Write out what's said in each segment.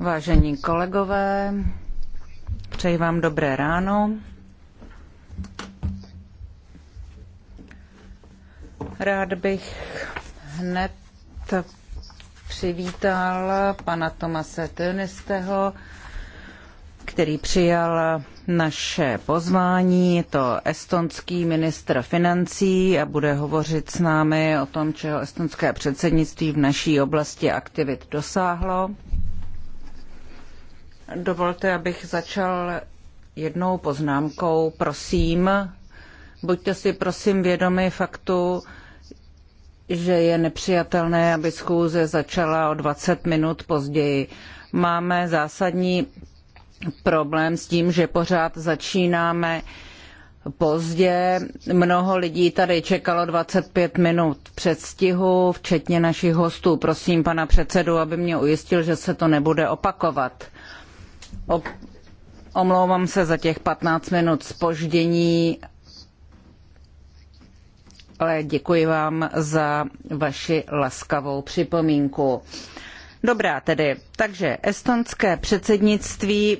Vážení kolegové, přeji vám dobré ráno. Rád bych hned přivítal pana Tomase Tönisteho, který přijal naše pozvání. Je to estonský ministr financí a bude hovořit s námi o tom, čeho estonské předsednictví v naší oblasti aktivit dosáhlo. Dovolte, abych začal jednou poznámkou. Prosím, buďte si prosím vědomi faktu, že je nepřijatelné, aby schůze začala o 20 minut později. Máme zásadní problém s tím, že pořád začínáme pozdě. Mnoho lidí tady čekalo 25 minut předstihu, včetně našich hostů. Prosím pana předsedu, aby mě ujistil, že se to nebude opakovat. O, omlouvám se za těch 15 minut spoždění, ale děkuji vám za vaši laskavou připomínku. Dobrá tedy, takže estonské předsednictví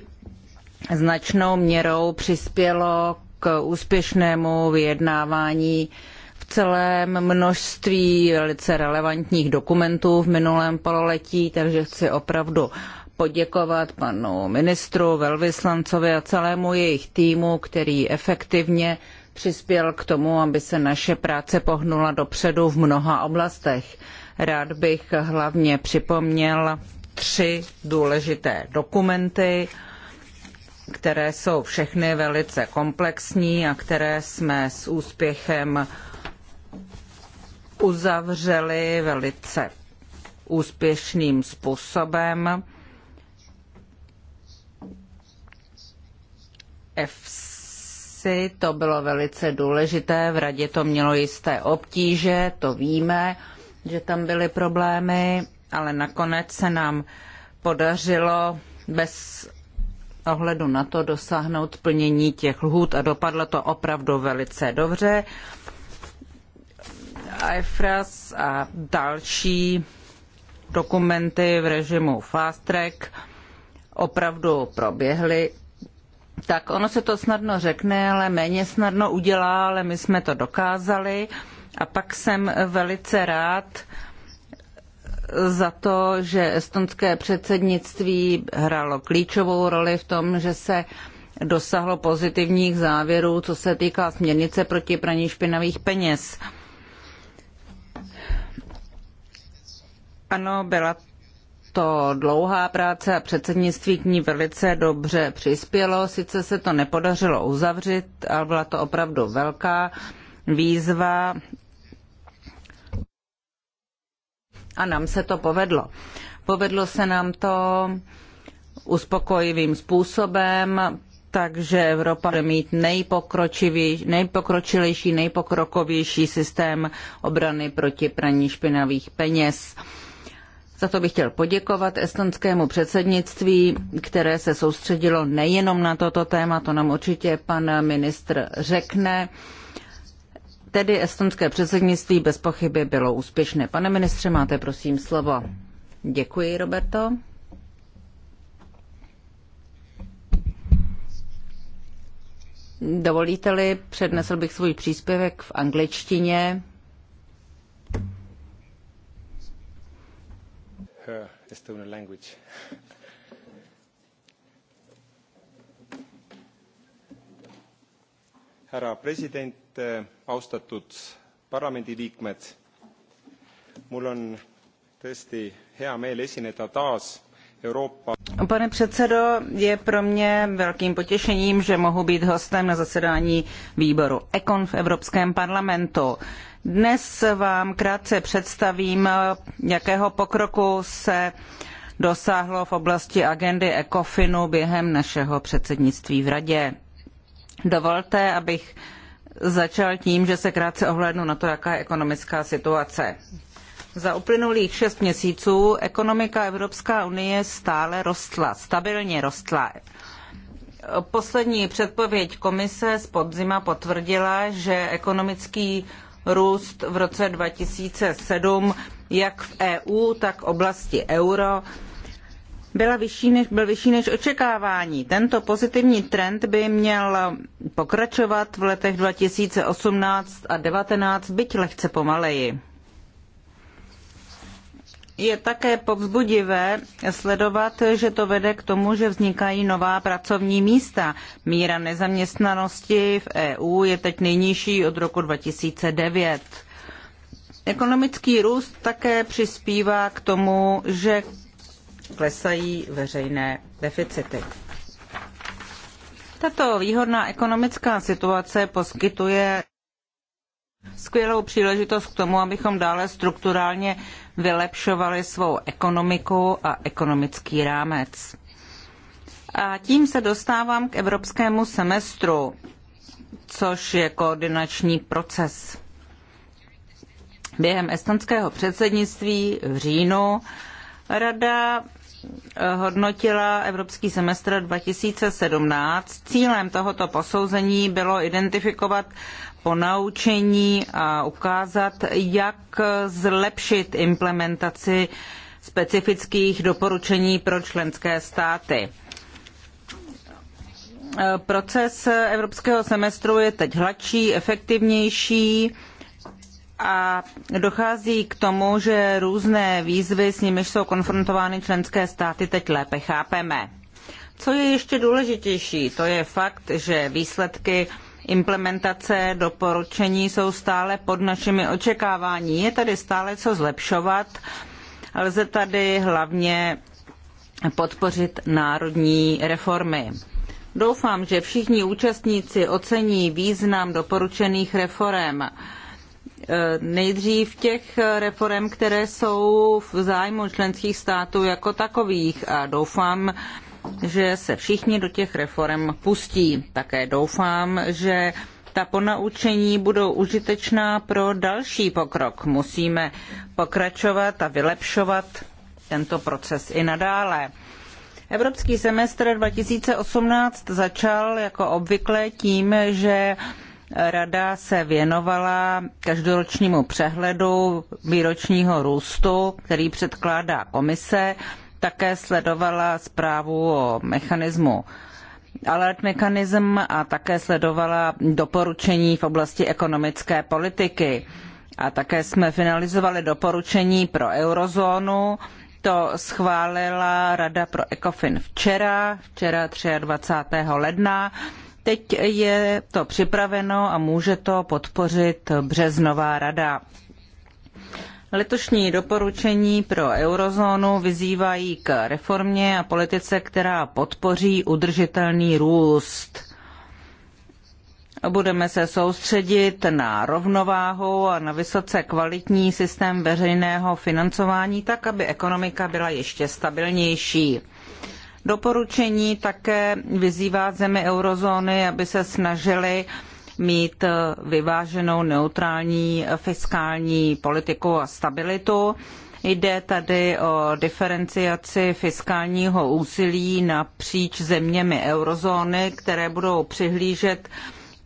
značnou měrou přispělo k úspěšnému vyjednávání v celém množství velice relevantních dokumentů v minulém pololetí, takže chci opravdu poděkovat panu ministru, velvyslancovi a celému jejich týmu, který efektivně přispěl k tomu, aby se naše práce pohnula dopředu v mnoha oblastech. Rád bych hlavně připomněl tři důležité dokumenty které jsou všechny velice komplexní a které jsme s úspěchem uzavřeli velice úspěšným způsobem. EFSI to bylo velice důležité, v radě to mělo jisté obtíže, to víme, že tam byly problémy, ale nakonec se nám podařilo bez ohledu na to dosáhnout plnění těch lhůt a dopadlo to opravdu velice dobře. EFRAS a další dokumenty v režimu fast track opravdu proběhly. Tak ono se to snadno řekne, ale méně snadno udělá, ale my jsme to dokázali. A pak jsem velice rád, za to, že estonské předsednictví hrálo klíčovou roli v tom, že se dosáhlo pozitivních závěrů, co se týká směrnice proti praní špinavých peněz. Ano, byla to dlouhá práce a předsednictví k ní velice dobře přispělo. Sice se to nepodařilo uzavřít, ale byla to opravdu velká výzva A nám se to povedlo. Povedlo se nám to uspokojivým způsobem, takže Evropa bude mít nejpokročilejší, nejpokrokovější systém obrany proti praní špinavých peněz. Za to bych chtěl poděkovat estonskému předsednictví, které se soustředilo nejenom na toto téma, to nám určitě pan ministr řekne tedy estonské předsednictví bez pochyby bylo úspěšné. Pane ministře, máte prosím slovo. Děkuji, Roberto. Dovolíte-li, přednesl bych svůj příspěvek v angličtině. Herr Estonian language. Härra president, eh, austatud parlamendiliikmed mul on tõesti hea meel esineda taas Euroopa Pane předsedo, je pro mě velkým potěšením, že mohu být hostem na zasedání výboru ECON v Evropském parlamentu. Dnes vám krátce představím, jakého pokroku se dosáhlo v oblasti agendy ECOFINu během našeho předsednictví v Radě. Dovolte, abych začal tím, že se krátce ohlédnu na to, jaká je ekonomická situace. Za uplynulých šest měsíců ekonomika Evropská unie stále rostla, stabilně rostla. Poslední předpověď komise z podzima potvrdila, že ekonomický růst v roce 2007 jak v EU, tak v oblasti euro byla vyšší než, byl vyšší než očekávání. Tento pozitivní trend by měl pokračovat v letech 2018 a 2019, byť lehce pomaleji. Je také povzbudivé sledovat, že to vede k tomu, že vznikají nová pracovní místa. Míra nezaměstnanosti v EU je teď nejnižší od roku 2009. Ekonomický růst také přispívá k tomu, že klesají veřejné deficity. Tato výhodná ekonomická situace poskytuje skvělou příležitost k tomu, abychom dále strukturálně vylepšovali svou ekonomiku a ekonomický rámec. A tím se dostávám k evropskému semestru, což je koordinační proces. Během estonského předsednictví v říjnu Rada eh, hodnotila Evropský semestr 2017. Cílem tohoto posouzení bylo identifikovat ponaučení a ukázat, jak zlepšit implementaci specifických doporučení pro členské státy. Eh, proces evropského semestru je teď hladší, efektivnější a dochází k tomu, že různé výzvy, s nimiž jsou konfrontovány členské státy, teď lépe chápeme. Co je ještě důležitější, to je fakt, že výsledky implementace doporučení jsou stále pod našimi očekávání. Je tady stále co zlepšovat. Lze tady hlavně podpořit národní reformy. Doufám, že všichni účastníci ocení význam doporučených reforem nejdřív těch reform, které jsou v zájmu členských států jako takových a doufám, že se všichni do těch reform pustí. Také doufám, že ta ponaučení budou užitečná pro další pokrok. Musíme pokračovat a vylepšovat tento proces i nadále. Evropský semestr 2018 začal jako obvykle tím, že Rada se věnovala každoročnímu přehledu výročního růstu, který předkládá komise, také sledovala zprávu o mechanismu alert mechanism a také sledovala doporučení v oblasti ekonomické politiky. A také jsme finalizovali doporučení pro eurozónu. To schválila Rada pro ECOFIN včera, včera 23. ledna Teď je to připraveno a může to podpořit březnová rada. Letošní doporučení pro eurozónu vyzývají k reformě a politice, která podpoří udržitelný růst. Budeme se soustředit na rovnováhu a na vysoce kvalitní systém veřejného financování, tak aby ekonomika byla ještě stabilnější. Doporučení také vyzývá zemi eurozóny, aby se snažili mít eh, vyváženou neutrální eh, fiskální politiku a stabilitu. Jde tady o diferenciaci fiskálního úsilí napříč zeměmi eurozóny, které budou přihlížet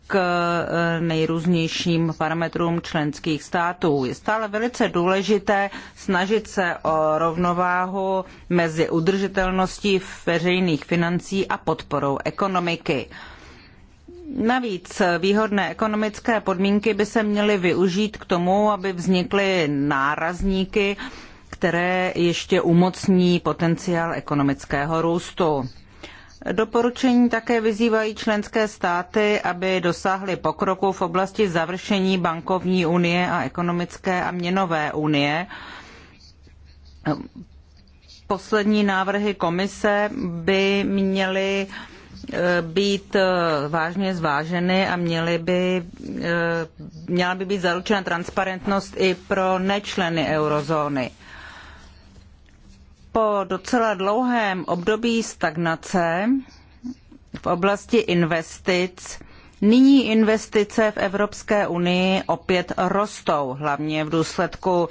k e, nejrůznějším parametrům členských států. Je stále velice důležité snažit se o rovnováhu mezi udržitelností veřejných financí a podporou ekonomiky. Navíc výhodné ekonomické podmínky by se měly využít k tomu, aby vznikly nárazníky, které ještě umocní potenciál ekonomického růstu. Doporučení také vyzývají členské státy, aby dosáhly pokroku v oblasti završení bankovní unie a ekonomické a měnové unie. Poslední návrhy komise by měly eh, být eh, vážně zváženy a měly by, eh, měla by být zaručena transparentnost i pro nečleny eurozóny po docela dlouhém období stagnace v oblasti investic nyní investice v Evropské unii opět rostou, hlavně v důsledku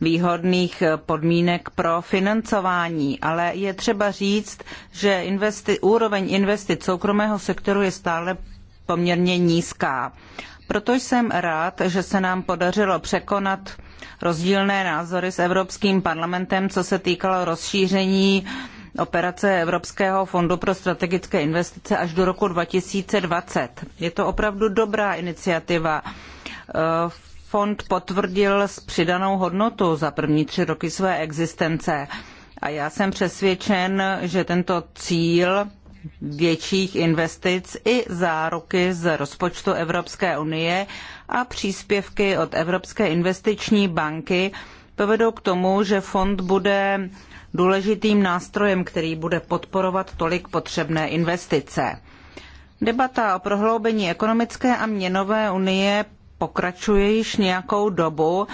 výhodných podmínek pro financování. Ale je třeba říct, že investi- úroveň investic soukromého sektoru je stále poměrně nízká. Proto jsem rád, že se nám podařilo překonat rozdílné názory s Evropským parlamentem, co se týkalo rozšíření operace Evropského fondu pro strategické investice až do roku 2020. Je to opravdu dobrá iniciativa. Fond potvrdil s přidanou hodnotu za první tři roky své existence. A já jsem přesvědčen, že tento cíl větších investic i záruky z rozpočtu Evropské unie a příspěvky od Evropské investiční banky povedou k tomu, že fond bude důležitým nástrojem, který bude podporovat tolik potřebné investice. Debata o prohloubení ekonomické a měnové unie pokračuje již nějakou dobu.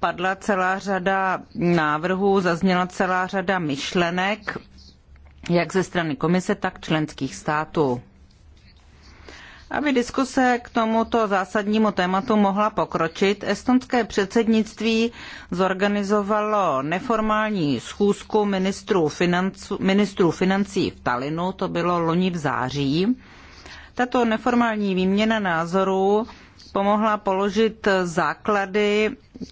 Padla celá řada návrhů, zazněla celá řada myšlenek, jak ze strany komise, tak členských států. Aby diskuse k tomuto zásadnímu tématu mohla pokročit, estonské předsednictví zorganizovalo neformální schůzku ministrů, financu, ministrů financí v Talinu, to bylo loni v září. Tato neformální výměna názorů pomohla položit základy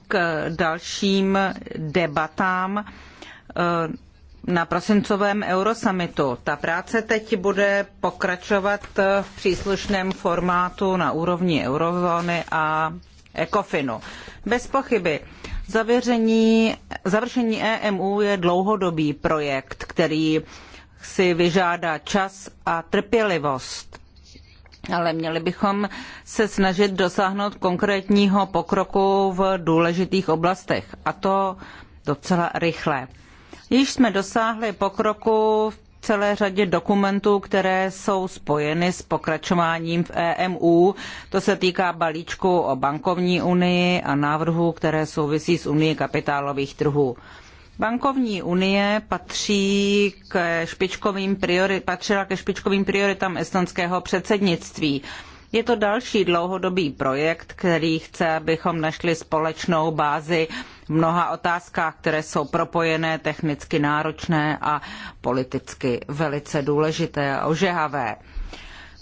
k dalším debatám eh, na prosincovém eurosummitu. Ta práce teď bude pokračovat v příslušném formátu na úrovni eurozóny a ECOFINu. Bez pochyby. Zavěření, završení EMU je dlouhodobý projekt, který si vyžádá čas a trpělivost. Ale měli bychom se snažit dosáhnout konkrétního pokroku v důležitých oblastech, a to docela rychle. Již jsme dosáhli pokroku v celé řadě dokumentů, které jsou spojeny s pokračováním v EMU. To se týká balíčku o bankovní unii a návrhů, které souvisí s unii kapitálových trhů. Bankovní unie patří ke špičkovým patřila ke špičkovým prioritám estonského předsednictví. Je to další dlouhodobý projekt, který chce, abychom našli společnou bázi v mnoha otázkách, které jsou propojené, technicky náročné a politicky velice důležité a ožehavé.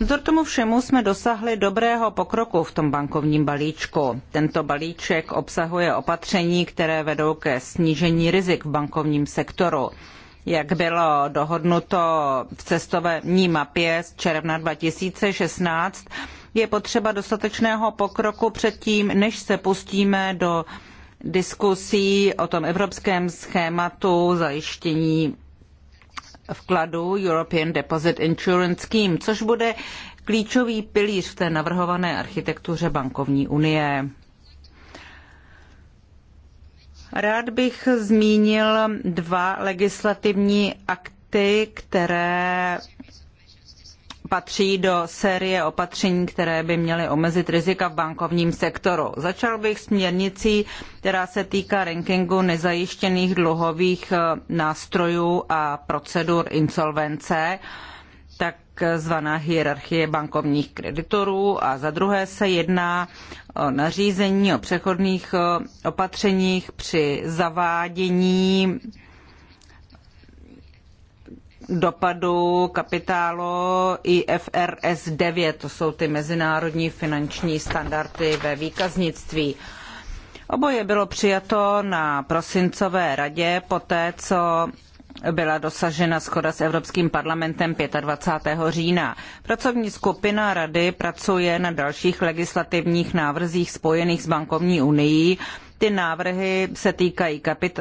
Vzdor tomu všemu jsme dosáhli dobrého pokroku v tom bankovním balíčku. Tento balíček obsahuje opatření, které vedou ke snížení rizik v bankovním sektoru. Jak bylo dohodnuto v cestovní mapě z června 2016, je potřeba dostatečného pokroku předtím, než se pustíme do diskusí o tom evropském schématu zajištění vkladu European Deposit Insurance Scheme, což bude klíčový pilíř v té navrhované architektuře bankovní unie. Rád bych zmínil dva legislativní akty, které patří do série opatření, které by měly omezit rizika v bankovním sektoru. Začal bych směrnicí, která se týká rankingu nezajištěných dluhových eh, nástrojů a procedur insolvence takzvaná eh, hierarchie bankovních kreditorů a za druhé se jedná o nařízení o přechodných eh, opatřeních při zavádění dopadu kapitálu IFRS 9, to jsou ty mezinárodní finanční standardy ve výkaznictví. Oboje bylo přijato na prosincové radě poté, co byla dosažena schoda s Evropským parlamentem 25. října. Pracovní skupina Rady pracuje na dalších legislativních návrzích spojených s bankovní unii ty návrhy se týkají kapit,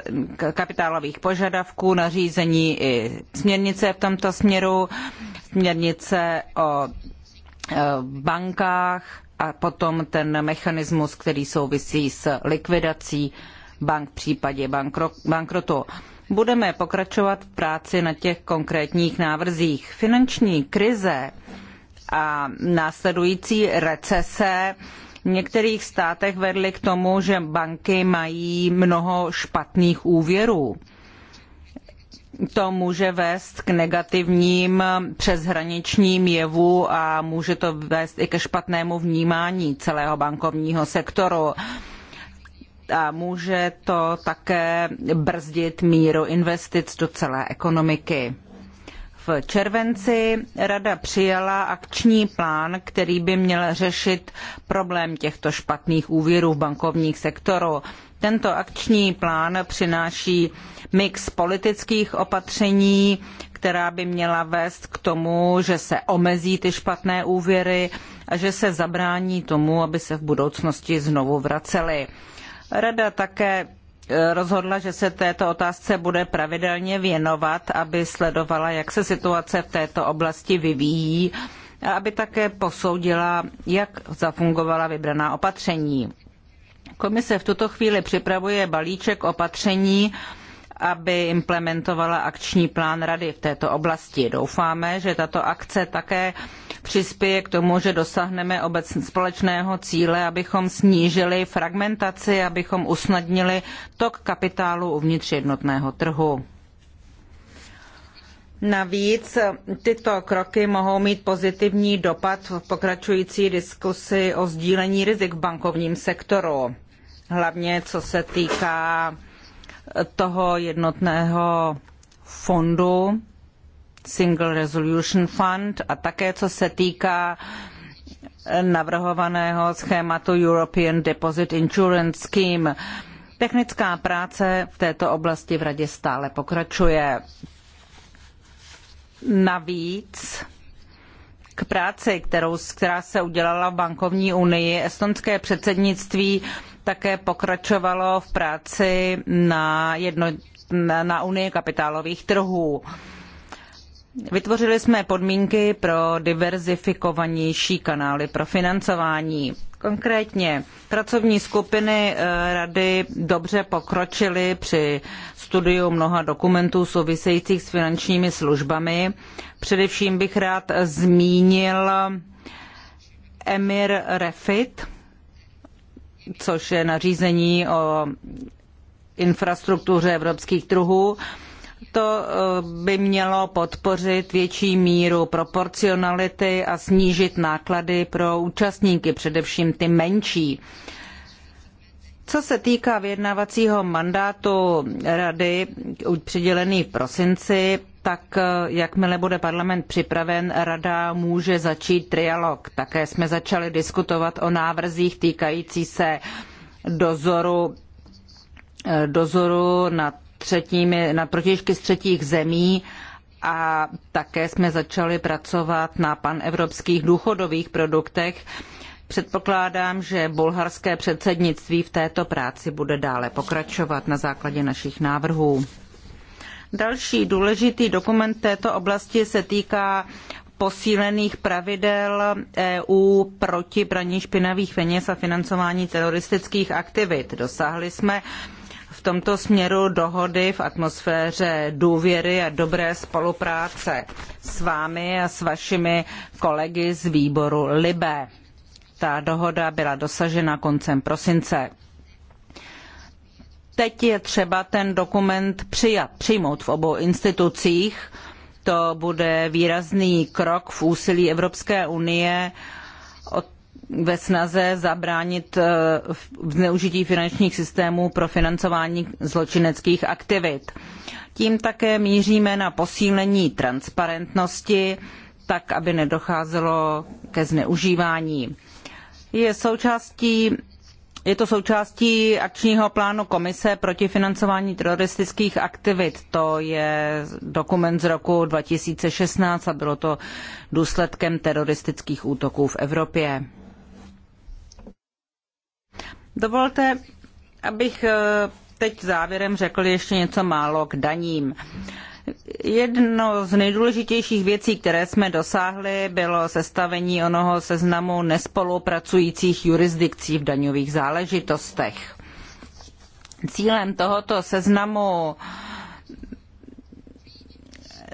kapitálových požadavků, nařízení i směrnice v tomto směru, směrnice o e, bankách a potom ten mechanismus, který souvisí s likvidací bank v případě bankro, bankrotu. Budeme pokračovat v práci na těch konkrétních návrzích. Finanční krize a následující recese v některých státech vedly k tomu, že banky mají mnoho špatných úvěrů. To může vést k negativním přeshraničním jevu a může to vést i ke špatnému vnímání celého bankovního sektoru a může to také brzdit míru investic do celé ekonomiky. V červenci rada přijala akční plán, který by měl řešit problém těchto špatných úvěrů v bankovních sektoru. Tento akční plán přináší mix politických opatření, která by měla vést k tomu, že se omezí ty špatné úvěry a že se zabrání tomu, aby se v budoucnosti znovu vracely. Rada také Eh, rozhodla, že se této otázce bude pravidelně věnovat, aby sledovala, jak se situace v této oblasti vyvíjí a aby také posoudila, jak zafungovala vybraná opatření. Komise v tuto chvíli připravuje balíček opatření, aby implementovala akční plán Rady v této oblasti. Doufáme, že tato akce také přispěje k tomu, že dosáhneme obecně společného cíle, abychom snížili fragmentaci, abychom usnadnili tok kapitálu uvnitř jednotného trhu. Navíc tyto kroky mohou mít pozitivní dopad v pokračující diskusi o sdílení rizik v bankovním sektoru, hlavně co se týká toho jednotného fondu, Single Resolution Fund, a také co se týká navrhovaného schématu European Deposit Insurance Scheme. Technická práce v této oblasti v radě stále pokračuje. Navíc k práci, kterou, která se udělala v bankovní unii, estonské předsednictví také pokračovalo v práci na, jedno, na, na Unii kapitálových trhů. Vytvořili jsme podmínky pro diverzifikovanější kanály pro financování. Konkrétně pracovní skupiny eh, rady dobře pokročily při studiu mnoha dokumentů souvisejících s finančními službami. Především bych rád zmínil Emir Refit, což je nařízení o infrastruktuře evropských trhů. To eh, by mělo podpořit větší míru proporcionality a snížit náklady pro účastníky, především ty menší. Co se týká vyjednávacího mandátu rady přidělený v prosinci, tak eh, jakmile bude parlament připraven, rada může začít trialog. Také jsme začali diskutovat o návrzích týkající se dozoru, eh, dozoru nad, třetími, nad z třetích zemí a také jsme začali pracovat na panevropských důchodových produktech. Předpokládám, že bulharské předsednictví v této práci bude dále pokračovat na základě našich návrhů. Další důležitý dokument této oblasti se týká posílených pravidel EU proti praní špinavých peněz a financování teroristických aktivit. Dosáhli jsme v tomto směru dohody v atmosféře důvěry a dobré spolupráce s vámi a s vašimi kolegy z výboru Libe. Ta dohoda byla dosažena koncem prosince. Teď je třeba ten dokument přijat, přijmout v obou institucích. To bude výrazný krok v úsilí Evropské unie ve snaze zabránit eh, zneužití finančních systémů pro financování zločineckých aktivit. Tím také míříme na posílení transparentnosti, tak aby nedocházelo ke zneužívání. Je součástí je to součástí akčního plánu Komise proti financování teroristických aktivit. To je dokument z roku 2016 a bylo to důsledkem teroristických útoků v Evropě. Dovolte, abych eh, teď závěrem řekl ještě něco málo k daním. Uh, Jedno z nejdůležitějších věcí, které jsme dosáhli, bylo sestavení onoho seznamu nespolupracujících jurisdikcí v daňových záležitostech. Cílem tohoto seznamu uh,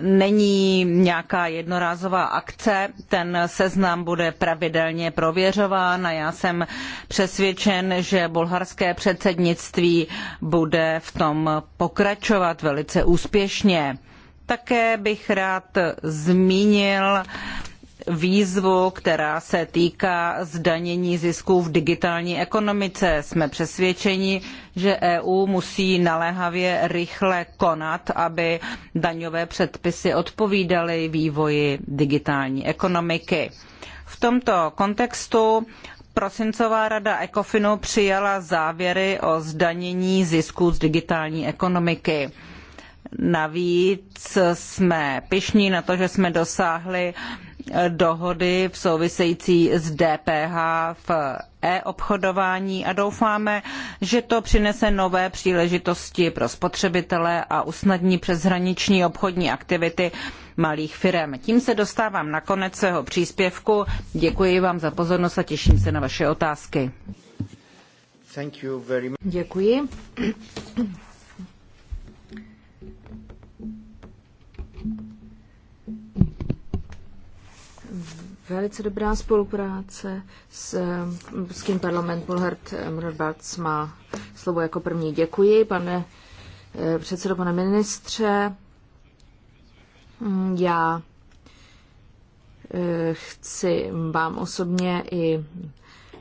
není nějaká jednorázová akce, ten seznam bude pravidelně prověřován a já jsem přesvědčen, že bulharské předsednictví bude v tom pokračovat velice úspěšně. Také bych rád zmínil výzvu, která se týká zdanění zisků v digitální ekonomice. Jsme přesvědčeni, že EU musí naléhavě rychle konat, aby daňové předpisy odpovídaly vývoji digitální ekonomiky. V tomto kontextu prosincová rada ECOFINu přijala závěry o zdanění zisků z digitální ekonomiky. Navíc jsme pyšní na to, že jsme dosáhli dohody v související s DPH v e-obchodování a doufáme, že to přinese nové příležitosti pro spotřebitele a usnadní přeshraniční obchodní aktivity malých firm. Tím se dostávám na konec svého příspěvku. Děkuji vám za pozornost a těším se na vaše otázky. Děkuji. velice dobrá spolupráce s Evropským parlament. Polhard eh, Mrbac má slovo jako první. Děkuji, pane eh, předsedo, pane ministře. Mm, já eh, chci vám osobně i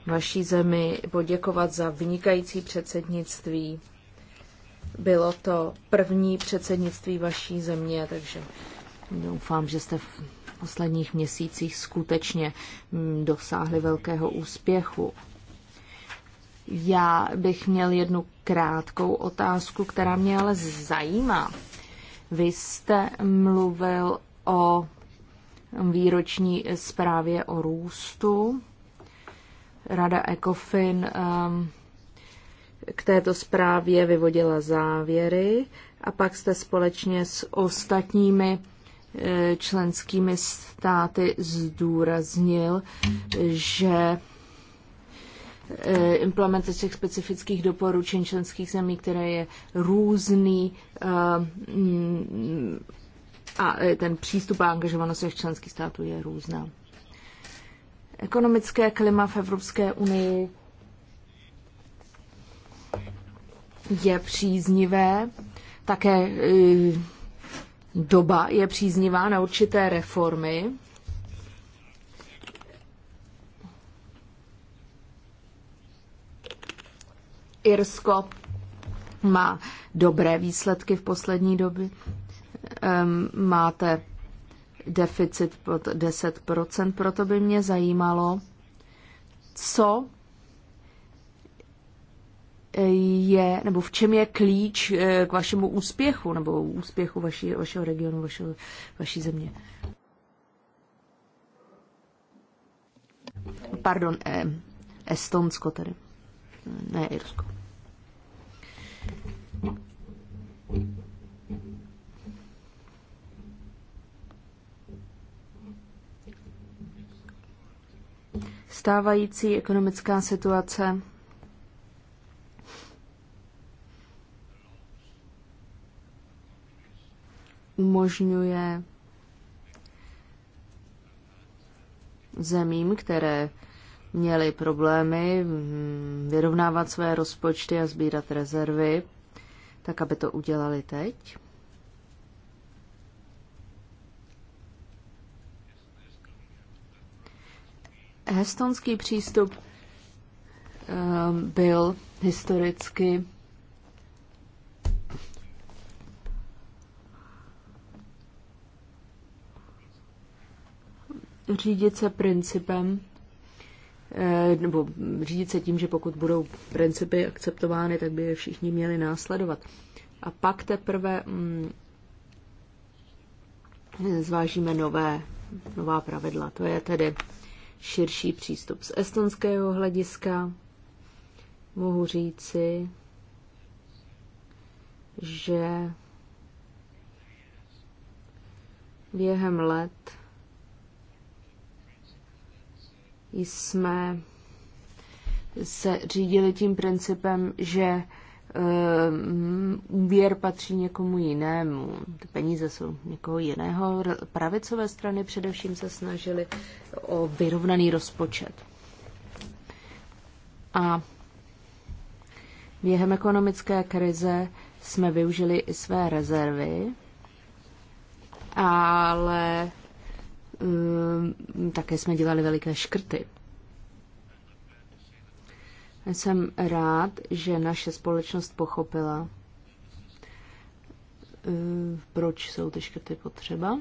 vaší zemi poděkovat za vynikající předsednictví. Bylo to první předsednictví vaší země, takže doufám, že jste posledních měsících skutečně mm, dosáhly velkého úspěchu. Já bych měl jednu krátkou otázku, která mě ale zajímá. Vy jste mluvil o výroční zprávě o růstu. Rada ECOFIN um, k této zprávě vyvodila závěry a pak jste společně s ostatními členskými státy zdůraznil, že eh, implementace specifických doporučení členských zemí, které je různý eh, mm, a eh, ten přístup a angažovanost těch členských států je různá. Ekonomické klima v Evropské unii je příznivé, také doba je příznivá na určité reformy. Irsko má dobré výsledky v poslední době. Máte deficit pod 10%, proto by mě zajímalo, co je, nebo v čem je klíč eh, k vašemu úspěchu, nebo úspěchu vaší, vašeho regionu, vašeho, vaší země? Pardon, eh, Estonsko tedy, ne Irsko. Stávající ekonomická situace umožňuje zemím, které měly problémy hm, vyrovnávat své rozpočty a sbírat rezervy, tak aby to udělali teď. Hestonský přístup hm, byl historicky řídit se principem, eh, nebo řídit se tím, že pokud budou principy akceptovány, tak by je všichni měli následovat. A pak teprve mm, zvážíme nové, nová pravidla. To je tedy širší přístup. Z estonského hlediska mohu říci, že během let jsme se řídili tím principem, že eh, úvěr patří někomu jinému, ty peníze jsou někoho jiného. Pravicové strany především se snažily o vyrovnaný rozpočet. A během ekonomické krize jsme využili i své rezervy, ale Ehm, také jsme dělali veliké škrty. Jsem rád, že naše společnost pochopila, ehm, proč jsou ty škrty potřeba.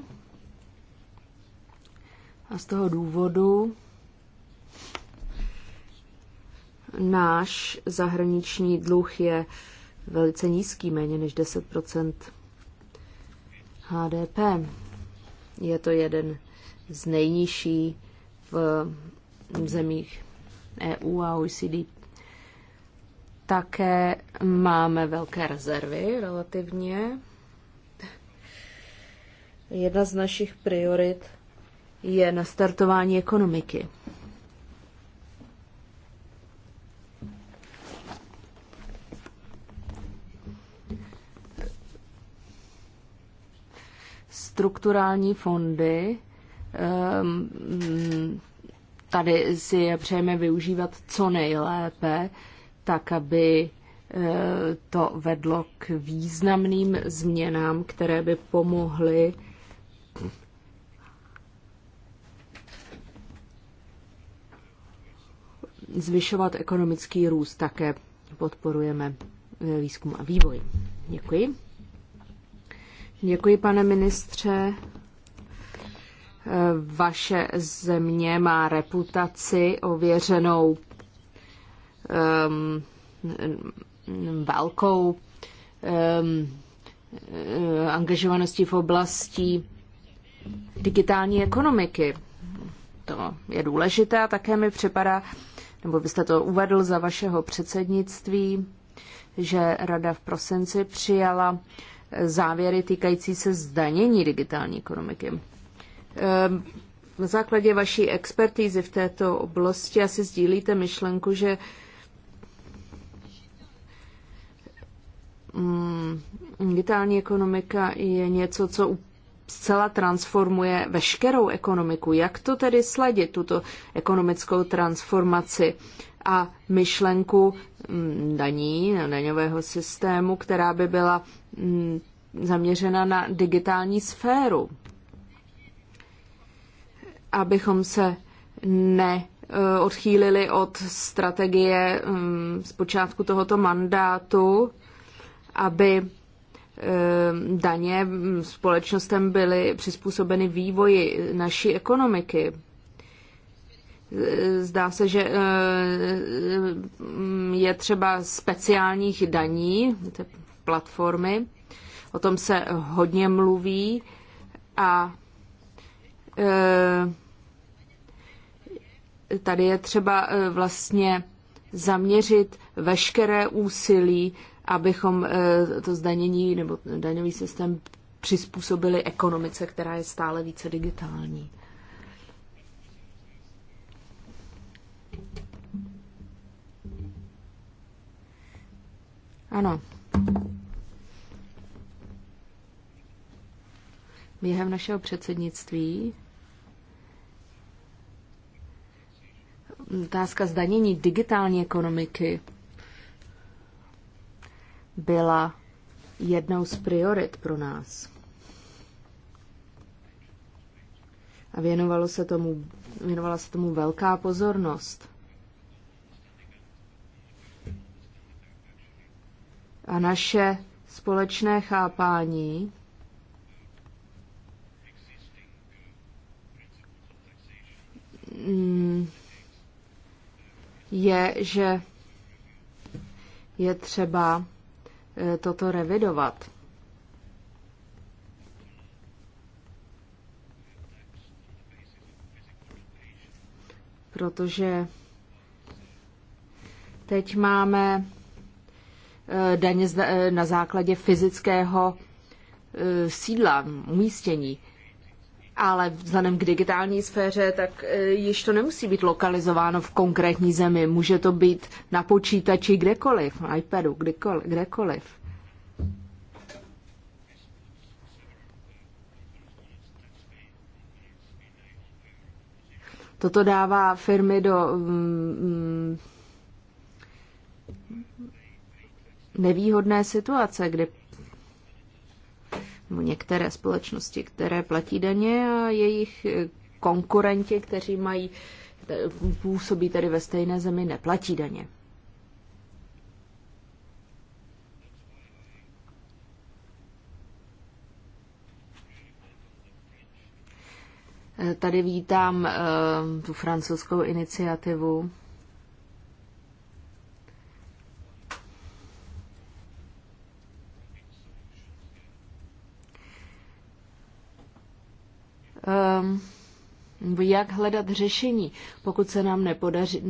A z toho důvodu náš zahraniční dluh je velice nízký, méně než 10 HDP. Je to jeden z nejnižší v zemích EU a OECD. Také máme velké rezervy relativně. Jedna z našich priorit je nastartování ekonomiky. Strukturální fondy Ehm, mm, tady si je přejeme využívat co nejlépe, tak aby eh, to vedlo k významným změnám, které by pomohly zvyšovat ekonomický růst. Také podporujeme eh, výzkum a vývoj. Děkuji. Děkuji, pane ministře. Vaše země má reputaci ověřenou um, velkou um, angažovaností v oblasti digitální ekonomiky. To je důležité a také mi připadá, nebo byste to uvedl za vašeho předsednictví, že Rada v prosinci přijala závěry týkající se zdanění digitální ekonomiky. Ehm, na základě vaší expertízy v této oblasti asi sdílíte myšlenku, že mm, digitální ekonomika je něco, co zcela transformuje veškerou ekonomiku. Jak to tedy sladit, tuto ekonomickou transformaci a myšlenku mm, daní, daňového systému, která by byla mm, zaměřena na digitální sféru? abychom se ne eh, odchýlili od strategie mm, z počátku tohoto mandátu, aby eh, daně mm, společnostem byly přizpůsobeny vývoji naší ekonomiky. Eh, zdá se, že mm, je třeba speciálních daní, platformy, o tom se hodně mluví a Eh, tady je třeba eh, vlastně zaměřit veškeré úsilí, abychom eh, to zdanění nebo daňový systém přizpůsobili ekonomice, která je stále více digitální. Ano. Během našeho předsednictví otázka zdanění digitální ekonomiky byla jednou z priorit pro nás. A věnovalo se tomu, věnovala se tomu velká pozornost. A naše společné chápání mm, je, že je třeba eh, toto revidovat. Protože teď máme eh, daně eh, na základě fyzického sídla, umístění ale vzhledem k digitální sféře, tak e, již to nemusí být lokalizováno v konkrétní zemi. Může to být na počítači kdekoliv, na iPadu, kdekoliv. kdekoliv. Toto dává firmy do mm, mm, nevýhodné situace, kdy některé společnosti, které platí daně a jejich eh, konkurenti, kteří mají působí tady ve stejné zemi, neplatí daně. Eh, tady vítám eh, tu francouzskou iniciativu Um, jak hledat řešení, pokud se nám nepodaří,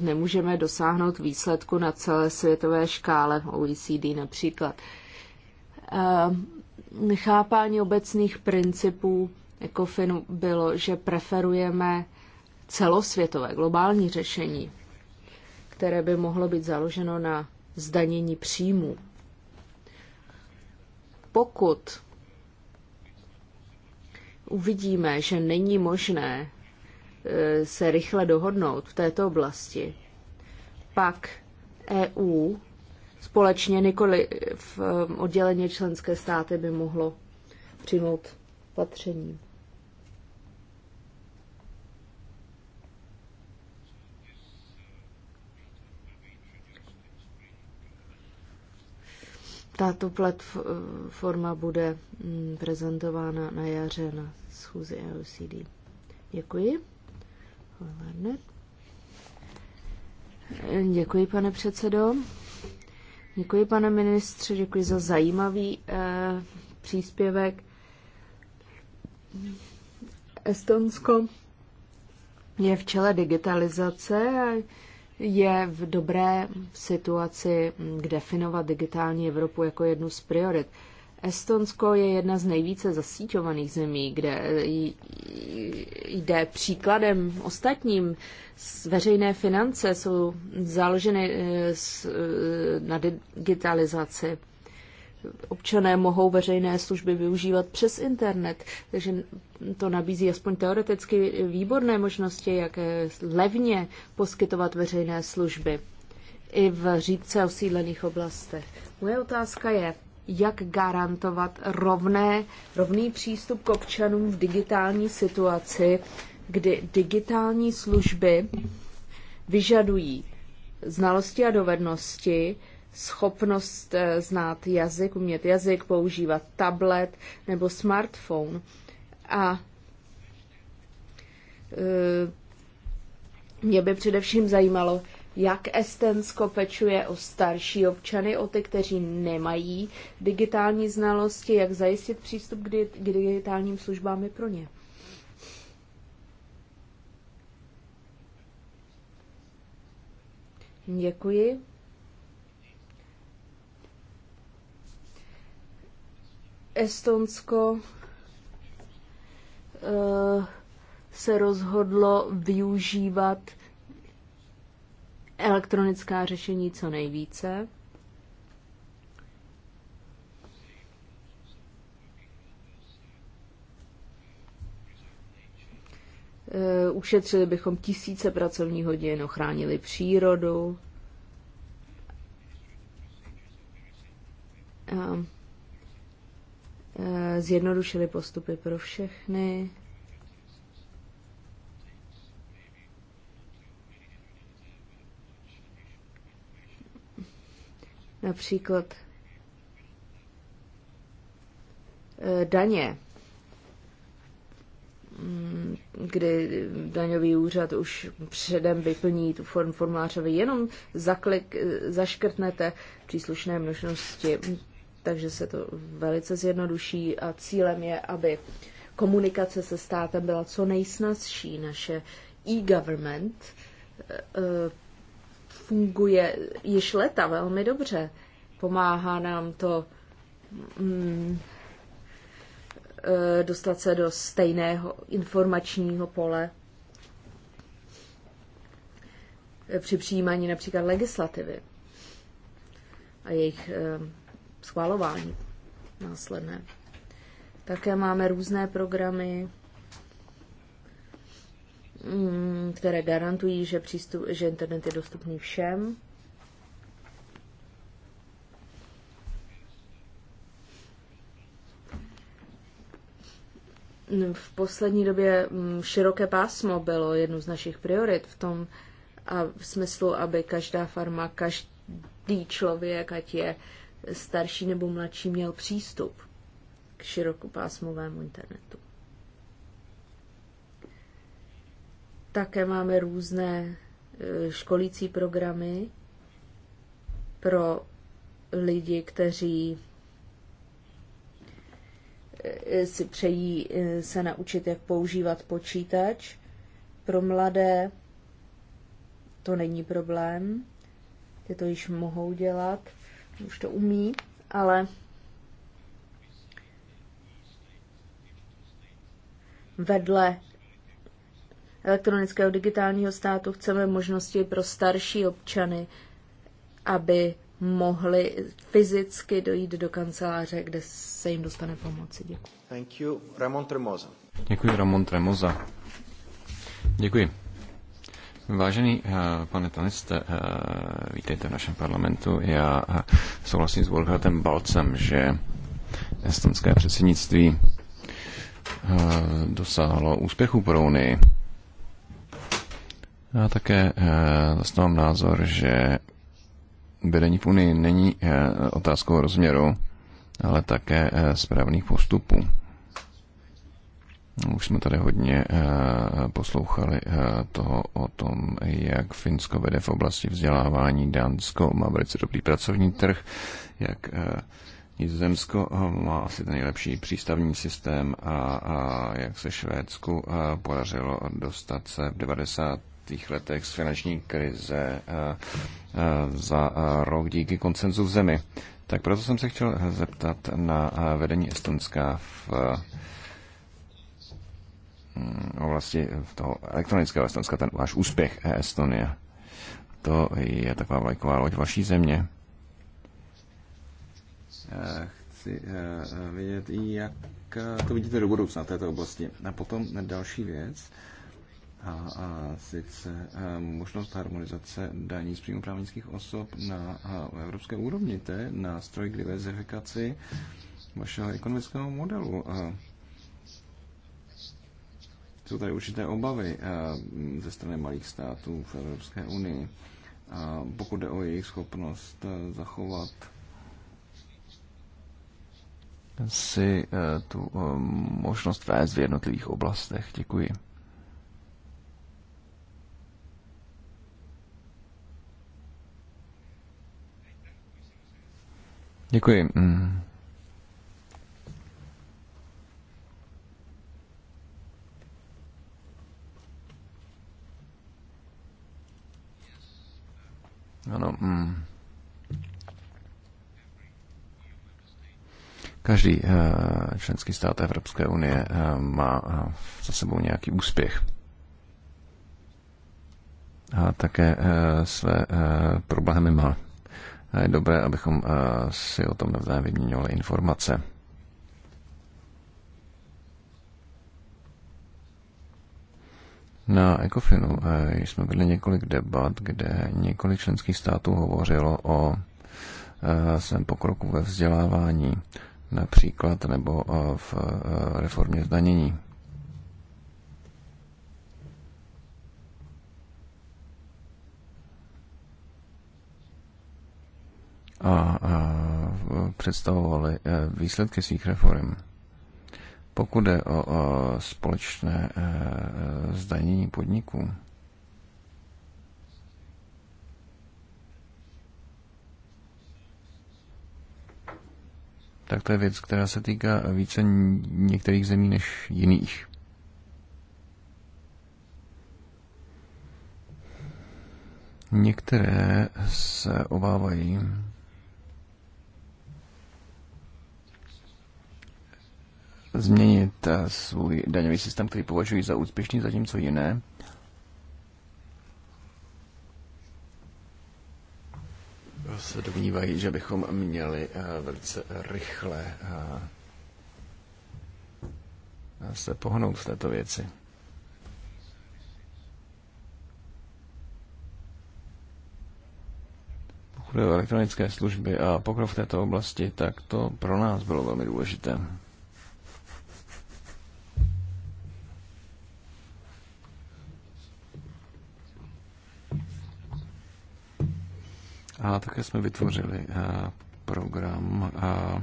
nemůžeme dosáhnout výsledku na celé světové škále OECD například. Um, chápání obecných principů ECOFINu bylo, že preferujeme celosvětové globální řešení, které by mohlo být založeno na zdanění příjmů. Pokud uvidíme, že není možné e, se rychle dohodnout v této oblasti, pak EU společně nikoli v e, odděleně členské státy by mohlo přijmout patření. Tato platforma bude mm, prezentována na jaře na schůzi EOCD. Děkuji. Děkuji, pane předsedo. Děkuji, pane ministře, děkuji za zajímavý eh, příspěvek. Estonsko je v čele digitalizace a je v dobré situaci mm, definovat digitální Evropu jako jednu z priorit. Estonsko je jedna z nejvíce zasíťovaných zemí, kde jde příkladem ostatním. Veřejné finance jsou založeny eh, eh, na digitalizaci občané mohou veřejné služby využívat přes internet, takže to nabízí aspoň teoreticky výborné možnosti, jak levně poskytovat veřejné služby i v řídce osídlených oblastech. Moje otázka je, jak garantovat rovné, rovný přístup k občanům v digitální situaci, kdy digitální služby vyžadují znalosti a dovednosti, schopnost eh, znát jazyk, umět jazyk, používat tablet nebo smartphone. A eh, mě by především zajímalo, jak Estensko pečuje o starší občany, o ty, kteří nemají digitální znalosti, jak zajistit přístup k, digitálním službám i pro ně. Děkuji. Estonsko eh, se rozhodlo využívat elektronická řešení co nejvíce. Eh, ušetřili bychom tisíce pracovních hodin, ochránili přírodu. Um Eh, zjednodušili postupy pro všechny. Například eh, daně, mm, kdy daňový úřad už předem vyplní tu form formulářovi, jenom zaklik, eh, zaškrtnete příslušné množnosti takže se to velice zjednoduší a cílem je, aby komunikace se státem byla co nejsnazší. Naše e-government eh, funguje již leta velmi dobře. Pomáhá nám to mm, eh, dostat se do stejného informačního pole při přijímání například legislativy a jejich eh, schvalování následné. Také máme různé programy, mm, které garantují, že, přístup, že internet je dostupný všem. V poslední době mm, široké pásmo bylo jednou z našich priorit v tom a v smyslu, aby každá farma, každý člověk, ať je uh, starší nebo mladší měl přístup k širokopásmovému internetu. Také máme různé e, školící programy pro lidi, kteří e, si přejí e, se naučit, jak používat počítač. Pro mladé to není problém, ty to již mohou dělat už to umí, ale vedle elektronického digitálního státu chceme možnosti pro starší občany, aby mohli fyzicky dojít do kanceláře, kde se jim dostane pomoci. Děkuji. Thank you. Ramon Tremosa. Děkuji, Ramon Tremosa. Děkuji. Vážený eh, pane Taniste, eh, vítejte v našem parlamentu. Já eh, souhlasím s Burkhardem Balcem, že estonské předsednictví dosáhlo úspěchu pro Unii. Já také zastávám názor, že vedení v Unii není otázkou rozměru, ale také správných postupů. Už jsme tady hodně eh, poslouchali eh, toho o tom, jak Finsko vede v oblasti vzdělávání, Dánsko má velice dobrý pracovní trh, jak eh, Nizozemsko má asi ten nejlepší přístavní systém a, a jak se Švédsku podařilo dostat se v 90 letech z finanční krize za rok díky koncenzu v zemi. Tak proto jsem se chtěl zeptat na vedení Estonska v Mm, oblasti no, toho elektronického Estonska, ten váš úspěch e Estonie. To je taková vlajková loď vaší země. Chci e, e, vidět, jak to vidíte do budoucna této oblasti. A potom další věc, a, a sice možnost harmonizace daní z příjmu právnických osob na evropské úrovni. To je nástroj k diverzifikaci vašeho ekonomického modelu. A, jsou tady určité obavy eh, ze strany malých států v Evropské unii, pokud jde o jejich schopnost eh, zachovat si eh, tu možnost vést v jednotlivých oblastech. Děkuji. Děkuji. Mm. Ano. Mm. Každý eh, členský stát Evropské unie eh, má eh, za sebou nějaký úspěch a také své problémy má. A je dobré, abychom si o tom navzájem vyměňovali informace. Na Ecofinu eh, jsme vedli několik debat, kde několik členských států hovořilo o eh, svém pokroku ve vzdělávání například nebo eh, v reformě zdanění. A, a představovali výsledky svých reform. Pokud je o, o společné e, e, zdanění podniků, tak to je věc, která se týká více některých zemí než jiných. Některé se obávají, změnit eh, svůj daňový systém, který považují za úspěšný, zatímco jiné se domnívají, že bychom měli eh, velice rychle eh, se pohnout v této věci. Pokud je elektronické služby a pokrov v této oblasti, tak to pro nás bylo velmi důležité. A také jsme vytvořili eh, program eh,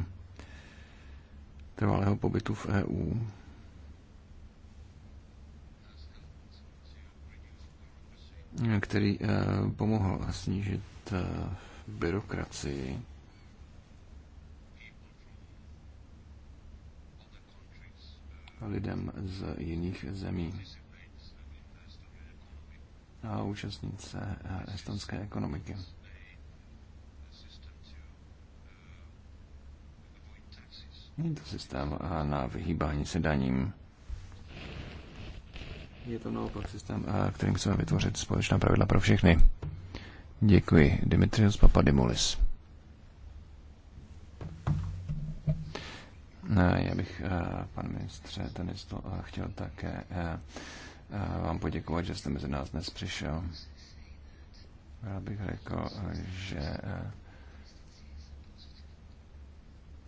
trvalého pobytu v EU. který eh, pomohl snížit byrokracii lidem z jiných zemí a účastnit se estonské ekonomiky. Není to systém eh, na vyhýbání se daním. Je to naopak systém, eh, kterým chceme vytvořit společná pravidla pro všechny. Děkuji. Dimitrios Papadimulis. Já bych, eh, pan ministře, ten to chtěl také vám poděkovat, že jste mezi nás dnes přišel. Já bych řekl, že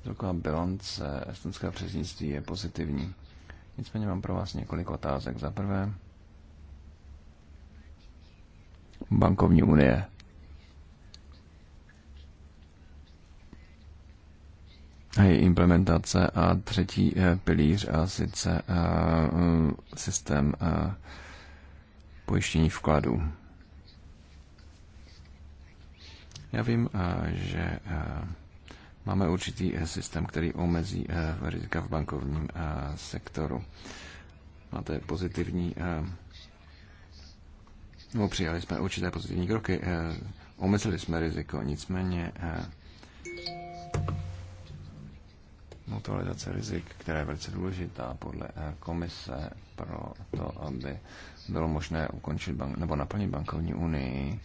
Taková bilance estonského předsednictví je pozitivní. Nicméně mám pro vás několik otázek. Za prvé, bankovní unie. a její implementace a třetí eh, pilíř a sice eh, mm, systém a eh, pojištění vkladů. Já vím, že máme určitý eh, systém, který omezí eh, rizika v bankovním eh, sektoru. Máte pozitivní, no přijali jsme určité pozitivní kroky, omezili jsme riziko, nicméně mutualizace rizik, která je velice důležitá podle komise pro to, aby bylo možné ukončit bank, nebo naplnit bankovní unii,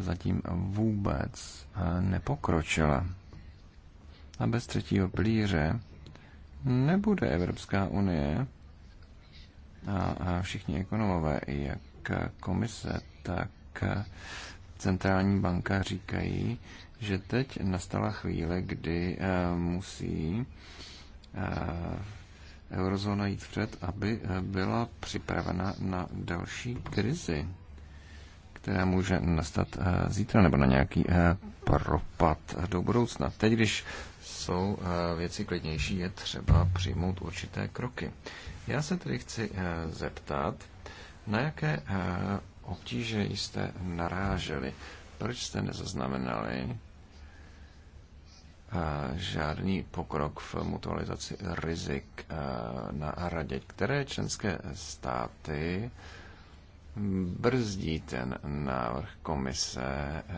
zatím vůbec nepokročila a bez třetího pilíře nebude Evropská unie a, a všichni ekonomové, jak komise, tak centrální banka říkají, že teď nastala chvíle, kdy e, musí e, eurozóna jít vpřed, aby e, byla připravena na další krizi která může nastat eh, zítra nebo na nějaký eh, propad do budoucna. Teď, když jsou eh, věci klidnější, je třeba přijmout určité kroky. Já se tedy chci zeptat, na jaké obtíže jste naráželi? Proč jste nezaznamenali žádný pokrok v mutualizaci rizik na radě? Které členské státy brzdí ten návrh komise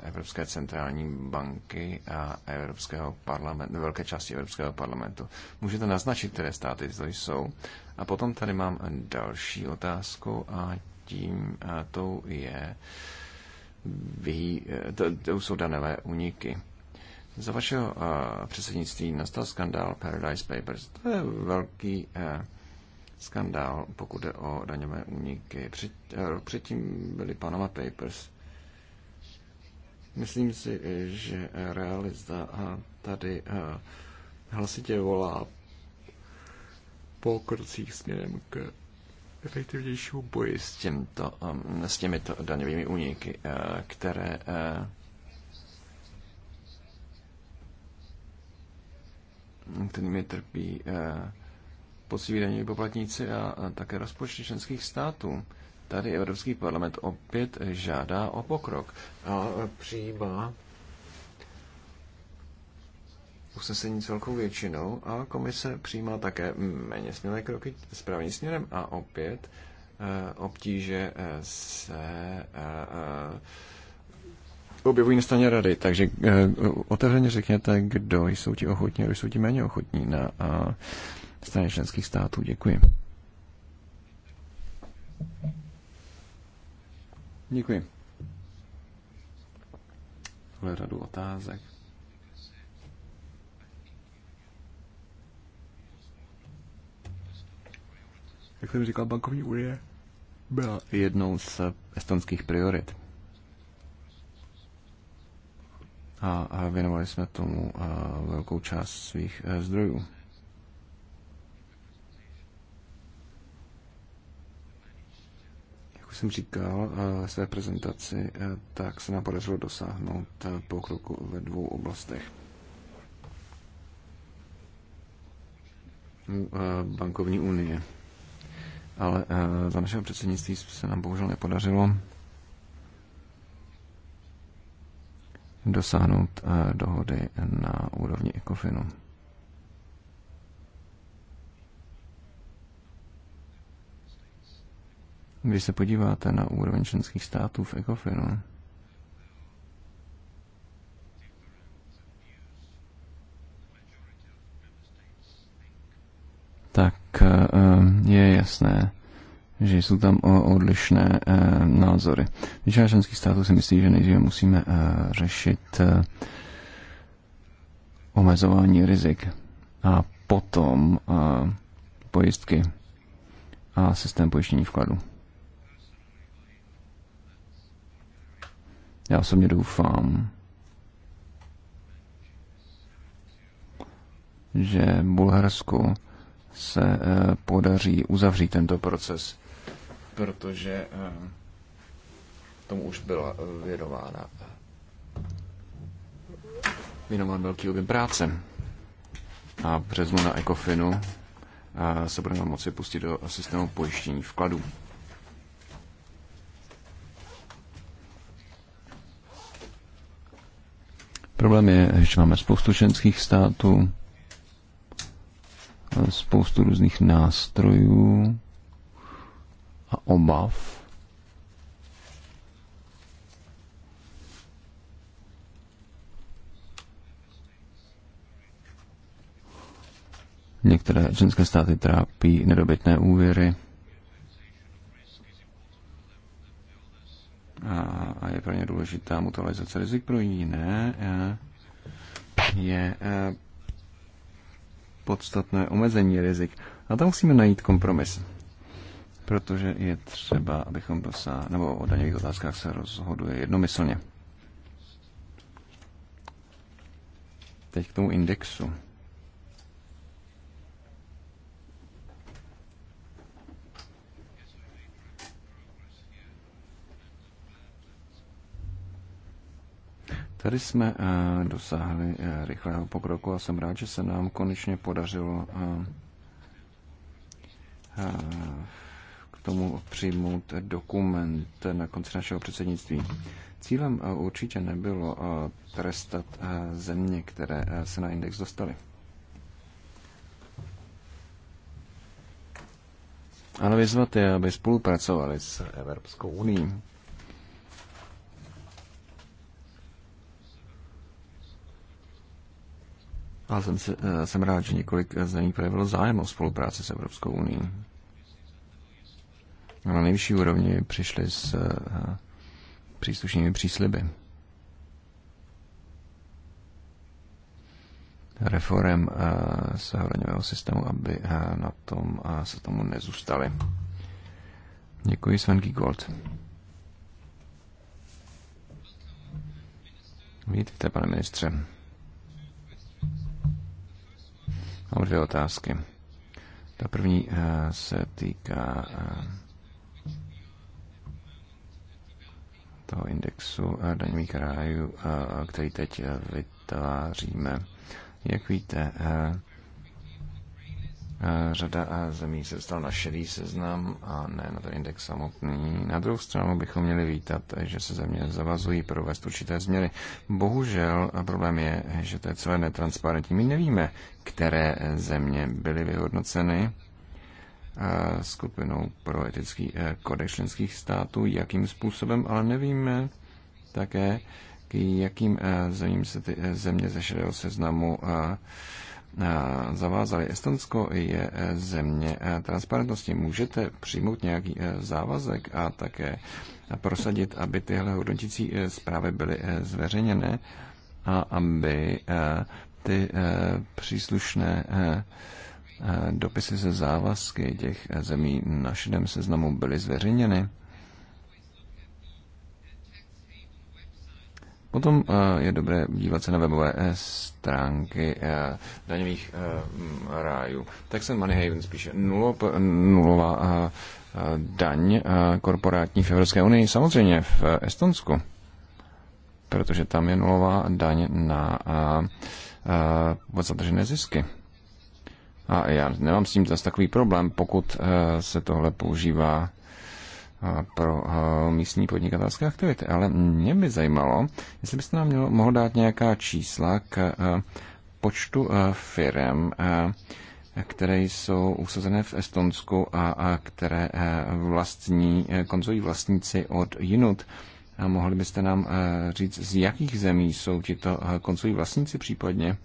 Evropské centrální banky a Evropského parlamentu, velké části Evropského parlamentu. Můžete naznačit, které státy to jsou? A potom tady mám další otázku a tím a tou je vy, to, to jsou danové uniky. Za vašeho uh, předsednictví nastal skandál Paradise Papers. To je velký skandál, pokud jde o daňové úniky. Před, rok eh, předtím byly Panama Papers. Myslím si, že realista tady eh, hlasitě volá po krocích směrem k efektivnějšímu boji s, těmto, eh, s těmito daňovými úniky, které kterými trpí poctiví daní poplatníci a také rozpočty členských států. Tady Evropský parlament opět žádá o pokrok a přijímá usnesení celkou většinou a komise přijímá také méně smělé kroky správným směrem a opět e, obtíže e, se e, objevují na straně rady. Takže otevřeně řekněte, kdo jsou ti ochotní, kdo jsou ti méně ochotní na strany členských států. Děkuji. Děkuji. Tohle radu otázek. Jak jsem říkal, bankovní unie byla jednou z estonských priorit. a věnovali jsme tomu velkou část svých e, zdrojů. jsem říkal eh, své prezentaci, eh, tak se nám podařilo dosáhnout eh, pokroku ve dvou oblastech. Bankovní unie. Ale za našeho předsednictví se nám bohužel nepodařilo dosáhnout dohody na úrovni ECOFINu. Když se podíváte na úroveň členských států v ECOFINu, tak eh, je jasné, že jsou tam eh, odlišné eh, názory. Většina členských států si myslí, že nejdříve musíme řešit omezování rizik a potom pojistky a systém pojištění vkladu. Já osobně doufám, že Bulharsku se eh, podaří uzavřít tento proces, protože eh, tomu už byla eh, věnována věnován velký objem práce. A v březnu na Ecofinu se budeme moci pustit do systému pojištění vkladů. Problém je, že máme spoustu členských států, spoustu různých nástrojů a obav. Některé členské státy trápí nedobytné úvěry. a, a je pro ně důležitá mutualizace rizik, pro jiné je e, podstatné omezení rizik. A tam musíme najít kompromis. Protože je třeba, abychom dosáhli, nebo o daňových otázkách se rozhoduje jednomyslně. Teď k tomu indexu. Tady jsme eh, dosáhli eh, rychlého pokroku a jsem rád, že se nám konečně podařilo eh, k tomu přijmout dokument na konci našeho předsednictví. Cílem určitě nebylo trestat země, které se na index dostaly. Ale vyzvat je, aby spolupracovali s Evropskou unii. A jsem, si, eh, jsem rád, že několik eh, zemí projevilo zájem o spolupráci s Evropskou unii. Na nejvyšší úrovni přišli s eh, příslušnými přísliby. reform sehraňového systému, aby na tom se tomu nezůstali. Děkuji, Sven Gold. Vítejte, pane ministře. Mám dvě otázky. Ta první eh, se týká eh, toho indexu eh, daňových rájů, který teď vytváříme. Jak víte, řada zemí se dostala na šedý seznam a ne na ten index samotný. Na druhou stranu bychom měli vítat, že se země zavazují provést určité změny. Bohužel a problém je, že to je celé netransparentní. My nevíme, které země byly vyhodnoceny skupinou pro etický e, kodex členských států, jakým způsobem, ale nevíme také, k jakým e, zemím se ty e, země ze šedého seznamu Eh, zavázali. Estonsko je eh, země eh, transparentnosti. Můžete přijmout nějaký závazek a také prosadit, aby tyhle hodnotící zprávy byly zveřejněné a aby ty příslušné dopisy ze závazky těch zemí na šedém seznamu byly zveřejněny. Potom eh, je dobré dívat se na webové eh, stránky eh, daňových mm, rájů. Tak se Money Haven spíše nulo, nulová daň korporátní v Evropské unii, samozřejmě v Estonsku, protože tam je nulová daň na zadržené zisky. A já nemám s tím zase takový problém, pokud se tohle používá pro místní podnikatelské aktivity. Ale mě by zajímalo, jestli byste nám mělo, mohl dát nějaká čísla k počtu firm, které jsou usazené v Estonsku a, které vlastní, koncoví vlastníci od jinut. A mohli byste nám říct, z jakých zemí jsou tito koncoví vlastníci případně?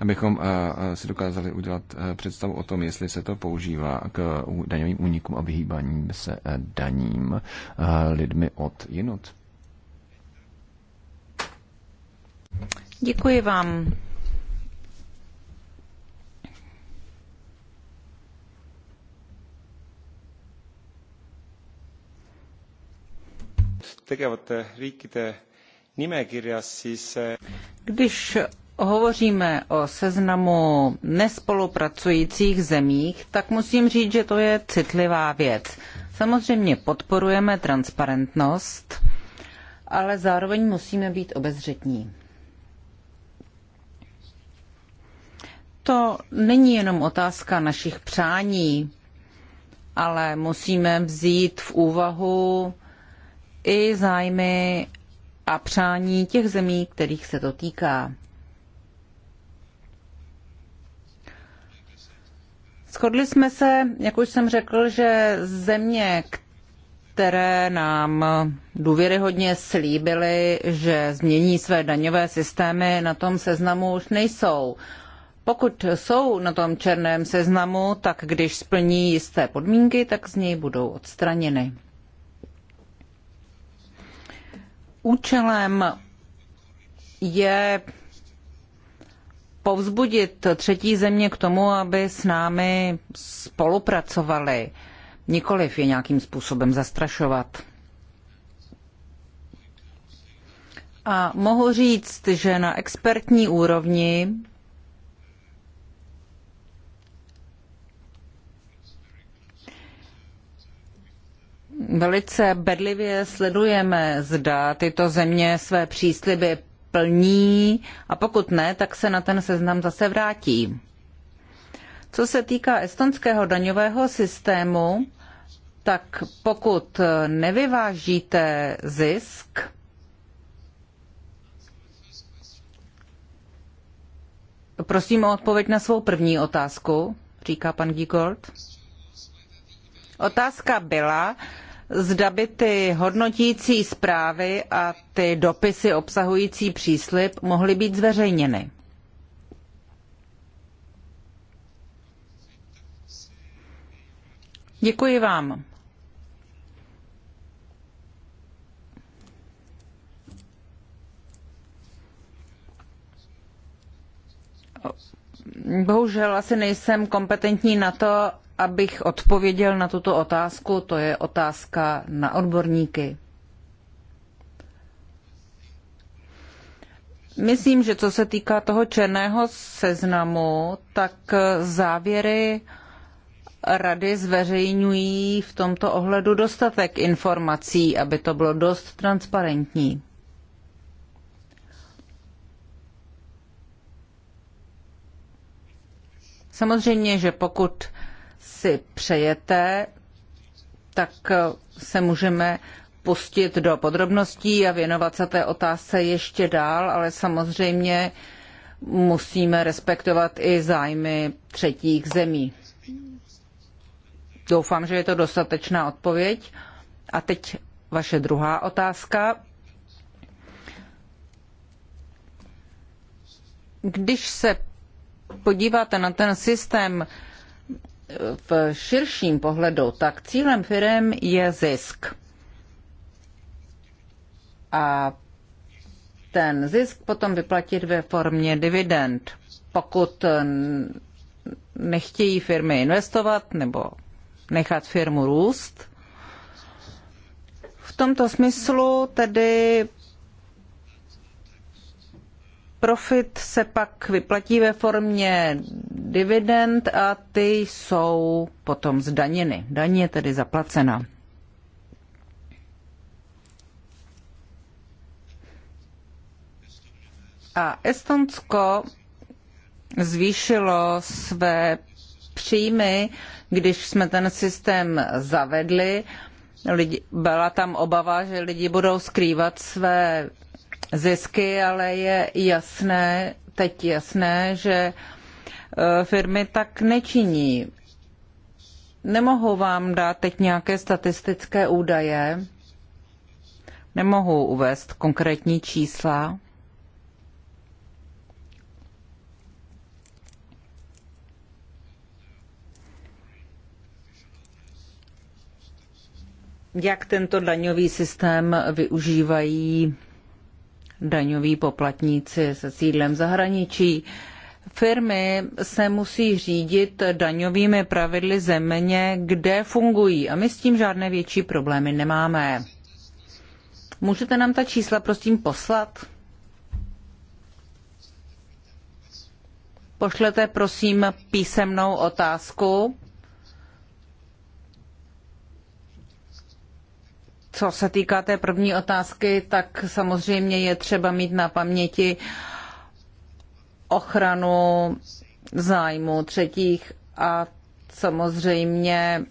abychom eh, eh, si dokázali udělat eh, představu o tom, jestli se to používá k daňovým únikům a vyhýbaním se daním lidmi od jinut. Děkuji vám. tegevate riikide nimekirjas, siis Když hovoříme o seznamu nespolupracujících zemích, tak musím říct, že to je citlivá věc. Samozřejmě podporujeme transparentnost, ale zároveň musíme být obezřetní. To není jenom otázka našich přání, ale musíme vzít v úvahu i zájmy a přání těch zemí, kterých se to týká. Shodli jsme se, jak už jsem řekl, že země, které nám důvěryhodně slíbily, že změní své daňové systémy, na tom seznamu už nejsou. Pokud jsou na tom černém seznamu, tak když splní jisté podmínky, tak z něj budou odstraněny. Účelem je povzbudit třetí země k tomu, aby s námi spolupracovali, nikoliv je nějakým způsobem zastrašovat. A mohu říct, že na expertní úrovni velice bedlivě sledujeme, zda tyto země své přísliby plní a pokud ne, tak se na ten seznam zase vrátí. Co se týká estonského daňového systému, tak pokud nevyvážíte zisk, prosím o odpověď na svou první otázku, říká pan Gigold. Otázka byla, zda by ty hodnotící zprávy a ty dopisy obsahující příslip mohly být zveřejněny. Děkuji vám. Bohužel asi nejsem kompetentní na to, abych odpověděl na tuto otázku, to je otázka na odborníky. Myslím, že co se týká toho černého seznamu, tak závěry rady zveřejňují v tomto ohledu dostatek informací, aby to bylo dost transparentní. Samozřejmě, že pokud si přejete, tak se můžeme pustit do podrobností a věnovat se té otázce ještě dál, ale samozřejmě musíme respektovat i zájmy třetích zemí. Doufám, že je to dostatečná odpověď. A teď vaše druhá otázka. Když se podíváte na ten systém, v širším pohledu, tak cílem firm je zisk. A ten zisk potom vyplatit ve formě dividend. Pokud nechtějí firmy investovat nebo nechat firmu růst, v tomto smyslu tedy Profit se pak vyplatí ve formě dividend a ty jsou potom zdaněny. Daně je tedy zaplacena. A Estonsko zvýšilo své příjmy, když jsme ten systém zavedli. Lidi, byla tam obava, že lidi budou skrývat své zisky, ale je jasné, teď jasné, že e, firmy tak nečiní. Nemohu vám dát teď nějaké statistické údaje, nemohu uvést konkrétní čísla. Jak tento daňový systém využívají daňoví poplatníci se sídlem zahraničí. Firmy se musí řídit daňovými pravidly země, kde fungují a my s tím žádné větší problémy nemáme. Můžete nám ta čísla prosím poslat? Pošlete prosím písemnou otázku Co se týká té první otázky, tak samozřejmě je třeba mít na paměti ochranu zájmu třetích a samozřejmě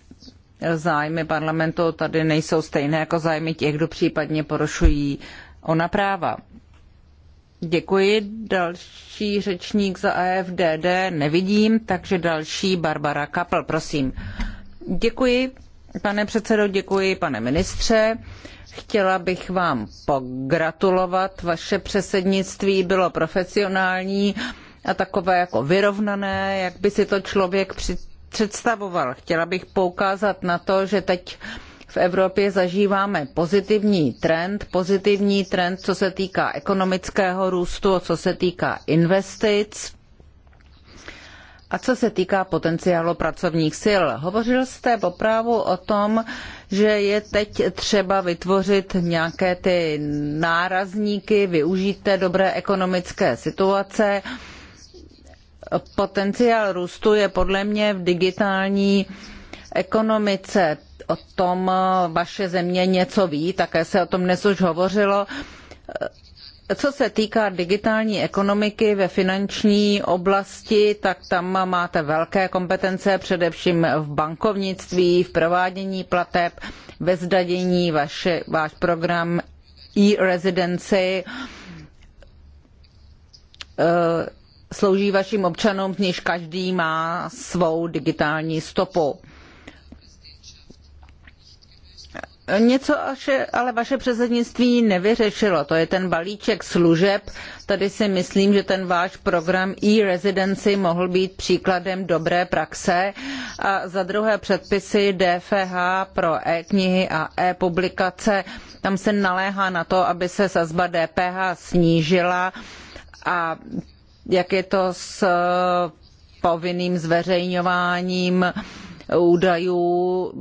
zájmy parlamentu tady nejsou stejné jako zájmy těch, kdo případně porušují ona práva. Děkuji. Další řečník za AFDD e nevidím, takže další Barbara Kapl, prosím. Děkuji. Pane předsedo, děkuji, pane ministře. Chtěla bych vám pogratulovat. Vaše předsednictví bylo profesionální a takové jako vyrovnané, jak by si to člověk představoval. Chtěla bych poukázat na to, že teď v Evropě zažíváme pozitivní trend, pozitivní trend, co se týká ekonomického růstu, co se týká investic a co se týká potenciálu pracovních sil, hovořil jste poprávu o tom, že je teď třeba vytvořit nějaké ty nárazníky, využít té dobré ekonomické situace. Potenciál růstu je podle mě v digitální ekonomice. O tom vaše země něco ví, také se o tom dnes už hovořilo co se týká digitální ekonomiky ve finanční oblasti, tak tam máte velké kompetence, především v bankovnictví, v provádění plateb, ve zdadění, vaše, váš program e-residency eh, slouží vašim občanům, z níž každý má svou digitální stopu. Něco ale vaše předsednictví nevyřešilo, to je ten balíček služeb. Tady si myslím, že ten váš program e-residency mohl být příkladem dobré praxe. A za druhé předpisy DFH pro e-knihy a e-publikace, tam se naléhá na to, aby se sazba DPH snížila a jak je to s povinným zveřejňováním údajů,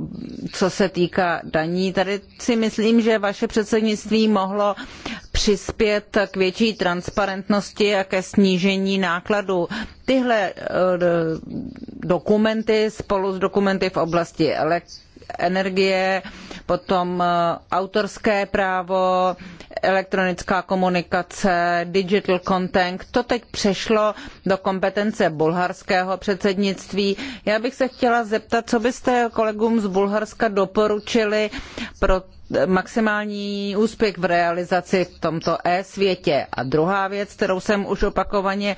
co se týká daní. Tady si myslím, že vaše předsednictví mohlo přispět k větší transparentnosti a ke snížení nákladů. Tyhle eh, dokumenty spolu s dokumenty v oblasti elektronické energie, potom eh, autorské právo, elektronická komunikace, digital content. To teď přešlo do kompetence bulharského předsednictví. Já bych se chtěla zeptat, co byste kolegům z Bulharska doporučili pro eh, maximální úspěch v realizaci v tomto e-světě. A druhá věc, kterou jsem už opakovaně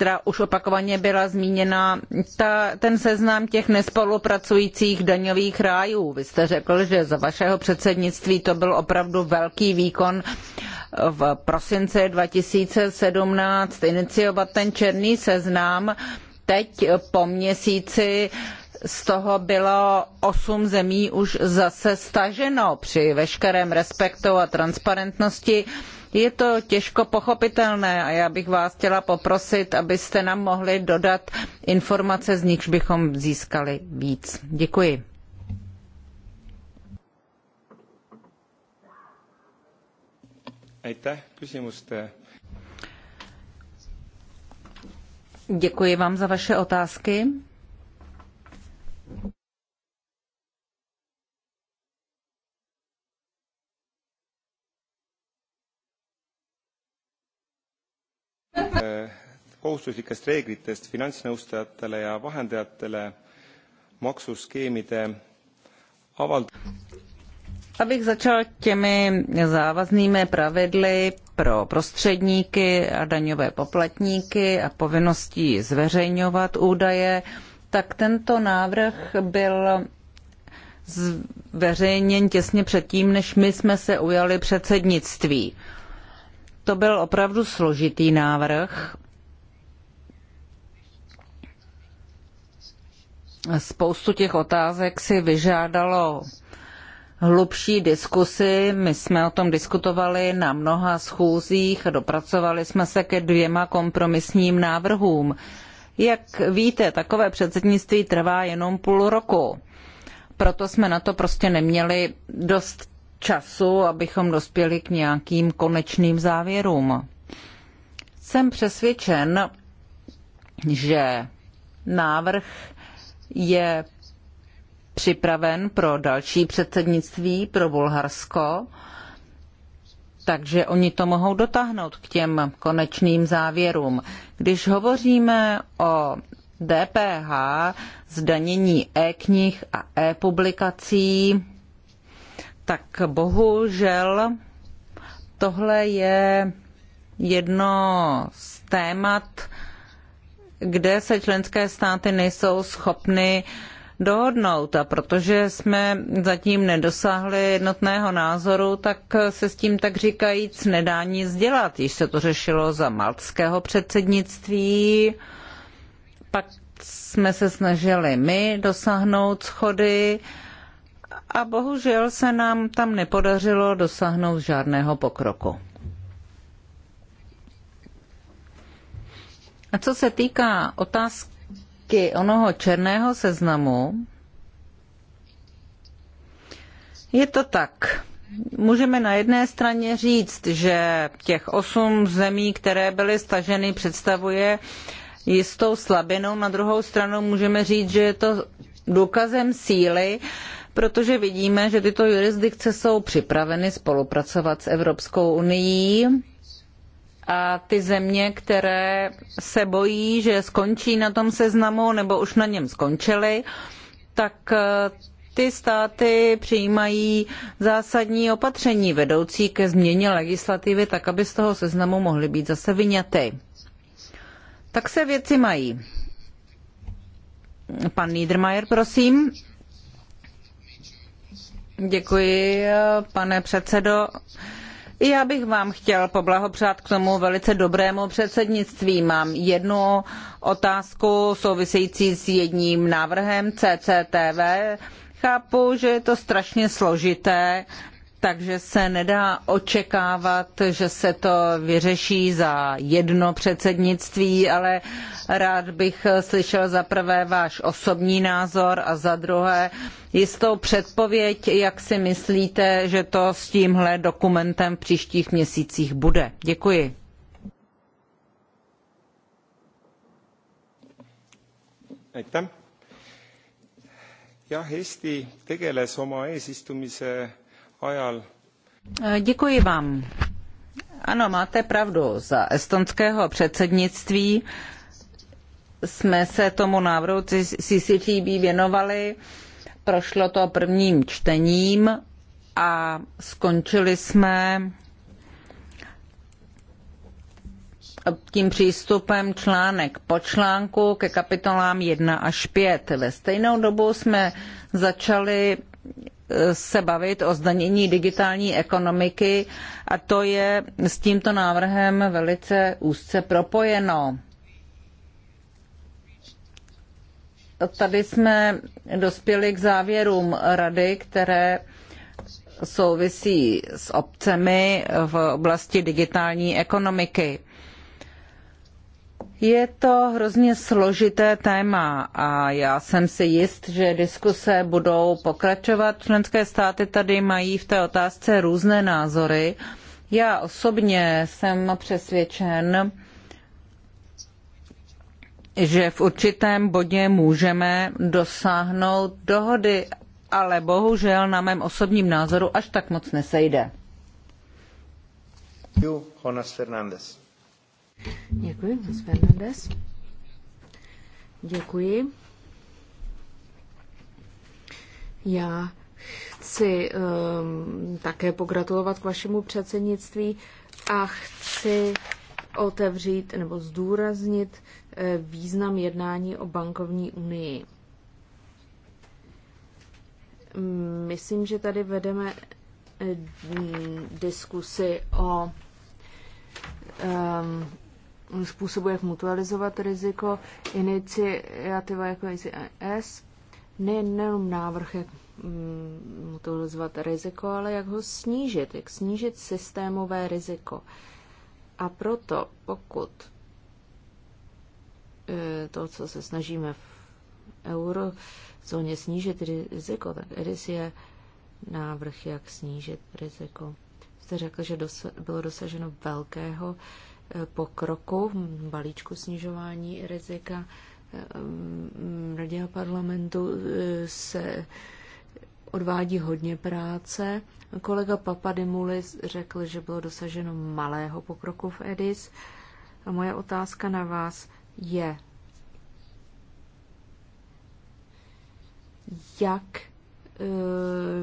která už opakovaně byla zmíněna, ta, ten seznam těch nespolupracujících daňových rájů. Vy jste řekl, že za vašeho předsednictví to byl opravdu velký výkon v prosince 2017 iniciovat ten černý seznam. Teď po měsíci z toho bylo osm zemí už zase staženo při veškerém respektu a transparentnosti. Je to těžko pochopitelné a já bych vás chtěla poprosit, abyste nám mohli dodat informace, z nichž bychom získali víc. Děkuji. Děkuji vám za vaše otázky. Eh, kohustuslikest reeglitest finantsnõustajatele ja vahendajatele maksuskeemide avald- Abych začal těmi závaznými pravidly pro prostředníky a daňové poplatníky a povinností zveřejňovat údaje, tak tento návrh byl zveřejněn těsně předtím, než my jsme se ujali předsednictví. To byl opravdu složitý návrh. Spoustu těch otázek si vyžádalo hlubší diskusy. My jsme o tom diskutovali na mnoha schůzích a dopracovali jsme se ke dvěma kompromisním návrhům. Jak víte, takové předsednictví trvá jenom půl roku. Proto jsme na to prostě neměli dost času, abychom dospěli k nějakým konečným závěrům. Jsem přesvědčen, že návrh je připraven pro další předsednictví, pro Bulharsko, takže oni to mohou dotáhnout k těm konečným závěrům. Když hovoříme o DPH, zdanění e-knih a e-publikací, tak bohužel tohle je jedno z témat, kde se členské státy nejsou schopny dohodnout. A protože jsme zatím nedosáhli jednotného názoru, tak se s tím tak říkajíc nedá nic dělat. Již se to řešilo za maltského předsednictví, pak jsme se snažili my dosáhnout schody, a bohužel se nám tam nepodařilo dosáhnout žádného pokroku. A co se týká otázky onoho černého seznamu, je to tak. Můžeme na jedné straně říct, že těch osm zemí, které byly staženy, představuje jistou slabinu. Na druhou stranu můžeme říct, že je to důkazem síly, protože vidíme, že tyto jurisdikce jsou připraveny spolupracovat s Evropskou unii a ty země, které se bojí, že skončí na tom seznamu nebo už na něm skončily, tak eh, ty státy přijímají zásadní opatření vedoucí ke změně legislativy, tak aby z toho seznamu mohly být zase vyňaty. Tak se věci mají. Pan Niedermayer, prosím. Děkuji, pane předsedo. I já bych vám chtěl poblahopřát k tomu velice dobrému předsednictví. Mám jednu otázku související s jedním návrhem CCTV. Chápu, že je to strašně složité takže se nedá očekávat, že se to vyřeší za jedno předsednictví, ale rád bych slyšel za prvé váš osobní názor a za druhé jistou předpověď, jak si myslíte, že to s tímhle dokumentem v příštích měsících bude. Děkuji. aitäh jah Eesti tegeles oma eesistumise Eh, vám. Ano, máte pravdu. Za estonského předsednictví jsme se tomu návrhu CCTB věnovali. Prošlo to prvním čtením a skončili jsme tím přístupem článek po článku ke kapitolám 1 až 5. Ve stejnou dobu jsme začali se bavit o zdanění digitální ekonomiky a to je s tímto návrhem velice úzce propojeno. Tady jsme dospěli k závěrům rady, které souvisí s obcemi v oblasti digitální ekonomiky. Je to hrozně složité téma a já jsem si jist, že diskuse budou pokračovat. Členské státy tady mají v té otázce různé názory. Já osobně jsem přesvědčen, že v určitém bodě můžeme dosáhnout dohody, ale bohužel na mém osobním názoru až tak moc nesejde. Jonas Fernandez. Děkuji, Ms. Fernandez. Děkuji. Já chci um, také pogratulovat k vašemu předsednictví a chci otevřít nebo zdůraznit eh, význam jednání o bankovní unii. Myslím, že tady vedeme eh, diskusy o um, způsobu, jak mutualizovat riziko, iniciativa jako ICS, nejenom návrh, jak mm, mutualizovat riziko, ale jak ho snížit, jak snížit systémové riziko. A proto, pokud e, to, co se snažíme v eurozóně snížit riziko, tak ERIS je návrh, jak snížit riziko. Jste řekl, že dos- bylo dosaženo velkého pokroku v balíčku snižování rizika ehm, radě a parlamentu eh, se odvádí hodně práce. Kolega Papadimulis řekl, že bylo dosaženo malého pokroku v EDIS. A moje otázka na vás je, jak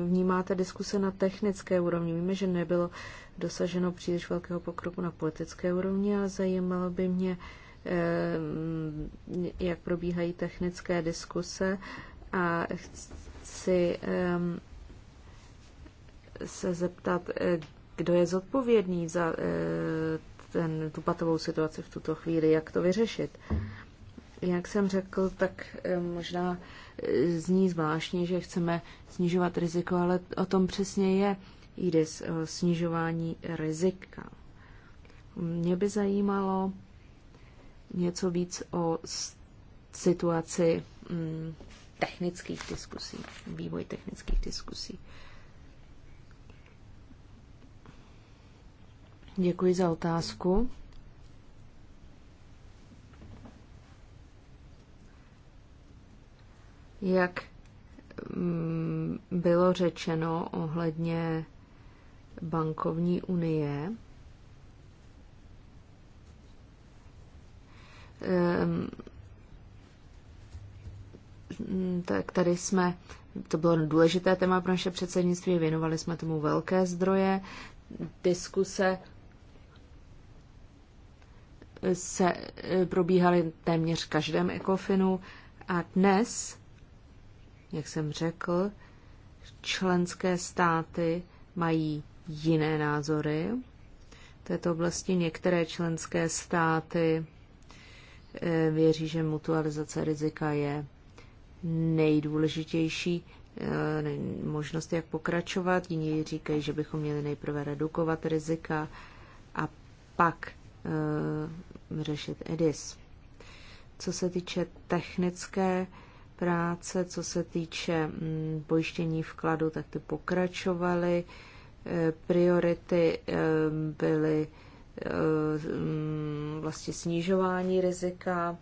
vnímáte diskuse na technické úrovni? Víme, že nebylo dosaženo příliš velkého pokroku na politické úrovni, ale zajímalo by mě, eh, jak probíhají technické diskuse a chci eh, se zeptat, eh, kdo je zodpovědný za ten, tu patovou situaci v tuto chvíli, jak to vyřešit. Jak jsem řekl, tak eh, možná eh, zní zvláštně, že chceme snižovat riziko, ale o tom přesně je. Jde o snižování rizika. Mě by zajímalo něco víc o situaci mm, technických diskusí, vývoj technických diskusí. Děkuji za otázku. Jak mm, bylo řečeno ohledně bankovní unie, ehm, tak tady jsme, to bylo důležité téma pro naše předsednictví, věnovali jsme tomu velké zdroje, diskuse se eh, probíhaly téměř každém ekofinu a dnes jak jsem řekl, členské státy mají jiné názory v této oblasti. Některé členské státy eh, věří, že mutualizace rizika je nejdůležitější eh, možnost, jak pokračovat. Jiní říkají, že bychom měli nejprve redukovat rizika a pak eh, řešit EDIS. Co se týče technické práce, co se týče mm, pojištění vkladu, tak ty pokračovaly. E, priority e, byly e, mm, vlastně snižování rizika.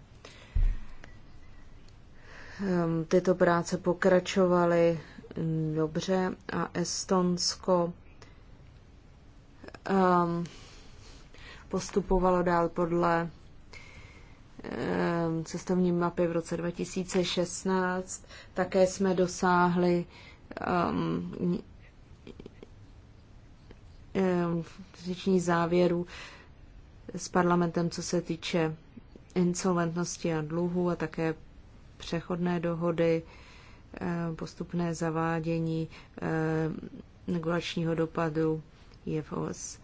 Ehm, tyto práce pokračovaly mm, dobře a Estonsko ehm, postupovalo dál podle Eh, cestovní mapy v roce 2016. Také jsme dosáhli um, um, závěrů s parlamentem, co se týče insolventnosti a dluhu a také přechodné dohody, eh, postupné zavádění eh, regulačního dopadu IFOS.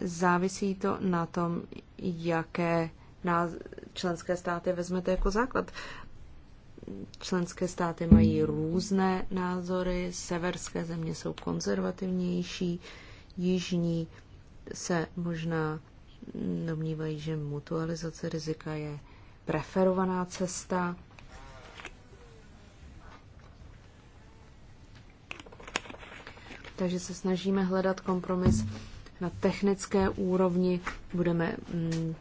Závisí to na tom, jaké na členské státy vezmete jako základ. Členské státy mají různé názory, severské země jsou konzervativnější, jižní se možná domnívají, že mutualizace rizika je preferovaná cesta. Takže se snažíme hledat kompromis na technické úrovni. Budeme mm,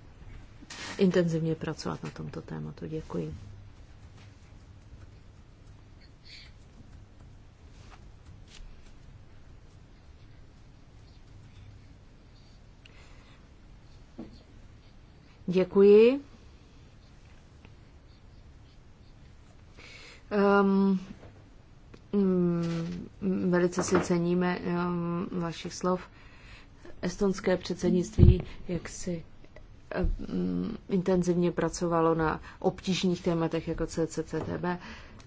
intenzivně pracovat na tomto tématu. Děkuji. Děkuji. Um, um, velice si ceníme um, vašich slov. Estonské předsednictví, jak si Eh, intenzivně pracovalo na obtížných tématech jako CCCTB.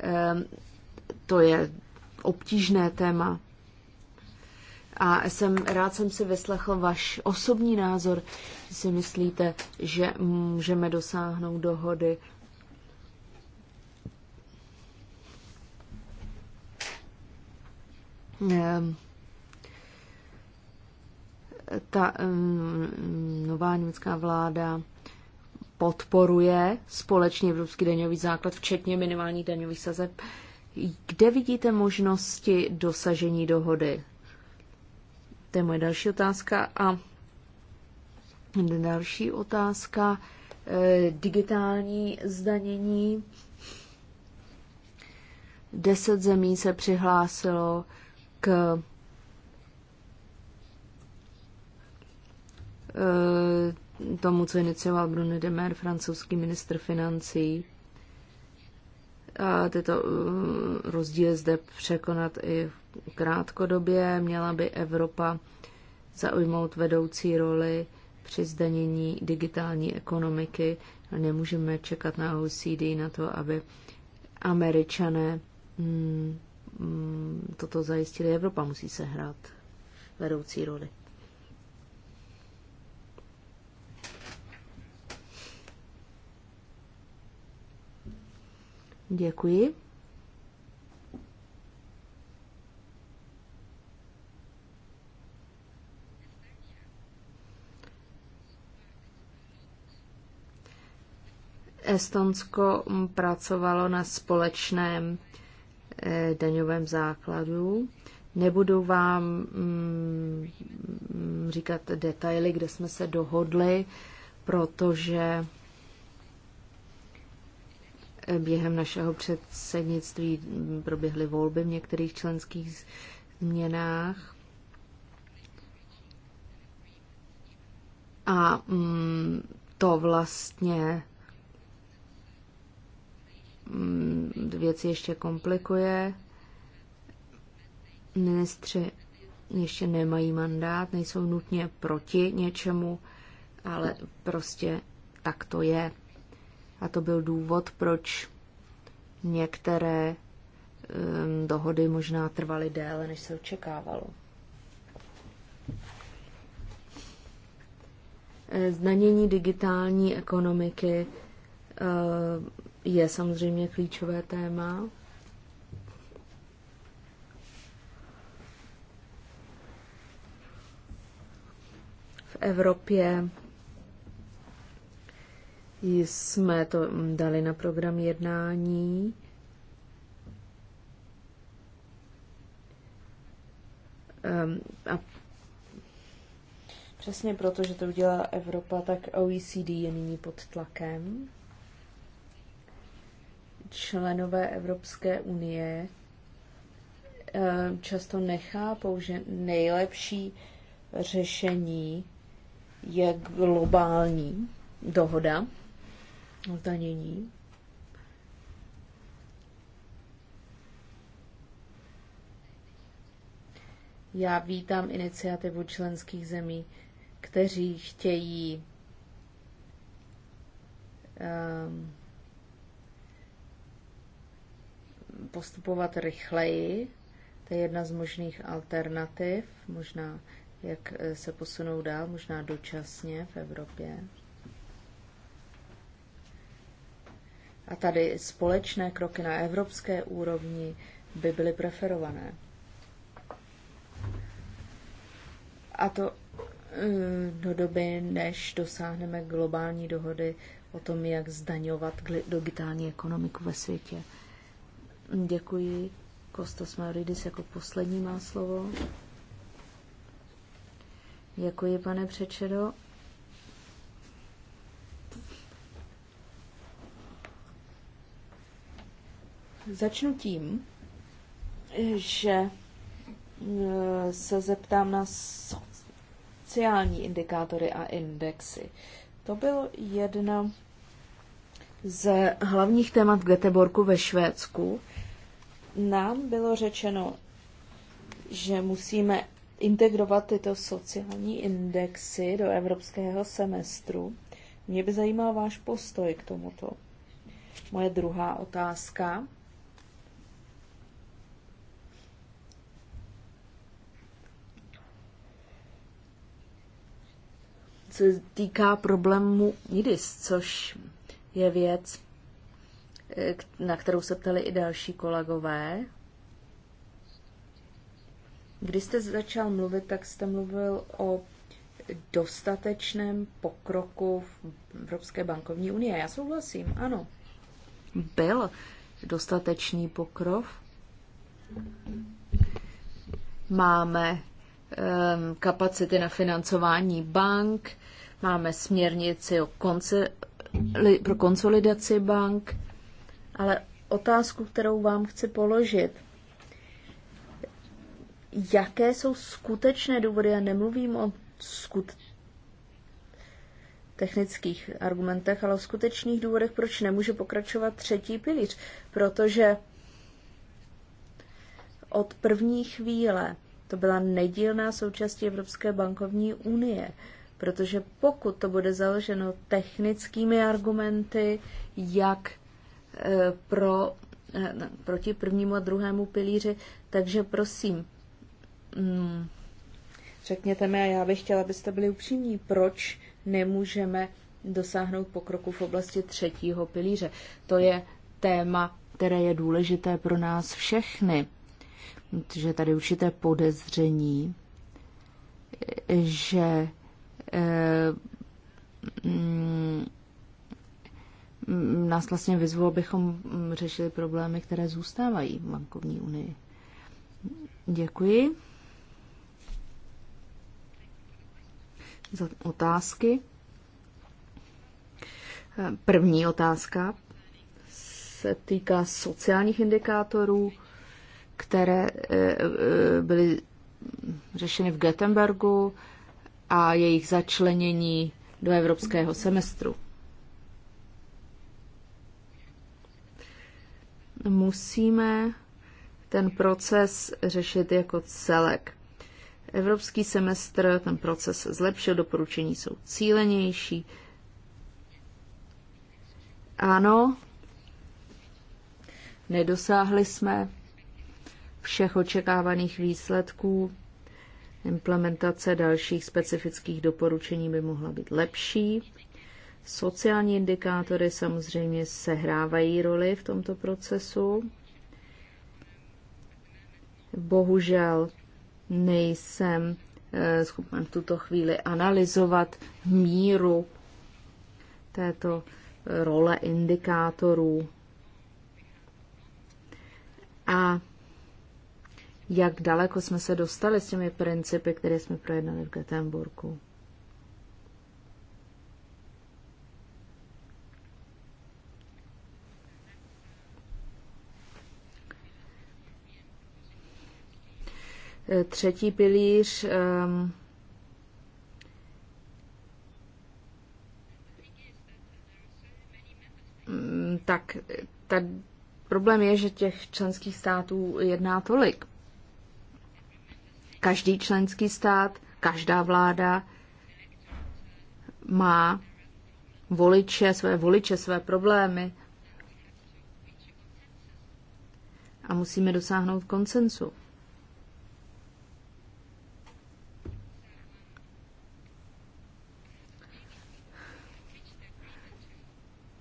Eh, to je obtížné téma. A jsem, rád jsem si vyslechl váš osobní názor, že si myslíte, že můžeme dosáhnout dohody eh, ta um, nová německá vláda podporuje společný evropský daňový základ, včetně minimálních daňových sazeb. Kde vidíte možnosti dosažení dohody? To je moje další otázka. A další otázka, eh, digitální zdanění. Deset zemí se přihlásilo k Eh, tomu, co inicioval Bruno Demer, francouzský ministr financí. A tyto eh, rozdíly zde překonat i v krátkodobě. Měla by Evropa zaujmout vedoucí roli při zdanění digitální ekonomiky. Nemůžeme čekat na OCD na to, aby američané mm, mm, toto zajistili. Evropa musí sehrát vedoucí roli. Děkuji. Estonsko pracovalo na společném eh, daňovém základu. Nebudu vám mm, mm, říkat detaily, kde jsme se dohodli, protože Během našeho předsednictví proběhly volby v některých členských změnách. A mm, to vlastně mm, věci ještě komplikuje. Ministři ještě nemají mandát, nejsou nutně proti něčemu, ale prostě tak to je. A to byl důvod, proč některé um, dohody možná trvaly déle, než se očekávalo. E, Znanění digitální ekonomiky e, je samozřejmě klíčové téma. V Evropě jsme to dali na program jednání. Ehm, a přesně proto, že to udělá Evropa, tak OECD je nyní pod tlakem. Členové Evropské unie ehm, často nechápou, že nejlepší řešení je globální dohoda zdanění. Já vítám iniciativu členských zemí, kteří chtějí um, postupovat rychleji. To je jedna z možných alternativ, možná jak eh, se posunou dál, možná dočasně v Evropě. A tady společné kroky na evropské úrovni by byly preferované. A to eh, do doby, než dosáhneme globální dohody o tom, jak zdaňovat digitální ekonomiku ve světě. Děkuji. Kostas Mauridis jako poslední má slovo. Děkuji, pane předsedo. Začnu tím, že e, se zeptám na sociální indikátory a indexy. To byl jedno z hlavních témat v Göteborgu ve Švédsku. Nám bylo řečeno, že musíme integrovat tyto sociální indexy do evropského semestru. Mě by zajímal váš postoj k tomuto. Moje druhá otázka se týká problému Nidis, což je věc, eh, na kterou se ptali i další kolegové. Když jste začal mluvit, tak jste mluvil o dostatečném pokroku v Evropské bankovní unie. Já souhlasím, ano. Byl dostatečný pokrok. Máme Ehm, kapacity na financování bank, máme směrnici o konce, pro konsolidaci bank, ale otázku, kterou vám chci položit, jaké jsou skutečné důvody, já nemluvím o skut technických argumentech, ale o skutečných důvodech, proč nemůže pokračovat třetí pilíř, protože od první chvíle to byla nedílná součástí Evropské bankovní unie, protože pokud to bude založeno technickými argumenty, jak eh, pro, eh, proti prvnímu a druhému pilíři, takže prosím, mm, řekněte mi, a já bych chtěla, abyste byli upřímní, proč nemůžeme dosáhnout pokroku v oblasti třetího pilíře. To je téma, které je důležité pro nás všechny že tady určité podezření, že eh, mm, nás vlastně vyzvalo, abychom řešili problémy, které zůstávají v bankovní unii. Děkuji za otázky. První otázka se týká sociálních indikátorů které eh, eh, byly řešeny v Göteborgu a jejich začlenění do evropského semestru. Musíme ten proces řešit jako celek. Evropský semestr ten proces zlepšil, doporučení jsou cílenější. Ano, nedosáhli jsme všech očekávaných výsledků. Implementace dalších specifických doporučení by mohla být lepší. Sociální indikátory samozřejmě sehrávají roli v tomto procesu. Bohužel nejsem eh, schopen v tuto chvíli analyzovat míru této eh, role indikátorů. A jak daleko jsme se dostali s těmi principy, které jsme projednali v Göteborgu. Eh, třetí pilíř um, tak ta, problém je, že těch členských států jedná tolik. Každý členský stát, každá vláda má voliče, své voliče, své problémy a musíme dosáhnout koncensu.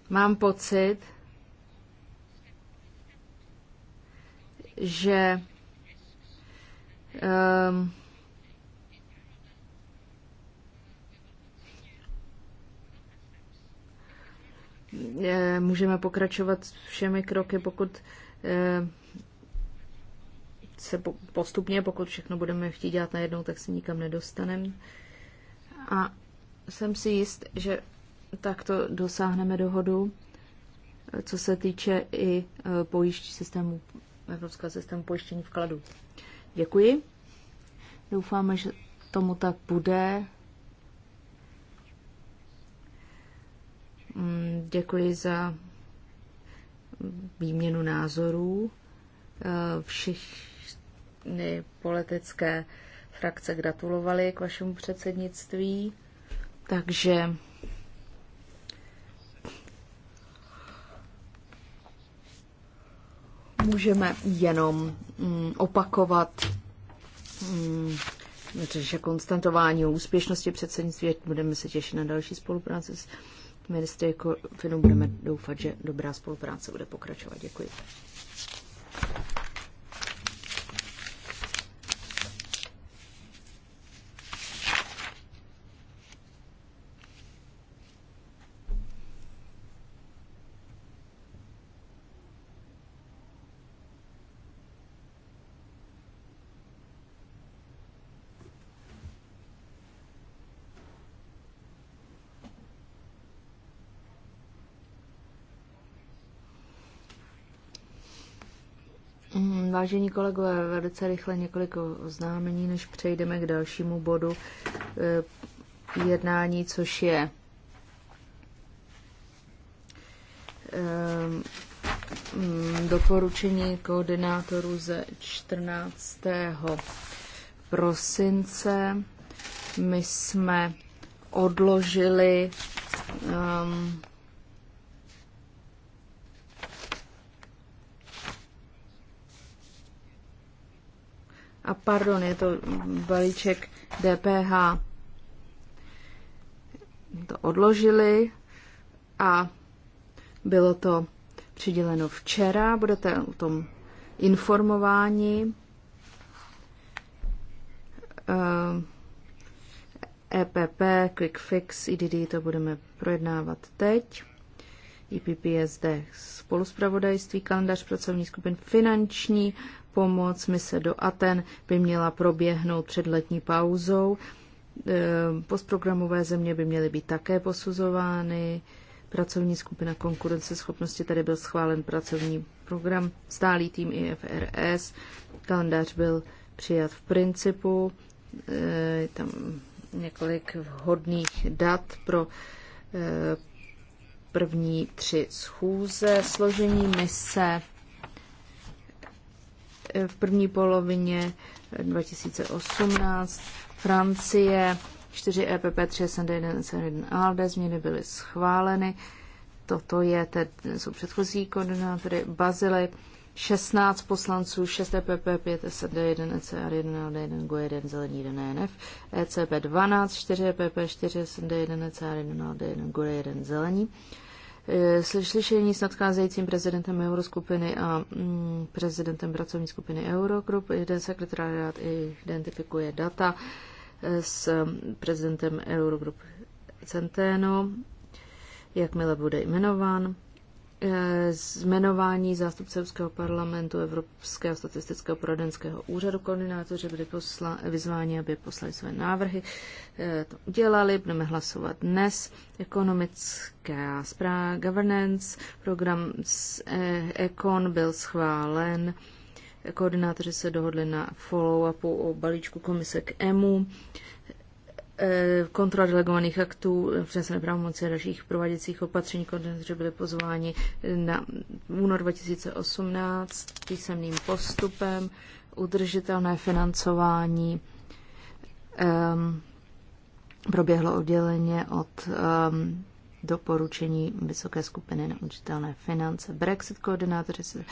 Mám pocit, že Um, můžeme pokračovat všemi kroky, pokud ehm, se postupně, pokud všechno budeme chtít dělat najednou, tak se nikam nedostaneme. A jsem si jist, že takto dosáhneme dohodu, co se týče i e, pojišť systému, evropského systému pojištění vkladů. Děkuji. Doufáme, že tomu tak bude. Mm, děkuji za výměnu názorů. Eh, všichni politické frakce gratulovali k vašemu předsednictví, takže můžeme jenom mm, opakovat že mm, konstantování o úspěšnosti předsednictví. Budeme se těšit na další spolupráci s ministry jako Budeme doufat, že dobrá spolupráce bude pokračovat. Děkuji. Vážení kolegové, velice rychle několik oznámení, než přejdeme k dalšímu bodu eh, jednání, což je eh, doporučení koordinátorů ze 14. prosince. My jsme odložili um, A pardon, je to balíček DPH. To odložili a bylo to přiděleno včera. Budete o tom informováni. EPP, eh, e Quick Fix, IDD, e to budeme projednávat teď. IPPSD, e spoluspravodajství, kalendář pracovní skupin finanční, Pomoc mise do Aten by měla proběhnout před letní pauzou. E, postprogramové země by měly být také posuzovány. Pracovní skupina konkurenceschopnosti, tady byl schválen pracovní program, stálý tým IFRS, kalendář byl přijat v principu, e, tam několik vhodných dat pro e, první tři schůze, složení mise, v první polovině 2018 Francie 4 EPP 371 ALD, změny byly schváleny. Toto je, tedy, jsou předchozí koordinátory Bazily 16 poslanců, 6 EPP, 5 SD, 1 ECR, 1 LD, 1 GO, 1 Zelený, 1 ENF, ECB 12, 4 EPP, 4 SD, 1 ECR, 1 LD, 1 GO, 1 Zelený. Eh, slyšení s nadcházejícím prezidentem Euroskupiny a mm, prezidentem pracovní skupiny Eurogroup. Jeden sekretariát identifikuje data eh, s mm, prezidentem Eurogroup Centeno, jakmile bude jmenován. Zmenování zástupce Evropského parlamentu Evropského statistického poradenského úřadu koordinátoři byli posla, vyzváni, aby poslali své návrhy. Eh, to udělali, budeme hlasovat dnes. Ekonomická zpráva, governance, program eh, Econ byl schválen. Koordinátoři se dohodli na follow-upu o balíčku komise k EMU. Eh, kontrola delegovaných aktů, eh, přenesené pravomoci a dalších prováděcích opatření, koordinátoři byli pozváni na únor 2018 písemným postupem, udržitelné financování um, proběhlo odděleně od um, doporučení Vysoké skupiny na učitelné finance. Brexit koordinátoři se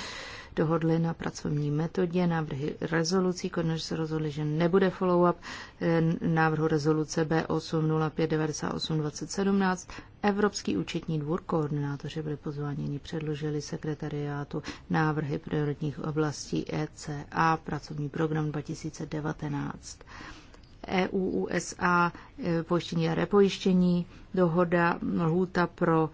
dohodli na pracovní metodě, návrhy rezolucí, koordinátoři se rozhodli, že nebude follow-up eh, návrhu rezoluce B80598-2017. Evropský účetní dvůr koordinátoři byli pozváni, předložili sekretariátu návrhy prioritních oblastí ECA, pracovní program 2019. EU-USA e, pojištění a repojištění, dohoda, lhůta pro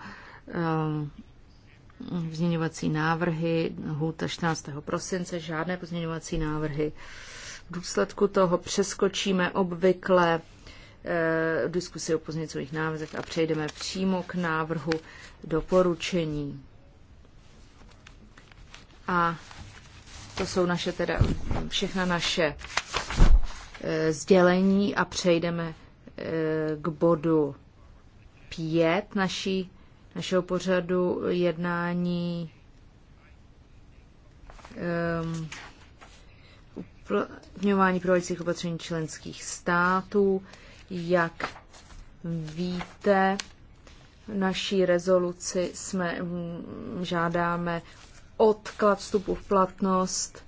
vzměňovací e, návrhy, lhůta 14. prosince, žádné pozměňovací návrhy. V důsledku toho přeskočíme obvykle e, diskusi o pozměňovacích návrzech a přejdeme přímo k návrhu doporučení. A to jsou naše teda všechna naše Eh, sdělení a přejdeme eh, k bodu pět naší, našeho pořadu jednání um, uplatňování prováděcích opatření členských států. Jak víte, naší rezoluci jsme hm, žádáme odklad vstupu v platnost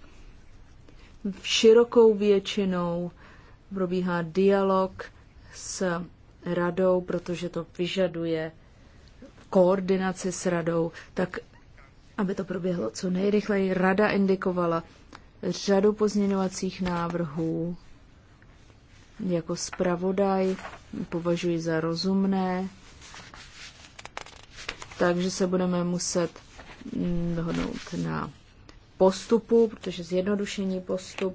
širokou většinou probíhá dialog s radou, protože to vyžaduje koordinaci s radou, tak aby to proběhlo co nejrychleji. Rada indikovala řadu pozměňovacích návrhů. Jako zpravodaj považuji za rozumné, takže se budeme muset mm, dohodnout na postupu, protože zjednodušení postup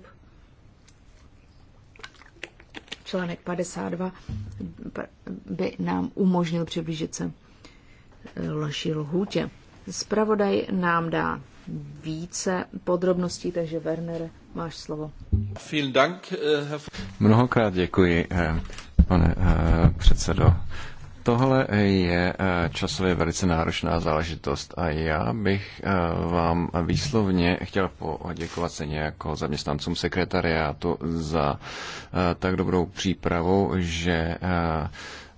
Článek 52 by nám umožnil přiblížit se leží lhůtě. Spravodaj nám dá více podrobností, takže Werner, máš slovo. Eh, Mnohokrát děkuji, eh, pane eh, předsedo. Tohle je eh, časově velice náročná záležitost a já bych eh, vám výslovně chtěl poděkovat se jako zaměstnancům sekretariátu za eh, tak dobrou přípravu, že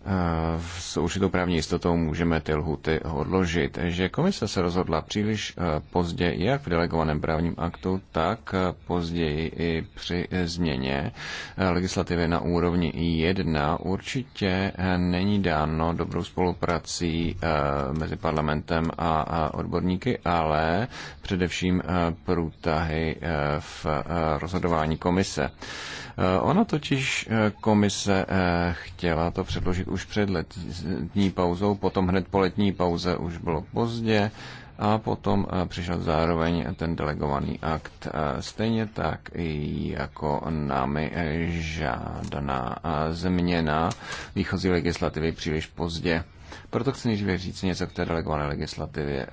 Eh, s určitou právní jistotou můžeme ty lhuty odložit, že komise se rozhodla příliš eh, pozdě jak v delegovaném právním aktu, tak eh, později i při změně legislativy na úrovni 1 určitě není dáno dobrou spoluprací mezi parlamentem a odborníky, ale především průtahy v rozhodování komise. Ona totiž komise chtěla to předložit už před letní pauzou, potom hned po letní pauze už bylo pozdě a potom eh, přišel zároveň ten delegovaný akt. Eh, stejně tak i jako námi eh, žádaná změna výchozí legislativy příliš pozdě. Proto chci nejdříve říct něco k té delegované legislativě.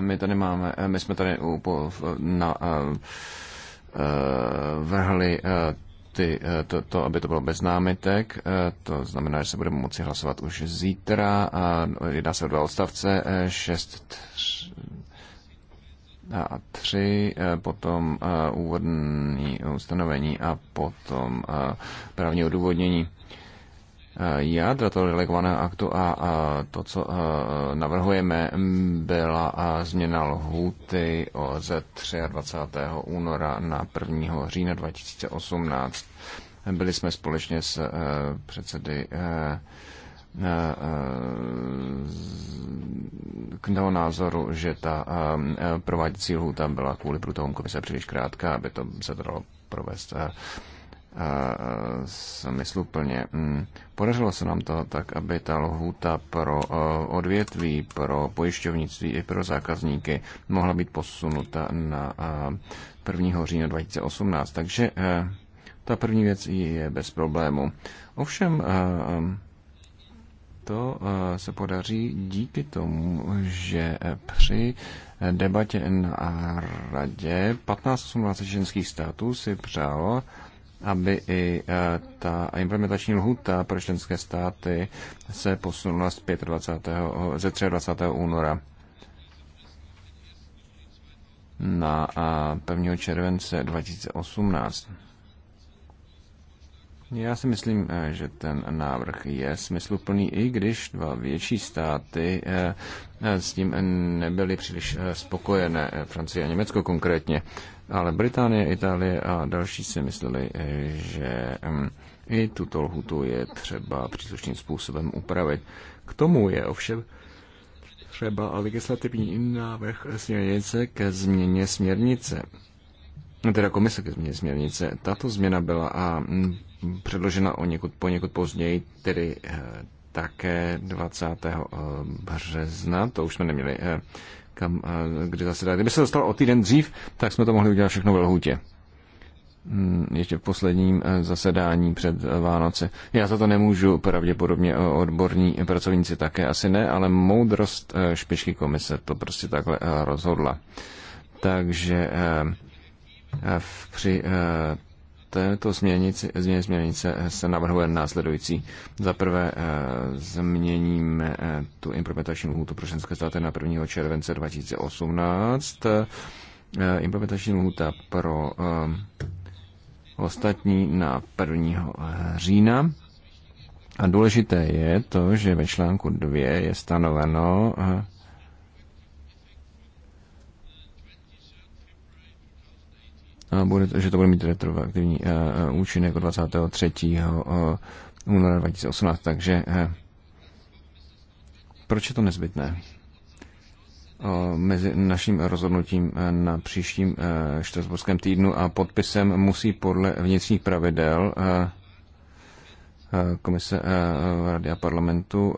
My tady máme, my jsme tady u, na, na vrhli eh, ty, eh, to, to, aby to bylo bez námitek. Eh, to znamená, že se budeme moci hlasovat už zítra. A jedná se o dva odstavce, 6 a 3, potom úvodní ustanovení a potom právní odůvodnění jádra toho delegovaného aktu a to, co e, navrhujeme, byla e, změna lhůty ze 23. února na 1. října 2018. Byli jsme společně s e, předsedy k toho názoru, že ta prováděcí lhůta byla kvůli průtohům komise příliš krátká, aby to se dalo provést smysluplně. Mm. Podařilo se nám to tak, aby ta lhůta pro e, odvětví, pro pojišťovnictví i pro zákazníky mohla být posunuta na 1. E, října 2018. Takže e, ta první věc je bez problému. Ovšem, to se podaří díky tomu, že při debatě na radě 15-18 ženských států si přálo aby i e, ta implementační lhuta pro členské státy se posunula z 25, ze 23. února na 1. července 2018. Já si myslím, e, že ten návrh je smysluplný, i když dva větší státy e, s tím nebyly příliš spokojené, Francie a Německo konkrétně. Ale Británie, Itálie a další si mysleli, že mm, i tuto lhutu je třeba příslušným způsobem upravit. K tomu je ovšem třeba legislativní návrh směrnice ke změně směrnice. Teda komise ke změně směrnice. Tato změna byla a mm, předložena o někud, poněkud později, tedy eh, také 20. Eh, března, to už jsme neměli eh, kam, eh, zase zasedá. Kdyby se dostal o týden dřív, tak jsme to mohli udělat všechno ve lhůtě. Hmm, ještě v posledním eh, zasedání před Vánoce. Já za to nemůžu, pravděpodobně odborní pracovníci také asi ne, ale moudrost eh, špičky komise to prostě takhle rozhodla. Takže při této změnici, změně směrnice se navrhuje následující. Za prvé eh, změníme eh, tu implementační lhůtu pro členské státy na 1. července 2018. Eh, implementační lhůta pro ostatní na 1. října. A důležité je to, že ve článku 2 je stanoveno, bude, že to bude mít retroaktivní eh, eh, účinek od 23. Eh, února 2018. Takže proč je to nezbytné? Mezi naším rozhodnutím na příštím štrasburském týdnu a podpisem musí podle vnitřních pravidel komise Rady a parlamentu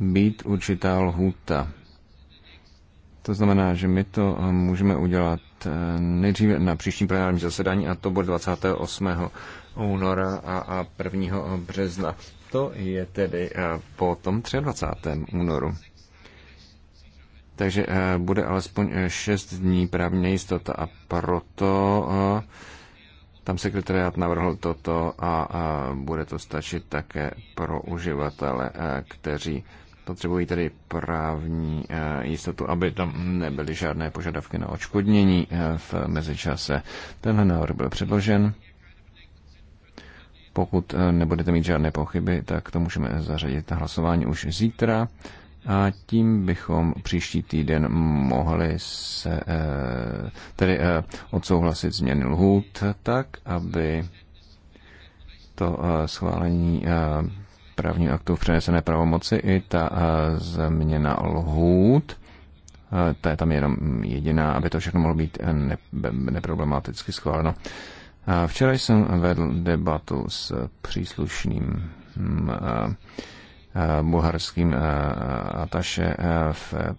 být určitá lhůta. To znamená, že my to můžeme udělat Eh, nejdříve na příštím plenárním zasedání a to bude 28. února a, 1. března. To je tedy eh, po tom 23. únoru. Takže eh, bude alespoň 6 dní právní nejistota a proto tam sekretariát navrhl toto a bude to stačit také pro uživatele, kteří Potřebují tedy právní eh, jistotu, aby tam nebyly žádné požadavky na očkodnění eh, v mezičase. Tenhle návrh byl předložen. Pokud eh, nebudete mít žádné pochyby, tak to můžeme zařadit na hlasování už zítra a tím bychom příští týden mohli se, tedy odsouhlasit změny lhůt tak, aby to schválení právním aktu v přenesené pravomoci i ta eh, změna lhůt. Eh, ta je tam jenom jediná, aby to všechno mohlo být eh, neproblematicky schváleno. Včera jsem vedl debatu s příslušným hm, bulharským ataše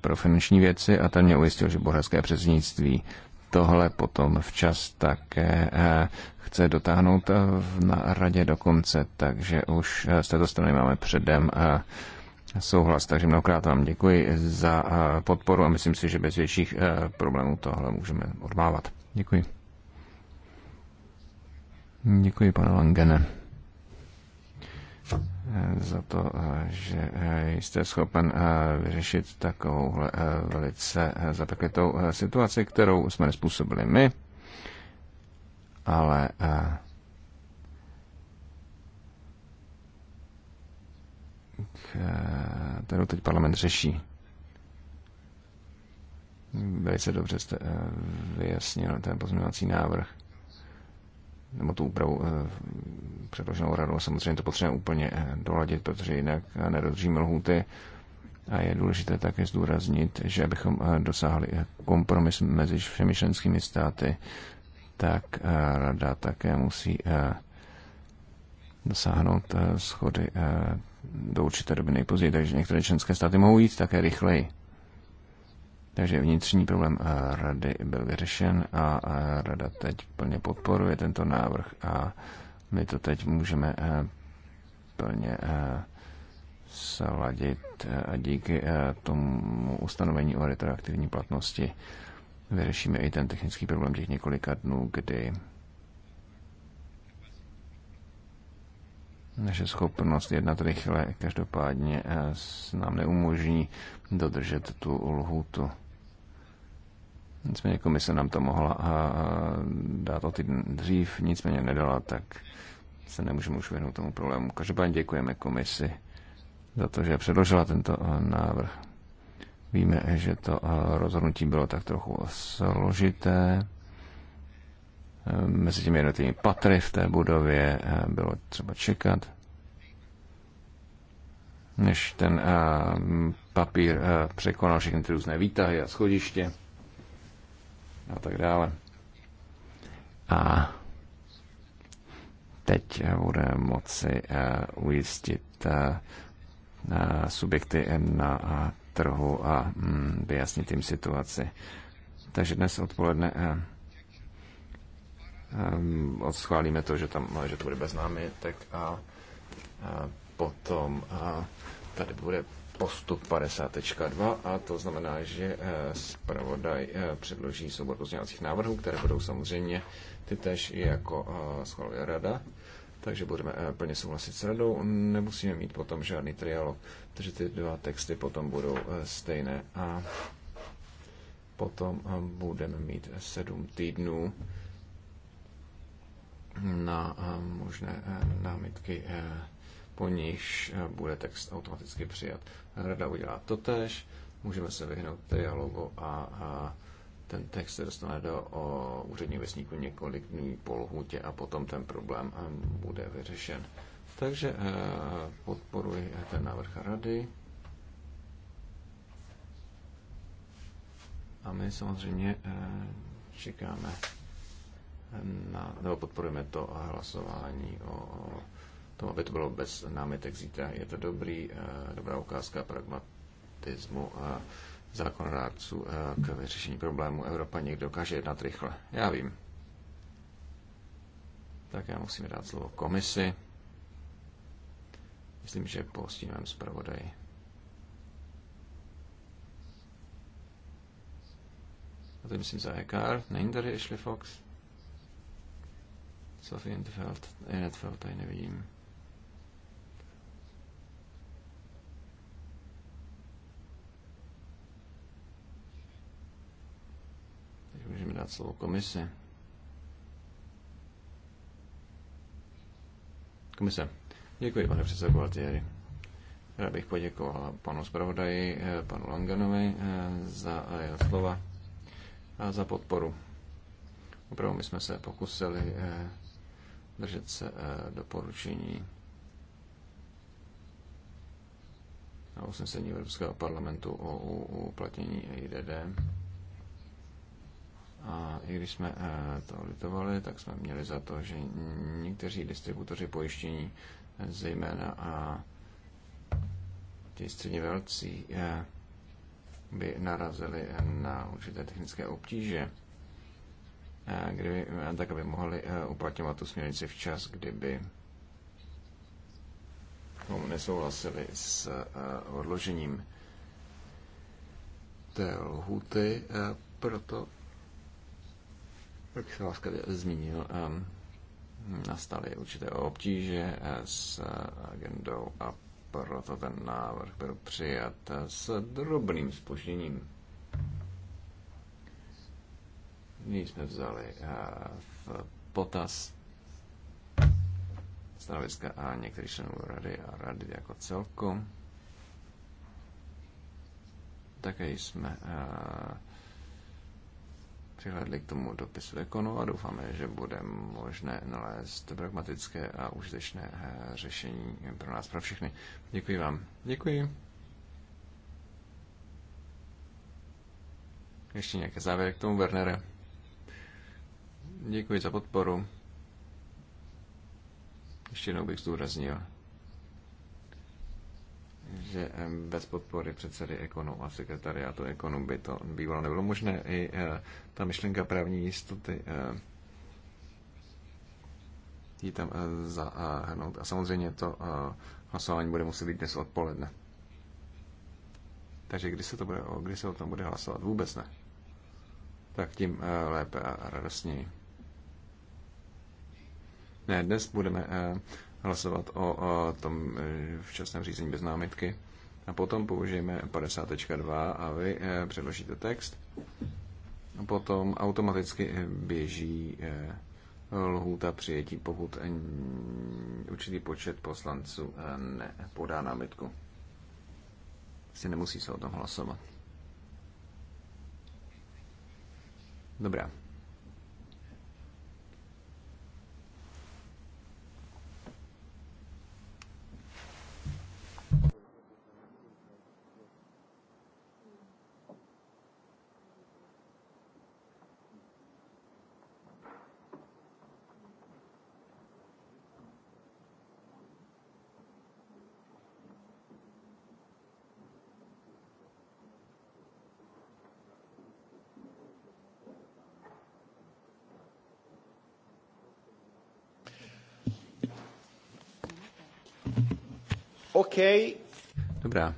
pro finanční věci a ten mě ujistil, že bulharské předsednictví tohle potom včas také eh, chce dotáhnout eh, na radě do konce, takže už eh, z této strany máme předem souhlas. Takže mnohokrát vám děkuji za podporu a myslím si, že bez větších problémů tohle můžeme odmávat. Děkuji. Děkuji, pane Langene za to, eh, že eh, jste schopen eh, vyřešit takovouhle velice zapeklitou situaci, kterou jsme nespůsobili my, ale kterou teď parlament řeší. Velice dobře jste vyjasnil ten pozměňovací návrh nebo tu úpravu předloženou radu a samozřejmě to potřebujeme úplně eh, doladit, protože jinak eh, nedodržíme lhuty. A je důležité také zdůraznit, že abychom eh, dosáhli kompromis mezi všemi členskými státy, tak rada také musí dosáhnout schody do určité doby nejpozději, takže některé členské státy mohou jít také rychleji. Takže vnitřní problém rady byl vyřešen a rada teď plně podporuje tento návrh a my to teď můžeme eh, plně eh, sladit eh, a díky tomu ustanovení o retroaktivní platnosti vyřešíme i ten technický problém těch několika dnů, kdy naše schopnost jednat rychle každopádně nám neumožní dodržet tu lhůtu. Nicméně komise nám to mohla dát o týden dřív, nicméně nedala, tak se nemůžeme už věnout tomu problému. Každopádně děkujeme komisi za to, že předložila tento eh, návrh. Víme, že to eh, rozhodnutí bylo tak trochu složité. Eh, mezi těmi jednotlivými patry v té budově bylo třeba čekat, než ten papír překonal všechny ty různé výtahy a schodiště a tak dále. A teď eh, bude moci eh, ujistit eh, subjekty na trhu a mm, vyjasnit jim situaci. Takže dnes odpoledne odschválíme to, že, tam, no, že to bude bez tak a potom tady bude postup 50.2 a to znamená, že zpravodaj předloží soubor pozměňovacích návrhů, které budou samozřejmě ty tež jako schvaluje rada takže budeme eh, plně souhlasit s radou. Nemusíme mít potom žádný trialog, takže ty dva texty potom budou eh, stejné a potom eh, budeme mít sedm týdnů na možné námitky, po nichž bude text automaticky přijat. Rada udělá totež, můžeme se vyhnout dialogu a, a ten text se dostane do úředního vesníku několik dní po lhůtě a potom ten problém eh, bude vyřešen. Takže eh, podporuji ten návrh rady. A my samozřejmě eh, čekáme na, nebo podporujeme to hlasování o tom, aby to bylo bez námitek zítra. Je to dobrý, dobrá ukázka pragmatismu. A, zákonodárců eh, k vyřešení problému Evropa někdo dokáže jednat rychle. Já vím. Tak já musím dát slovo komisi. Myslím, že po stínovém zpravodaji. A to myslím za EKR. Není tady Ashley Fox? Sophie Entfeld, Enetfeld tady nevidím. můžeme dát slovo komise. Komise. Děkuji, pane předsedo Gualtieri. Rád bych poděkoval panu zpravodaji, eh, panu Langanovi eh, za jeho slova a za podporu. Opravdu my jsme se pokusili eh, držet se doporučení a usnesení Evropského parlamentu o uplatnění IDD. A i když jsme eh, to litovali, tak jsme měli za to, že někteří distributoři pojištění, eh, zejména a ti středně velcí, eh, by narazili na určité technické obtíže, kdyby, tak aby mohli uplatňovat tu směrnici včas, kdyby nesouhlasili s odložením té lhuty. Proto jak se láskavě zmínil, ehm, nastaly určité obtíže eh, s agendou a proto ten návrh byl přijat eh, s drobným spožděním. Nyní jsme vzali eh, v potaz stanoviska a některých členů rady a rady jako celku. Také jsme přihledli k tomu dopisu Ekonu a doufáme, že bude možné nalézt pragmatické a užitečné eh, řešení pro nás, pro všechny. Děkuji vám. Děkuji. Ještě nějaké závěry k tomu, Wernere. Děkuji za podporu. Ještě jednou bych zdůraznil, že eh, bez podpory předsedy Ekonu a sekretariátu Ekonu by to bývalo nebylo možné. I eh, ta myšlenka právní jistoty eh, ji tam zahrnout. A samozřejmě to hlasování bude muset být dnes odpoledne. Takže kdy se, to bude, kdy se o tom bude hlasovat? Vůbec ne. Tak tím lépe a radostněji. Ne, dnes budeme hlasovat o tom e, včasném řízení bez námitky. A potom použijeme 50.2 a vy e, předložíte text. Potom automaticky e, běží lhůta přijetí, pokud určitý počet poslanců nepodá námitku. Si nemusí se o tom hlasovat. Dobrá. Okay. Dobrá.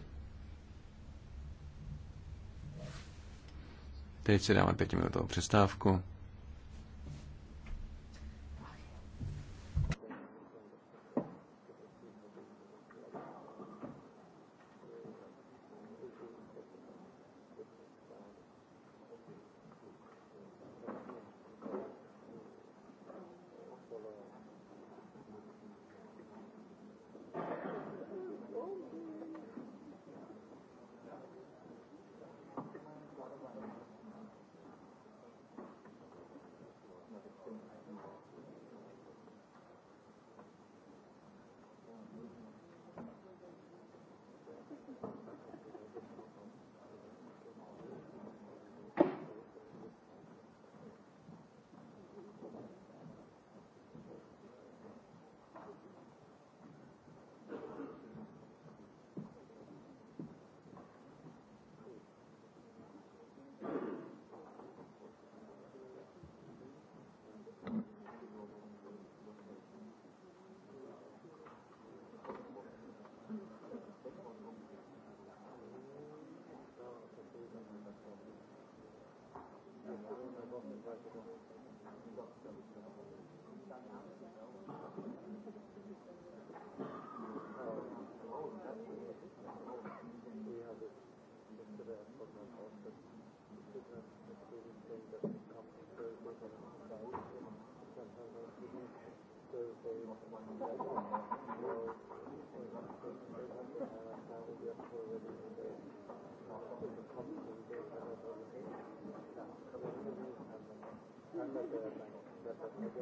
Teď si dáme pětiminutovou přestávku.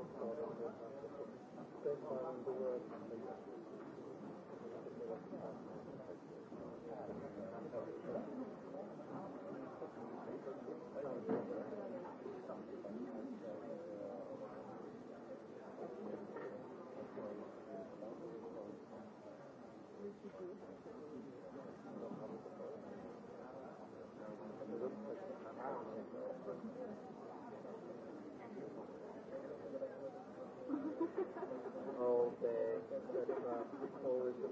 Thank you. with the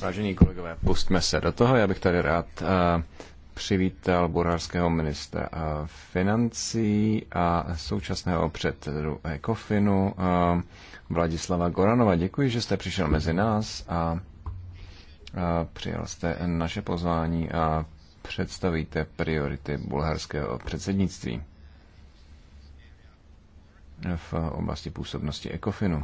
Vážení kolegové, pustme se do toho. Já bych tady rád eh, přivítal bulharského ministra eh, financí a současného předsedu Ekofinu eh, Vladislava Goranova. Děkuji, že jste přišel mezi nás a přijal jste naše pozvání a představíte priority bulharského předsednictví v oblasti působnosti ECOFINu.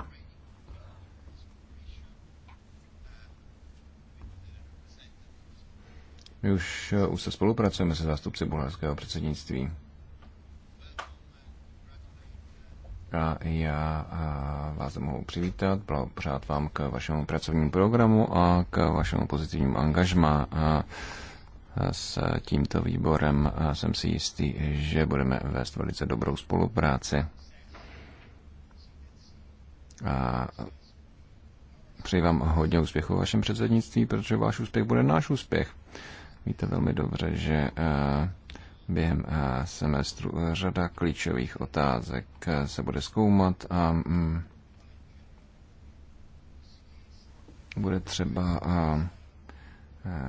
My už eh, už se spolupracujeme se zástupci bulharského předsednictví. A já eh, vás mohu přivítat, přát vám k vašemu pracovnímu programu a k vašemu pozitivnímu angažma. A eh, s tímto výborem jsem si jistý, že budeme vést velice dobrou spolupráci. A přeji vám hodně úspěchu v vašem předsednictví, protože váš úspěch bude náš úspěch. Víte velmi dobře, že eh, během eh, semestru řada klíčových otázek eh, se bude zkoumat a mm, bude třeba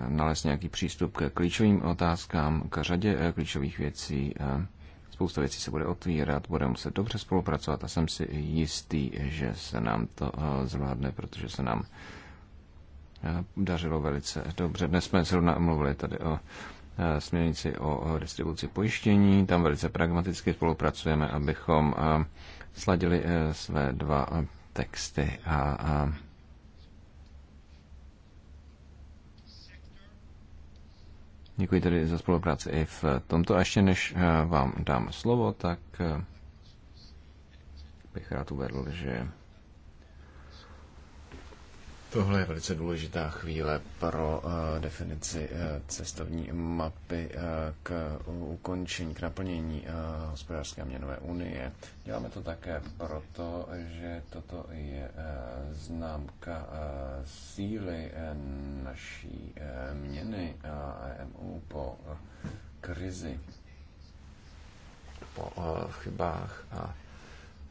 nalézt nějaký přístup k klíčovým otázkám, k řadě klíčových věcí. Spousta věcí se bude otvírat, budeme muset dobře spolupracovat a jsem si jistý, že se nám to eh, zvládne, protože se nám eh, dařilo velice dobře. Dnes jsme zrovna mluvili tady o eh, směrnici o distribuci pojištění. Tam velice pragmaticky spolupracujeme, abychom sladili své dva texty a Děkuji tedy za spolupráci i v tomto. A ještě než eh, vám dám slovo, tak eh, bych rád uvedl, že Tohle je velice důležitá chvíle pro uh, definici uh, cestovní mapy uh, k ukončení, k naplnění uh, hospodářské a měnové unie. Děláme to také proto, že toto je uh, známka uh, síly uh, naší uh, měny a EMU po uh, krizi, po uh, chybách a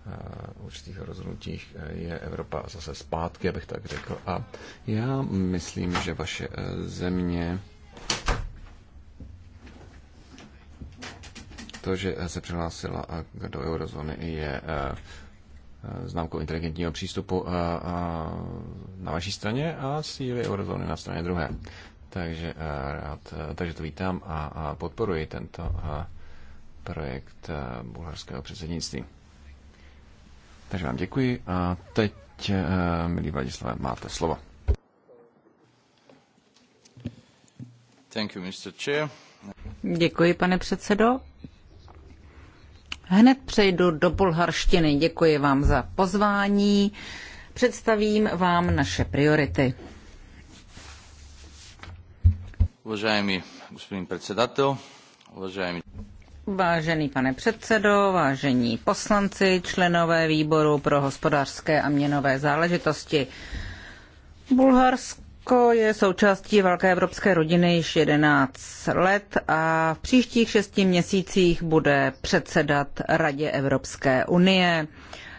Eh, určitých rozhodnutích eh, je Evropa zase zpátky, abych tak řekl. A já myslím, že vaše eh, země to, že se přihlásila do eurozóny, je známkou inteligentního přístupu na vaší straně a síly eurozóny na straně druhé. Takže, rád, takže to vítám a podporuji tento projekt bulharského předsednictví. Takže vám děkuji a teď, eh, milí Vladislav, máte slovo. Thank you, Mr. Chair. Děkuji, pane předsedo. Hned přejdu do bulharštiny. Děkuji vám za pozvání. Představím vám naše priority. Uvažajmi, господин председател, uvažajmi... Vážený pane předsedo, vážení poslanci, členové výboru pro hospodářské a měnové záležitosti. Bulharsko je součástí velké evropské rodiny již 11 let a v příštích šesti měsících bude předsedat Radě Evropské unie,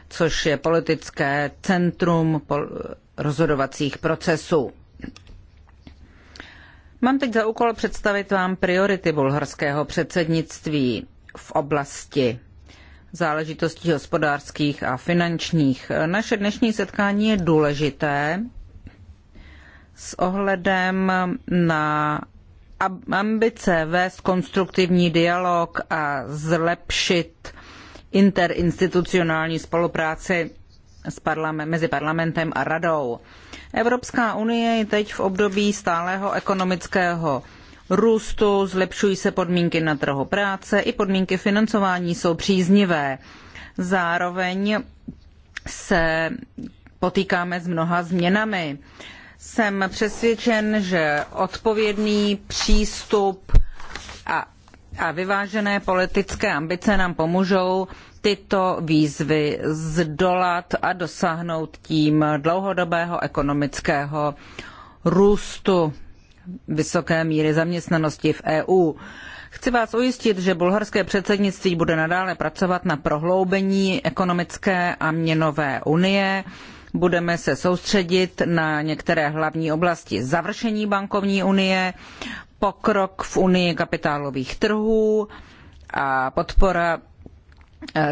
což je politické centrum rozhodovacích procesů. Mám teď za úkol představit vám priority bulharského předsednictví v oblasti záležitostí hospodářských a finančních. Naše dnešní setkání je důležité s ohledem na ambice vést konstruktivní dialog a zlepšit interinstitucionální spolupráci mezi parlamentem a radou. Evropská unie je teď v období stálého ekonomického růstu, zlepšují se podmínky na trhu práce, i podmínky financování jsou příznivé. Zároveň se potýkáme s mnoha změnami. Jsem přesvědčen, že odpovědný přístup a, a vyvážené politické ambice nám pomůžou tyto výzvy zdolat a dosáhnout tím dlouhodobého ekonomického růstu vysoké míry zaměstnanosti v EU. Chci vás ujistit, že bulharské předsednictví bude nadále pracovat na prohloubení ekonomické a měnové unie. Budeme se soustředit na některé hlavní oblasti završení bankovní unie, pokrok v unii kapitálových trhů a podpora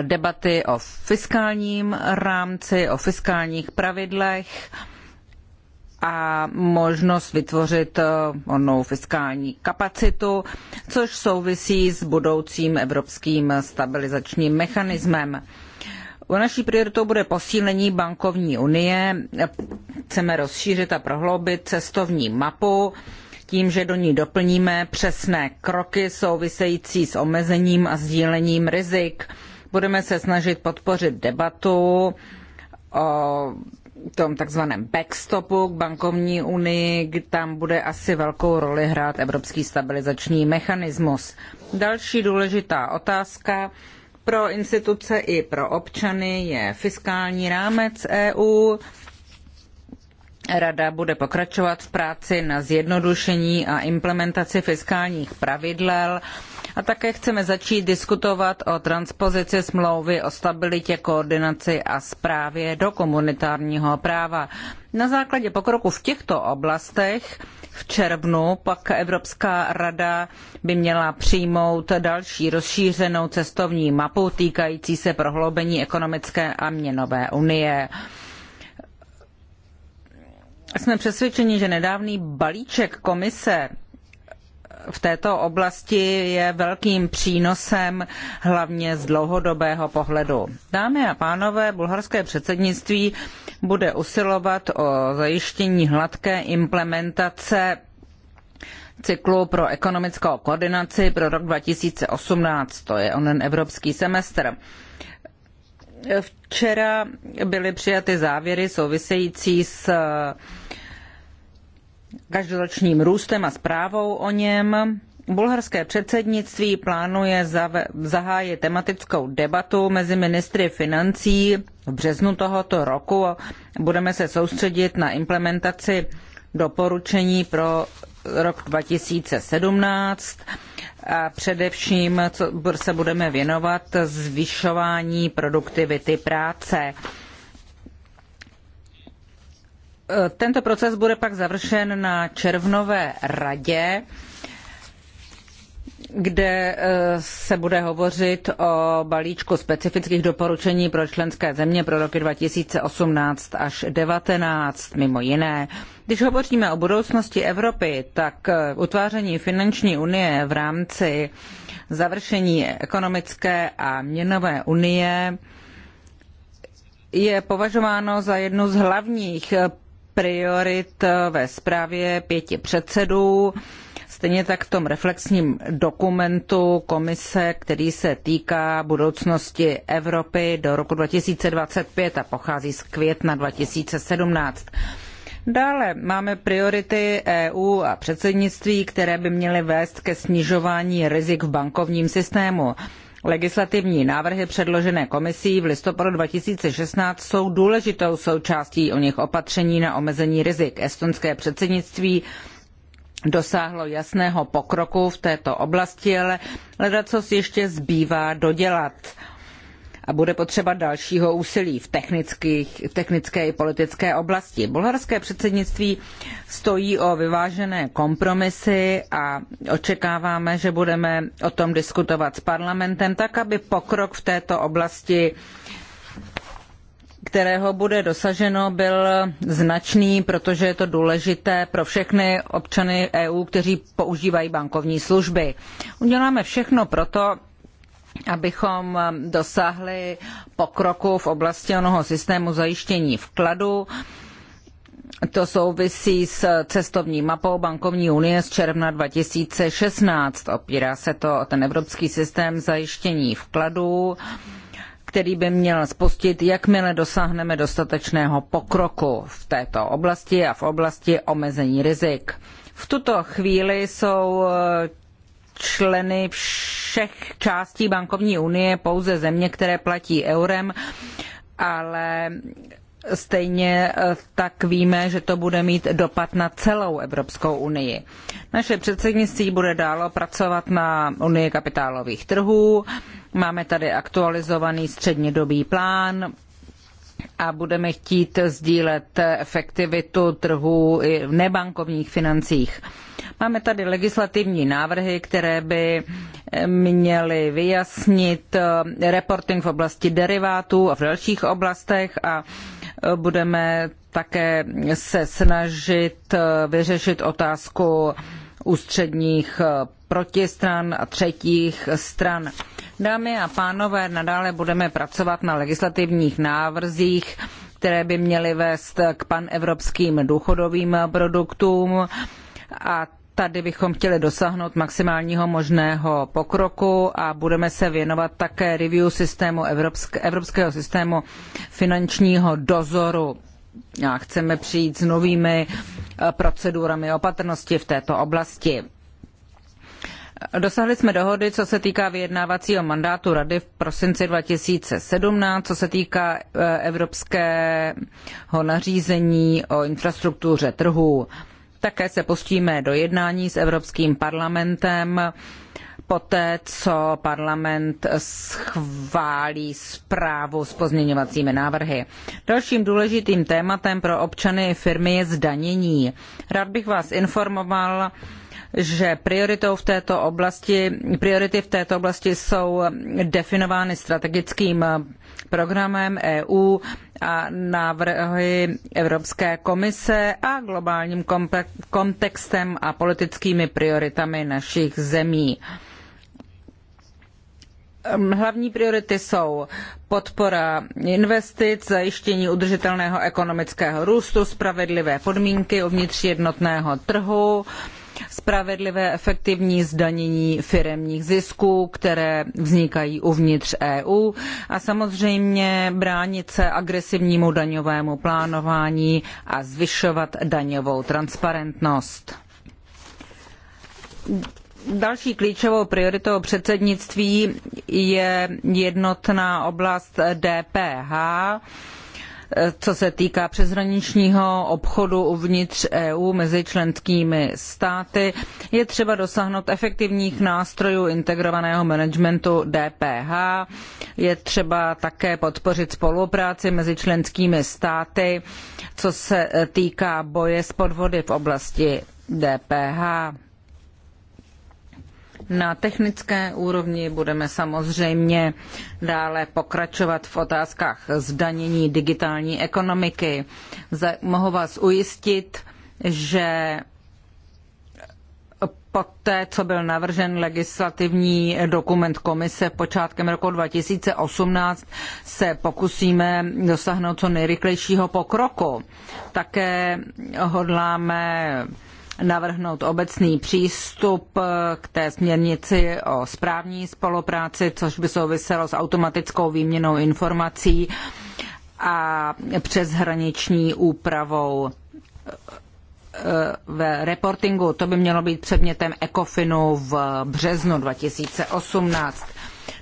debaty o fiskálním rámci, o fiskálních pravidlech a možnost vytvořit eh, onou fiskální kapacitu, což souvisí s budoucím evropským stabilizačním mechanismem. O naší prioritou bude posílení bankovní unie. Chceme rozšířit a prohloubit cestovní mapu tím, že do ní doplníme přesné kroky související s omezením a sdílením rizik Budeme se snažit podpořit debatu o tom takzvaném backstopu k bankovní unii, tam bude asi velkou roli hrát Evropský stabilizační mechanismus. Další důležitá otázka pro instituce i pro občany je fiskální rámec EU. Rada bude pokračovat v práci na zjednodušení a implementaci fiskálních pravidel a také chceme začít diskutovat o transpozici smlouvy o stabilitě, koordinaci a správě do komunitárního práva. Na základě pokroku v těchto oblastech v červnu pak Evropská rada by měla přijmout další rozšířenou cestovní mapu týkající se prohloubení ekonomické a měnové unie. Jsme přesvědčeni, že nedávný balíček komise v této oblasti je velkým přínosem hlavně z dlouhodobého pohledu. Dámy a pánové, bulharské předsednictví bude usilovat o zajištění hladké implementace cyklu pro ekonomickou koordinaci pro rok 2018, to je onen evropský semestr. Včera byly přijaty závěry související s každoročním růstem a zprávou o něm. Bulharské předsednictví plánuje zahájit tematickou debatu mezi ministry financí v březnu tohoto roku. Budeme se soustředit na implementaci doporučení pro rok 2017 a především se budeme věnovat zvyšování produktivity práce. Eh, tento proces bude pak završen na červnové radě, kde eh, se bude hovořit o balíčku specifických doporučení pro členské země pro roky 2018 až 2019, mimo jiné. Když hovoříme o budoucnosti Evropy, tak eh, utváření finanční unie v rámci završení ekonomické a měnové unie je považováno za jednu z hlavních priorit eh, ve zprávě pěti předsedů. Stejně tak v tom reflexním dokumentu komise, který se týká budoucnosti Evropy do roku 2025 a pochází z května 2017. Dále máme priority EU a předsednictví, které by měly vést ke snižování rizik v bankovním systému. Legislativní návrhy předložené komisí v listopadu 2016 jsou důležitou součástí o nich opatření na omezení rizik. Estonské předsednictví dosáhlo jasného pokroku v této oblasti, ale ledacos ještě zbývá dodělat a bude potřeba dalšího úsilí v, technických, technické i politické oblasti. Bulharské předsednictví stojí o vyvážené kompromisy a očekáváme, že budeme o tom diskutovat s parlamentem, tak aby pokrok v této oblasti kterého bude dosaženo, byl značný, protože je to důležité pro všechny občany EU, kteří používají bankovní služby. Uděláme všechno pro to abychom um, dosáhli pokroku v oblasti onoho systému zajištění vkladu. To souvisí s cestovní mapou bankovní unie z června 2016. Opírá se to o ten evropský systém zajištění vkladů, který by měl spustit, jakmile dosáhneme dostatečného pokroku v této oblasti a v oblasti omezení rizik. V tuto chvíli jsou členy všech částí bankovní unie, pouze země, které platí eurem, ale Stejně eh, tak víme, že to bude mít dopad na celou Evropskou unii. Naše předsednictví bude dále pracovat na unii kapitálových trhů. Máme tady aktualizovaný střednědobý plán a budeme chtít sdílet efektivitu trhu i v nebankovních financích. Máme tady legislativní návrhy, které by měly vyjasnit reporting v oblasti derivátů a v dalších oblastech a budeme také se snažit vyřešit otázku ústředních protistran a třetích stran. Dámy a pánové, nadále budeme pracovat na legislativních návrzích, které by měly vést k panevropským důchodovým produktům a tady bychom chtěli dosáhnout maximálního možného pokroku a budeme se věnovat také review systému evropského systému finančního dozoru a chceme přijít s novými eh, procedurami opatrnosti v této oblasti. Dosáhli jsme dohody, co se týká vyjednávacího mandátu Rady v prosinci 2017, co se týká e, evropského nařízení o infrastruktuře trhu. Také se pustíme do jednání s Evropským parlamentem poté, co parlament schválí zprávu s pozměňovacími návrhy. Dalším důležitým tématem pro občany i firmy je zdanění. Rád bych vás informoval, že prioritou v této oblasti, priority v této oblasti jsou definovány strategickým programem EU a návrhy Evropské komise a globálním kontextem a politickými prioritami našich zemí. Ehm, hlavní priority jsou podpora investic, zajištění udržitelného ekonomického růstu, spravedlivé podmínky uvnitř jednotného trhu, spravedlivé efektivní zdanění firemních zisků, které vznikají uvnitř EU a samozřejmě bránit se agresivnímu daňovému plánování a zvyšovat daňovou transparentnost Další klíčovou prioritou předsednictví je jednotná oblast DPH, co se týká přeshraničního obchodu uvnitř EU mezi členskými státy. Je třeba dosáhnout efektivních nástrojů integrovaného managementu DPH. Je třeba také podpořit spolupráci mezi členskými státy, co se týká boje s podvody v oblasti DPH na technické úrovni budeme samozřejmě dále pokračovat v otázkách zdanění digitální ekonomiky. Mohu vás ujistit, že poté, co byl navržen legislativní dokument komise počátkem roku 2018, se pokusíme dosáhnout co nejrychlejšího pokroku. Také hodláme navrhnout obecný přístup eh, k té směrnici o správní spolupráci, což by souviselo s automatickou výměnou informací a přeshraniční úpravou eh, v reportingu. To by mělo být předmětem ECOFINu v březnu 2018.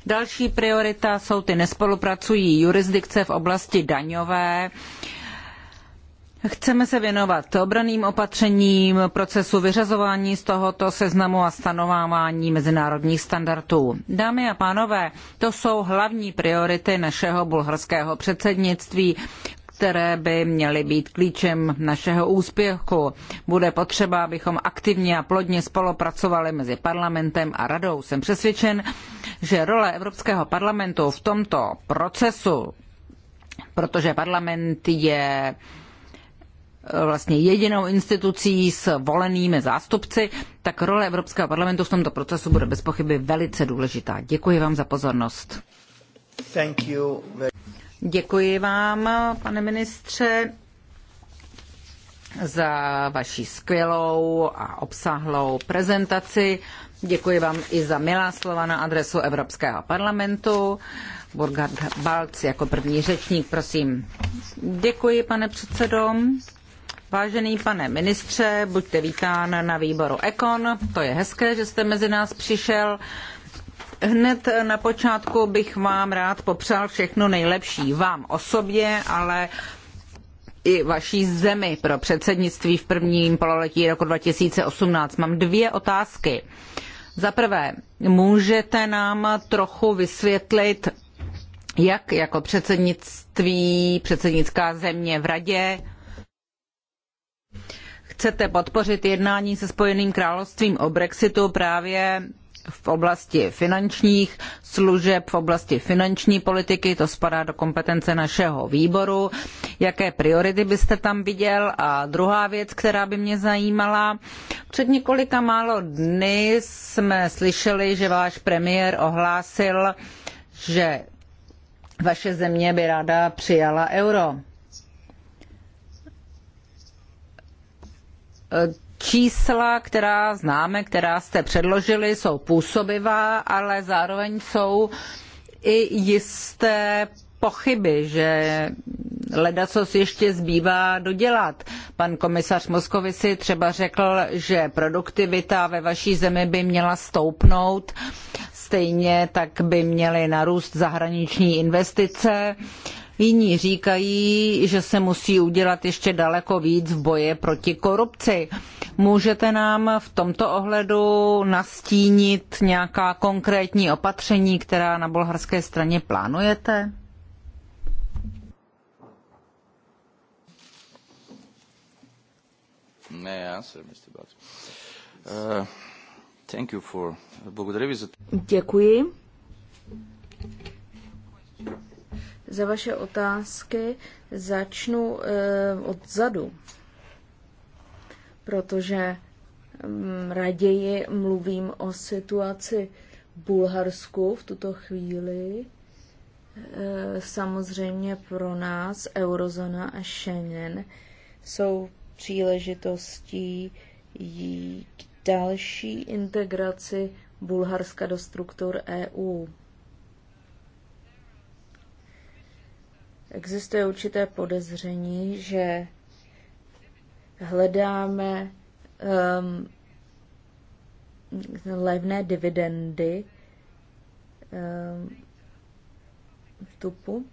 Další priorita jsou ty nespolupracují jurisdikce v oblasti daňové. Chceme se věnovat obraným opatřením, procesu vyřazování z tohoto seznamu a stanovávání mezinárodních standardů. Dámy a pánové, to jsou hlavní priority našeho bulharského předsednictví, které by měly být klíčem našeho úspěchu. Bude potřeba, abychom aktivně a plodně spolupracovali mezi parlamentem a radou. Jsem přesvědčen, že role Evropského parlamentu v tomto procesu, protože parlament je vlastně jedinou institucí s volenými zástupci, tak role Evropského parlamentu v tomto procesu bude bez pochyby velice důležitá. Děkuji vám za pozornost. Thank you Děkuji vám, pane ministře, za vaši skvělou a obsáhlou prezentaci. Děkuji vám i za milá slova na adresu Evropského parlamentu. Burkhard Balc jako první řečník, prosím. Děkuji, pane předsedo. Vážený pane ministře, buďte vítán na výboru Ekon. To je hezké, že jste mezi nás přišel. Hned na počátku bych vám rád popřál všechno nejlepší vám osobně, ale i vaší zemi pro předsednictví v prvním pololetí roku 2018. Mám dvě otázky. Za prvé, můžete nám trochu vysvětlit, jak jako předsednictví, předsednická země v radě, chcete podpořit jednání se Spojeným královstvím o Brexitu právě v oblasti finančních služeb, v oblasti finanční politiky, to spadá do kompetence našeho výboru. Jaké priority byste tam viděl? A druhá věc, která by mě zajímala, před několika málo dny jsme slyšeli, že váš premiér ohlásil, že vaše země by ráda přijala euro čísla, která známe, která jste předložili, jsou působivá, ale zároveň jsou i jisté pochyby, že si ještě zbývá dodělat. Pan komisař Moskovici třeba řekl, že produktivita ve vaší zemi by měla stoupnout, stejně tak by měly narůst zahraniční investice. Uh, Jiní říkají, že se musí udělat ještě daleko víc v boji proti korupci. Můžete nám v tomto ohledu nastínit nějaká konkrétní opatření, která na bulharské straně plánujete? Eh, Děkuji za vaše otázky. Začnu eh, odzadu, protože mm, raději mluvím o situaci v Bulharsku v tuto chvíli. Eh, samozřejmě pro nás eurozona a Schengen jsou příležitostí k další integraci Bulharska do struktur EU. Existuje určité podezření, že hledáme um, levné dividendy um, tupu.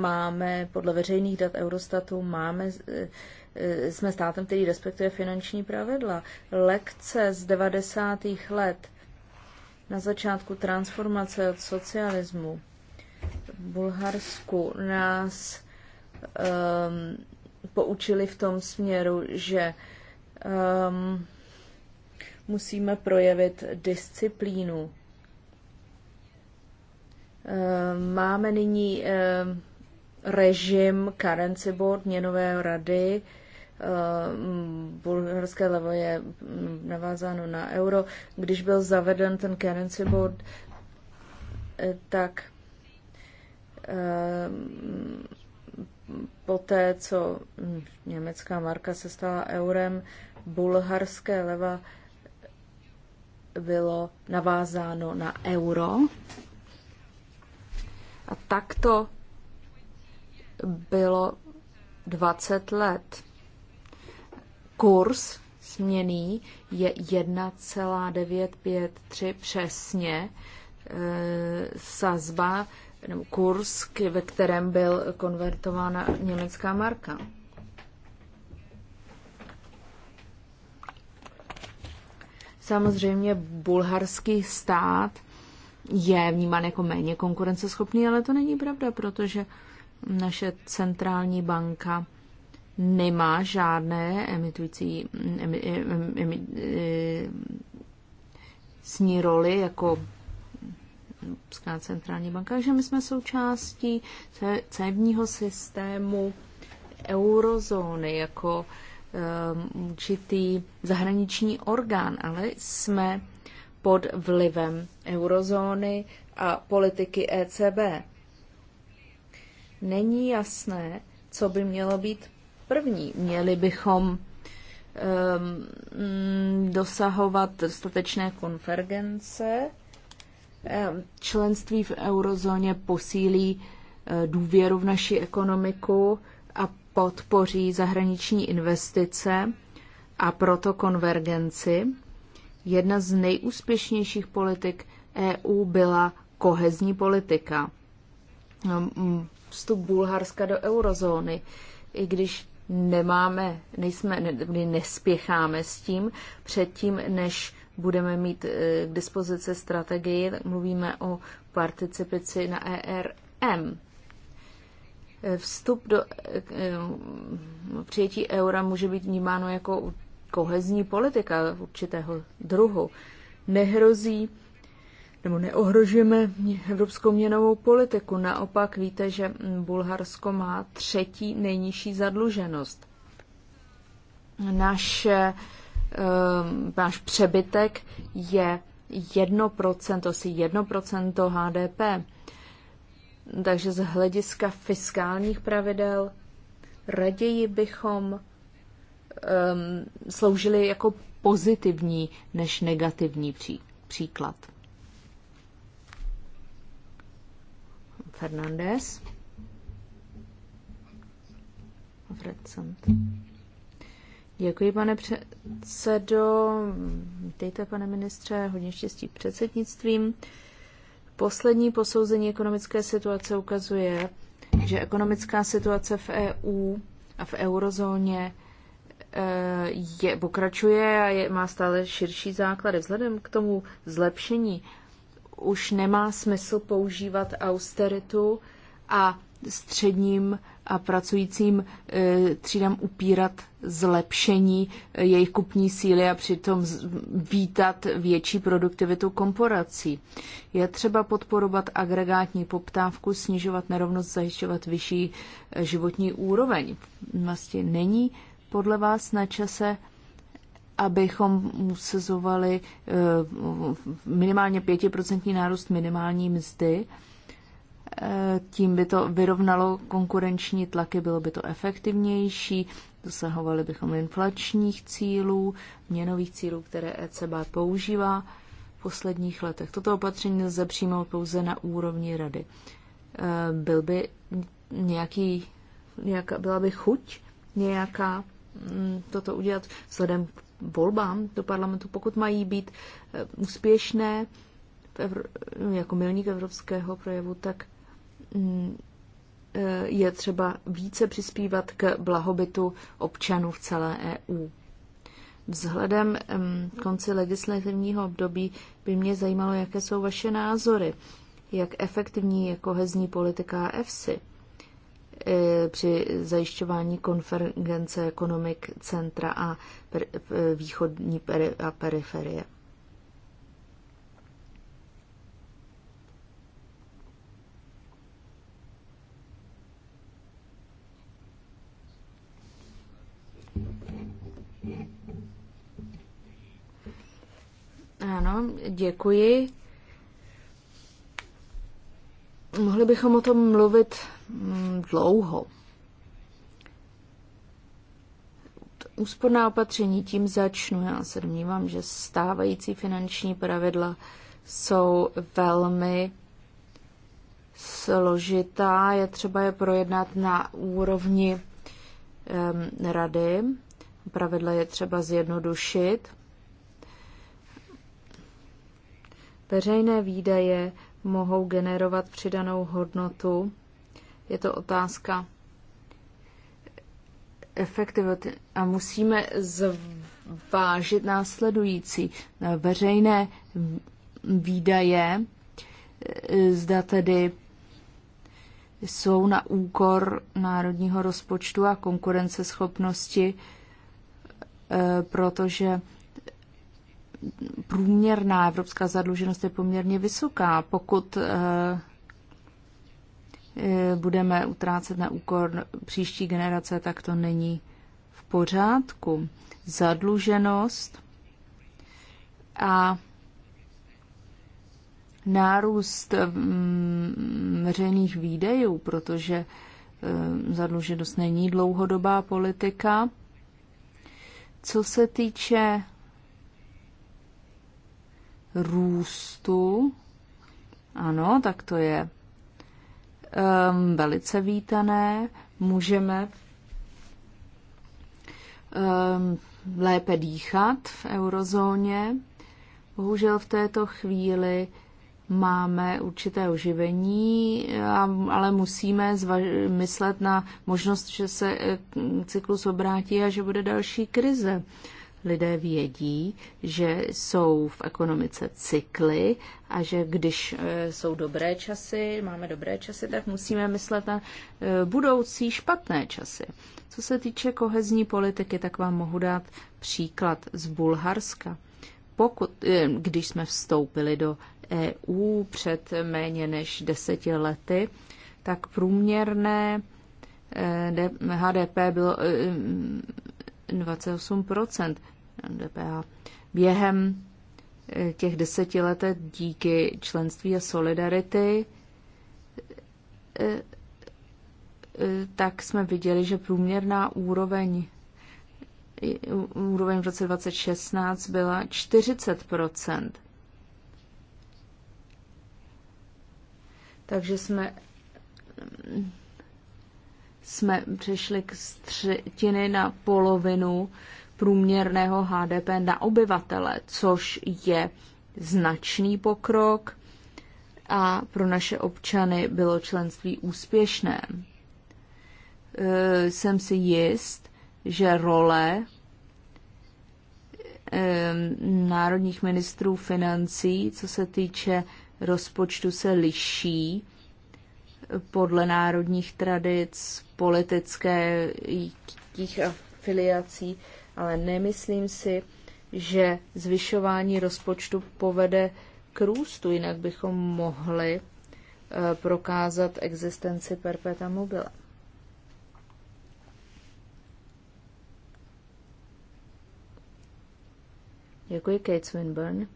Máme, podle veřejných dat Eurostatu, máme, e, e, jsme státem, který respektuje finanční pravidla. Lekce z 90. let na začátku transformace od socialismu Bulharsku nás um, poučili v tom směru, že um, musíme projevit disciplínu. Um, máme nyní um, režim currency board měnové rady. Um, bulharské levo je mm, navázáno na euro. Když byl zaveden ten currency board, eh, tak Eh, poté, co německá marka se stala eurem, bulharské leva bylo navázáno na euro. A takto bylo 20 let. Kurs směný je 1,953 přesně. E, sazba nebo kurz, ve kterém byl konvertována německá marka. Samozřejmě bulharský stát je vnímán jako méně konkurenceschopný, ale to není pravda, protože naše centrální banka nemá žádné emitující emi, emi, emi, e, sní roli jako Evropská centrální banka, že my jsme součástí cévního systému eurozóny jako um, určitý zahraniční orgán, ale jsme pod vlivem eurozóny a politiky ECB. Není jasné, co by mělo být první. Měli bychom um, mm, dosahovat dostatečné konvergence členství v eurozóně posílí eh, důvěru v naši ekonomiku a podpoří zahraniční investice a proto konvergenci. Jedna z nejúspěšnějších politik EU byla kohezní politika. Mm, vstup Bulharska do eurozóny, i když nemáme, nejsme, nespěcháme s tím, předtím, než budeme mít eh, k dispozici strategii, tak mluvíme o participaci na ERM. Vstup do eh, přijetí eura může být vnímáno jako kohezní politika určitého druhu. Nehrozí nebo neohrožujeme evropskou měnovou politiku. Naopak víte, že Bulharsko má třetí nejnižší zadluženost. Naše Ehm, váš přebytek je 1%, asi 1% HDP. Takže z hlediska fiskálních pravidel raději bychom um, sloužili jako pozitivní než negativní pří, příklad. Fernandez. Fredson. Děkuji, pane předsedo. Vítejte, pane ministře, hodně štěstí předsednictvím. Poslední posouzení ekonomické situace ukazuje, že ekonomická situace v EU a v eurozóně eh, je, pokračuje a je, má stále širší základy. Vzhledem k tomu zlepšení už nemá smysl používat austeritu a středním a pracujícím eh, třídám upírat zlepšení eh, jejich kupní síly a přitom vítat větší produktivitu komporací Je třeba podporovat agregátní poptávku, snižovat nerovnost, zajišťovat vyšší eh, životní úroveň. Vlastně není podle vás na čase abychom usazovali minimálně 5% nárůst minimální mzdy tím by to vyrovnalo konkurenční tlaky, bylo by to efektivnější, dosahovali bychom inflačních cílů, měnových cílů, které ECB používá v posledních letech. Toto opatření lze přijmout pouze na úrovni rady. Eh, byl by nějaký, nějaká, byla by chuť nějaká mm, toto udělat vzhledem k volbám do parlamentu, pokud mají být eh, úspěšné, jako milník evropského projevu, tak Mm, eh, je třeba více přispívat k blahobytu občanů v celé EU. Vzhledem mm, konci legislativního období by mě zajímalo, jaké jsou vaše názory, jak efektivní je kohezní politika EFSI eh, při zajišťování konvergence ekonomik centra a eh, východní a periferie. Ano, děkuji. Mohli bychom o tom mluvit mm, dlouho. Úsporná opatření, tím začnu. Já se domnívám, že stávající finanční pravidla jsou velmi složitá. Je třeba je projednat na úrovni um, rady Pravidla je třeba zjednodušit. Veřejné výdaje mohou generovat přidanou hodnotu. Je to otázka efektivity. A musíme zvážit následující. Veřejné výdaje, eh, zda tedy jsou na úkor národního rozpočtu a konkurenceschopnosti Eh, protože průměrná evropská zadluženost je poměrně vysoká. Pokud eh, eh, budeme utrácet na úkor příští generace, tak to není v pořádku. Zadluženost a nárůst mm, veřejných výdejů, protože zadluženost není dlouhodobá politika, co se týče růstu, ano, tak to je um, velice vítané. Můžeme um, lépe dýchat v eurozóně. Bohužel v této chvíli máme určité oživení, ale musíme myslet na možnost, že se e, cyklus obrátí a že bude další krize. Lidé vědí, že jsou v ekonomice cykly a že když e, jsou dobré časy, máme dobré časy, tak musíme myslet na e, budoucí špatné časy. Co se týče kohezní politiky, tak vám mohu dát příklad z Bulharska. Pokud, když jsme vstoupili do EU před méně než deseti lety, tak průměrné e, HDP bylo 28% e, DPH. Během e, těch deseti let díky členství a solidarity tak jsme viděli, že průměrná úroveň úroveň v roce 2016 byla 40 Takže jsme jsme přešli k třetiny na polovinu průměrného HDP na obyvatele, což je značný pokrok a pro naše občany bylo členství úspěšné. E, jsem si jist, že role e, národních ministrů financí, co se týče rozpočtu se liší podle národních tradic, politických afiliací, ale nemyslím si, že zvyšování rozpočtu povede k růstu, jinak bychom mohli eh, prokázat existenci perpeta mobile. Děkuji, Kate Swinburne.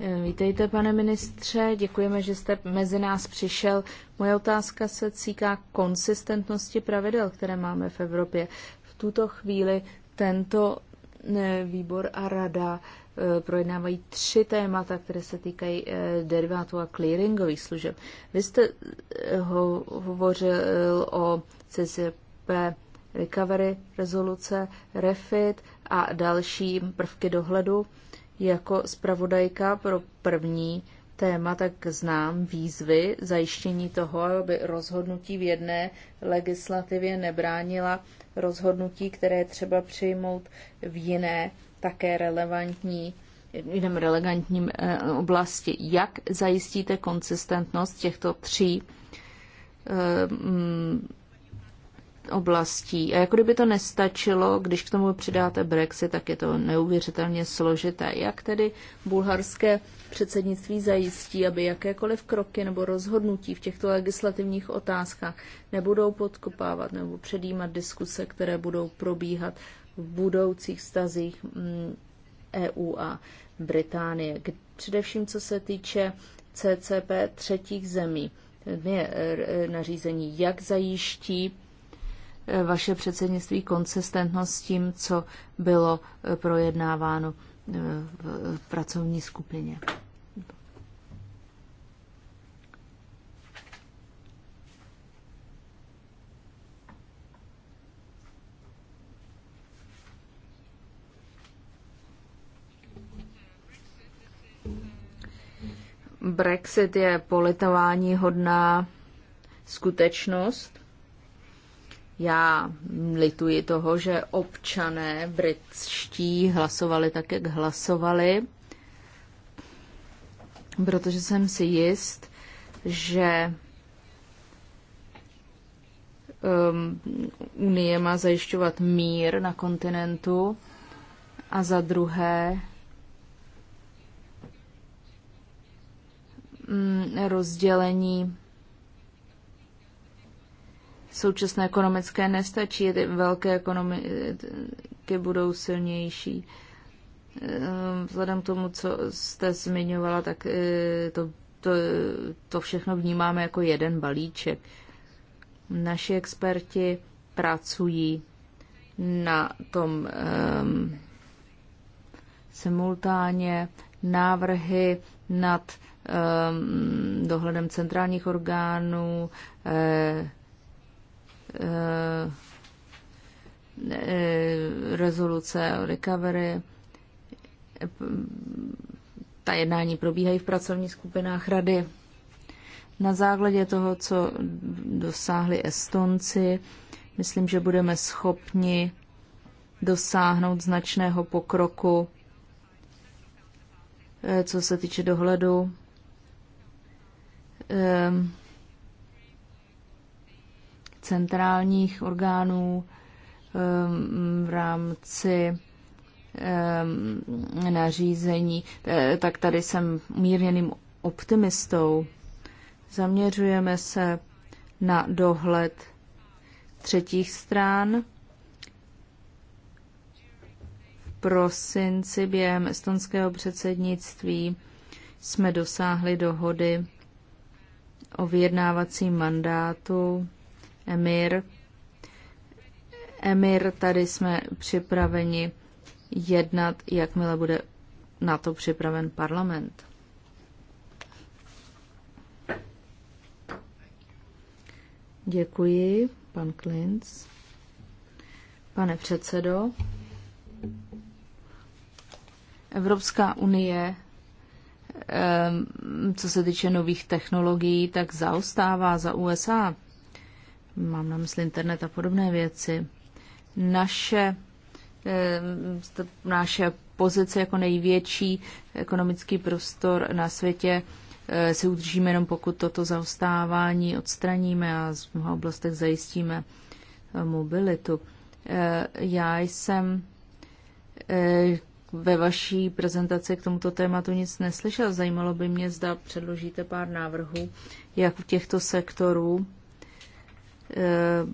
Eh, vítejte, pane ministře, děkujeme, že jste mezi nás přišel. Moje otázka se týká konsistentnosti pravidel, které máme v Evropě. V tuto chvíli tento eh, výbor a rada eh, projednávají tři témata, které se týkají derivátů a clearingových služeb. Vy jste ho hovořil o CCP recovery rezoluce, REFIT a další prvky dohledu jako zpravodajka pro první téma, tak znám výzvy zajištění toho, aby rozhodnutí v jedné legislativě nebránila rozhodnutí, které třeba přijmout v jiné, také relevantní jiném relevantním eh, oblasti. Jak zajistíte konsistentnost těchto tří eh, oblastí. A jako kdyby to nestačilo, když k tomu přidáte Brexit, tak je to neuvěřitelně složité. Jak tedy bulharské předsednictví zajistí, aby jakékoliv kroky nebo rozhodnutí v těchto legislativních otázkách nebudou podkopávat nebo předjímat diskuse, které budou probíhat v budoucích stazích mm, EU a Británie. Především co se týče CCP třetích zemí, eh, eh, nařízení, jak zajiští vaše předsednictví konsistentnost s tím, co bylo eh, projednáváno eh, v eh, pracovní skupině. Brexit je politování hodná skutečnost. Já lituji toho, že občané britští hlasovali tak, jak hlasovali, protože jsem si jist, že um, Unie má zajišťovat mír na kontinentu a za druhé um, rozdělení současné ekonomické nestačí, ty velké ekonomiky budou silnější. Ehm, vzhledem k tomu, co jste zmiňovala, tak e, to, to, to všechno vnímáme jako jeden balíček. Naši experti pracují na tom um, simultánně návrhy nad um, dohledem centrálních orgánů, eh, Eh, rezoluce o recovery. Ta jednání probíhají v pracovních skupinách rady. Na základě toho, co dosáhli Estonci, myslím, že budeme schopni dosáhnout značného pokroku, eh, co se týče dohledu. Um, centrálních orgánů v rámci nařízení, eh, tak tady jsem mírněným optimistou. Zaměřujeme se na dohled třetích strán. V prosinci během estonského předsednictví jsme dosáhli dohody o vyjednávacím mandátu Emir. Emir, tady jsme připraveni jednat, jakmile bude na to připraven parlament. Děkuji, pan Klinc. Pane předsedo, Evropská unie, ehm, co se týče nových technologií, tak zaostává za USA mám na mysli internet a podobné věci, naše, eh, naše pozice jako největší ekonomický prostor na světě eh, si udržíme jenom pokud toto zaostávání odstraníme a v mnoha oblastech zajistíme eh, mobilitu. Já jsem ve vaší prezentaci k tomuto tématu nic neslyšel. Zajímalo by mě, zda předložíte pár návrhů, jak u těchto sektorů Eh,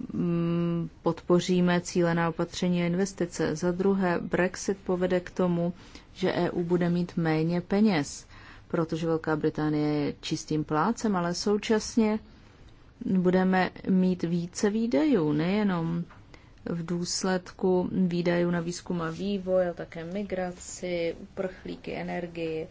podpoříme cílená opatření a investice. Za druhé, Brexit povede k tomu, že EU bude mít méně peněz, protože Velká Británie je čistým plácem, ale současně budeme mít více výdajů, nejenom v důsledku výdajů na výzkum a vývoj, ale také migraci, uprchlíky, energii.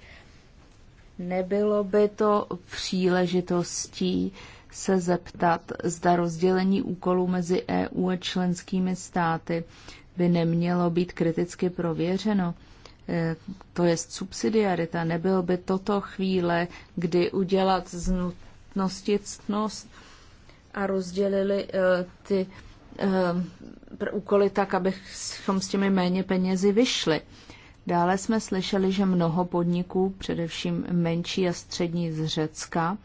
Nebylo by to příležitostí se zeptat, zda rozdělení úkolů mezi EU a členskými státy by nemělo být kriticky prověřeno. E, to je subsidiarita. Nebyl by toto chvíle, kdy udělat z nutnosti ctnost a rozdělili e, ty e, úkoly tak, abychom s těmi méně penězi vyšli. Dále jsme slyšeli, že mnoho podniků, především menší a střední z Řecka,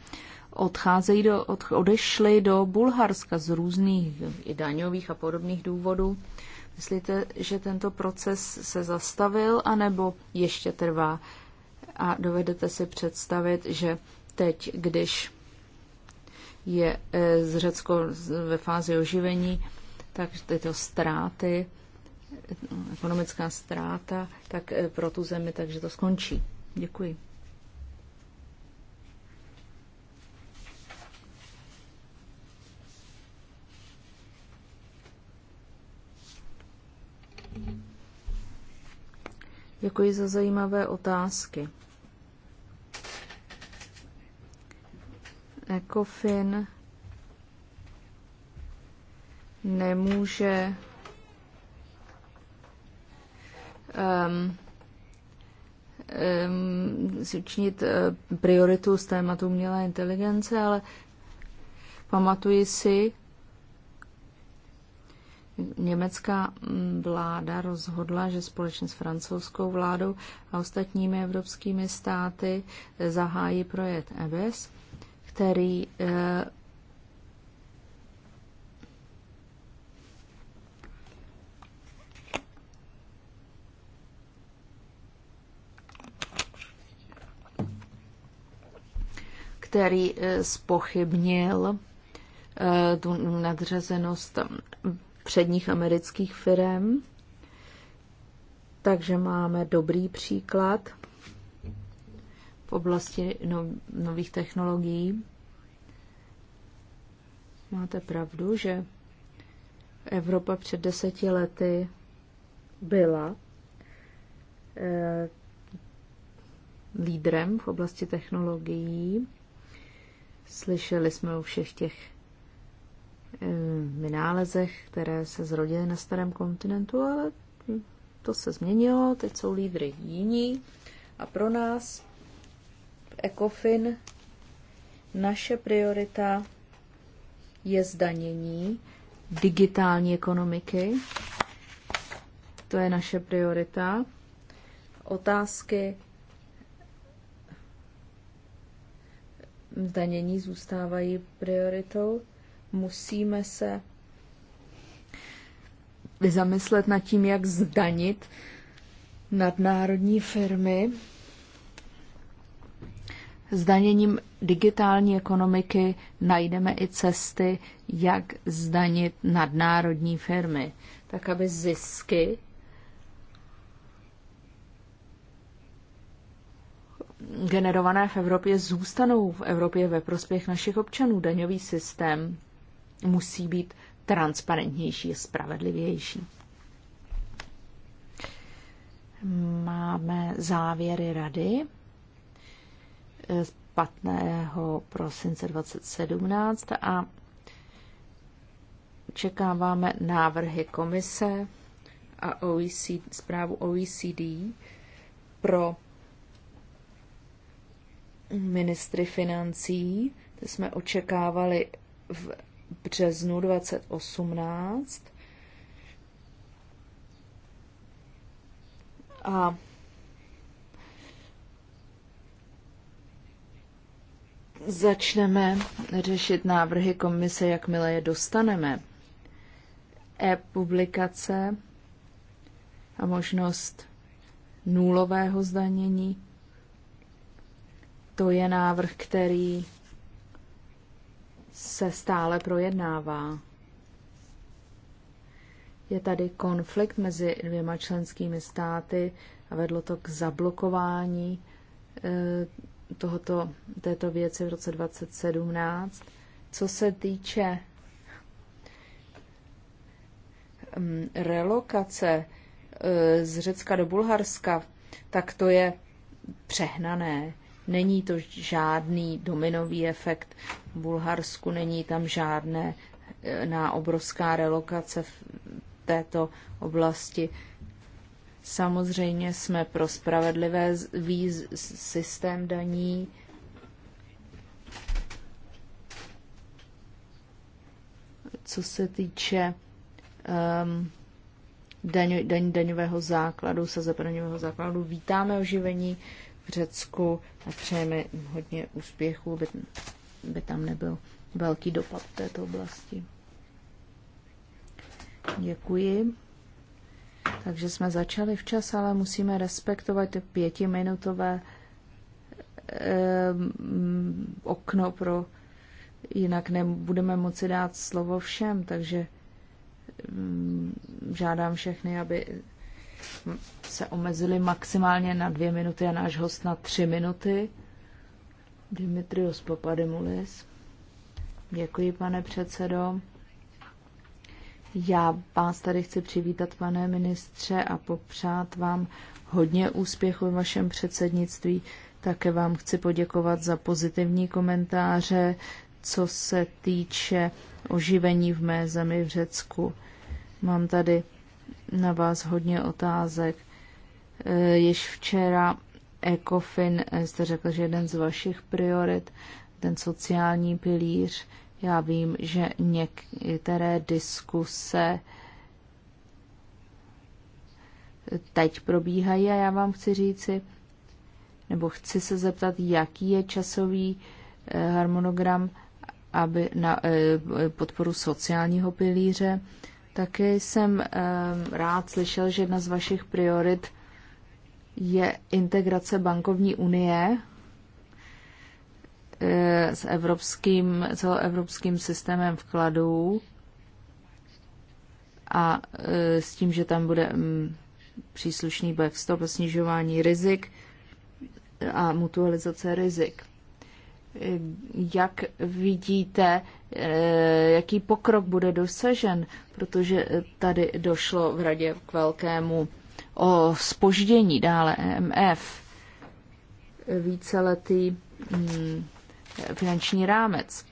odcházejí do, od, odešli do Bulharska z různých i daňových a podobných důvodů. Myslíte, že tento proces se zastavil, anebo ještě trvá? A dovedete si představit, že teď, když je e, z Řecko ve fázi oživení, tak tyto ztráty, e, ekonomická ztráta, tak e, pro tu zemi, takže to skončí. Děkuji. Děkuji za zajímavé otázky. Ekofin nemůže um, um, učinit eh, prioritu z tématu umělé inteligence, ale pamatuji si, Německá mm, vláda rozhodla, že společně s francouzskou vládou a ostatními evropskými státy eh, zahájí projekt EBS, který eh, který eh, spochybnil tu nadřazenost předních amerických firm. Takže máme dobrý příklad v oblasti no, nových technologií. Máte pravdu, že Evropa před deseti lety byla eh, lídrem v oblasti technologií. Slyšeli jsme o všech těch Eh, vynálezech, které se zrodily na starém kontinentu, ale to se změnilo, teď jsou lídry jiní a pro nás v ECOFIN naše priorita je zdanění digitální ekonomiky. To je naše priorita. Otázky zdanění zůstávají prioritou musíme se zamyslet nad tím, jak zdanit nadnárodní firmy zdaněním digitální ekonomiky najdeme i cesty, jak zdanit nadnárodní firmy, tak aby zisky generované v Evropě zůstanou v Evropě ve prospěch našich občanů. Daňový systém musí být transparentnější, spravedlivější. Máme závěry rady z 15. prosince 2017 a čekáváme návrhy komise a OECD, zprávu OECD pro ministry financí. To jsme očekávali v březnu 2018. A začneme řešit návrhy komise, jakmile je dostaneme. E-publikace a možnost nulového zdanění. To je návrh, který se stále projednává. Je tady konflikt mezi dvěma členskými státy a vedlo to k zablokování eh, tohoto, této věci v roce 2017. Co se týče mm, relokace eh, z Řecka do Bulharska, tak to je přehnané. Není to žádný dominový efekt v Bulharsku, není tam žádné e, na obrovská relokace v této oblasti. Samozřejmě jsme pro spravedlivé výz- systém daní. Co se týče um, ehm, daň, daň, daňového základu, sazeb daňového základu, vítáme oživení v Řecku a přejeme jim hodně úspěchů, aby, aby tam nebyl velký dopad v této oblasti. Děkuji. Takže jsme začali včas, ale musíme respektovat ty pětiminutové eh, okno pro jinak nebudeme moci dát slovo všem, takže ehm, žádám všechny, aby se omezili maximálně na dvě minuty a náš host na tři minuty. Dimitrios Papademulis. Děkuji, pane předsedo. Já vás tady chci přivítat, pane ministře, a popřát vám hodně úspěchu v vašem předsednictví. Také vám chci poděkovat za pozitivní komentáře, co se týče oživení v mé zemi v Řecku. Mám tady na vás hodně otázek. Eh, Jež včera ECOFIN eh, jste řekl, že jeden z vašich priorit, ten sociální pilíř, já vím, že některé diskuse teď probíhají a já vám chci říci, nebo chci se zeptat, jaký je časový eh, harmonogram aby na podporu sociálního pilíře také jsem rád slyšel, že jedna z vašich priorit je integrace bankovní unie e, s evropským, celoevropským systémem vkladů a e, s tím, že tam bude příslušný backstop a snižování rizik a mutualizace rizik jak vidíte, eh, jaký pokrok bude dosažen, protože tady došlo v radě k velkému o spoždění dále EMF, víceletý mm, finanční rámec.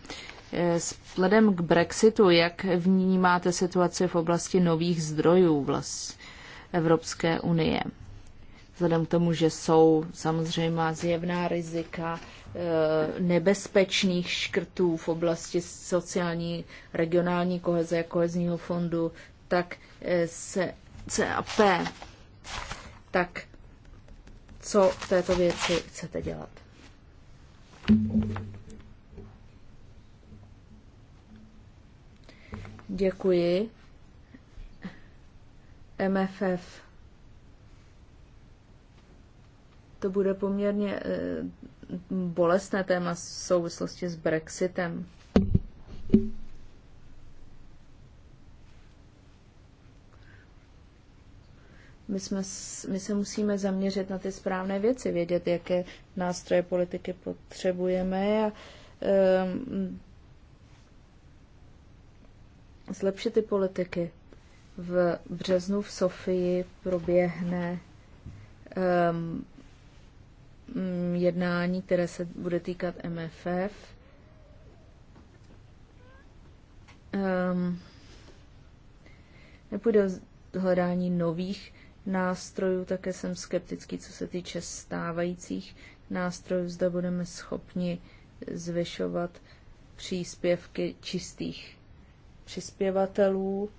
Eh, vzhledem k Brexitu, jak vnímáte situaci v oblasti nových zdrojů vlast Evropské unie? vzhledem k tomu, že jsou samozřejmě zjevná rizika e, nebezpečných škrtů v oblasti sociální, regionální koheze, kohezního fondu, tak e, se CAP. Tak co v této věci chcete dělat? Děkuji. MFF to bude poměrně eh, bolestné téma v souvislosti s Brexitem. My, jsme, my se musíme zaměřit na ty správné věci, vědět, jaké nástroje politiky potřebujeme a um, zlepšit ty politiky. V březnu v Sofii proběhne um, Mm, jednání, které se bude týkat MFF. Um, ehm, nepůjde o hledání nových nástrojů, také jsem skeptický, co se týče stávajících nástrojů, zda budeme schopni zvyšovat příspěvky čistých přispěvatelů.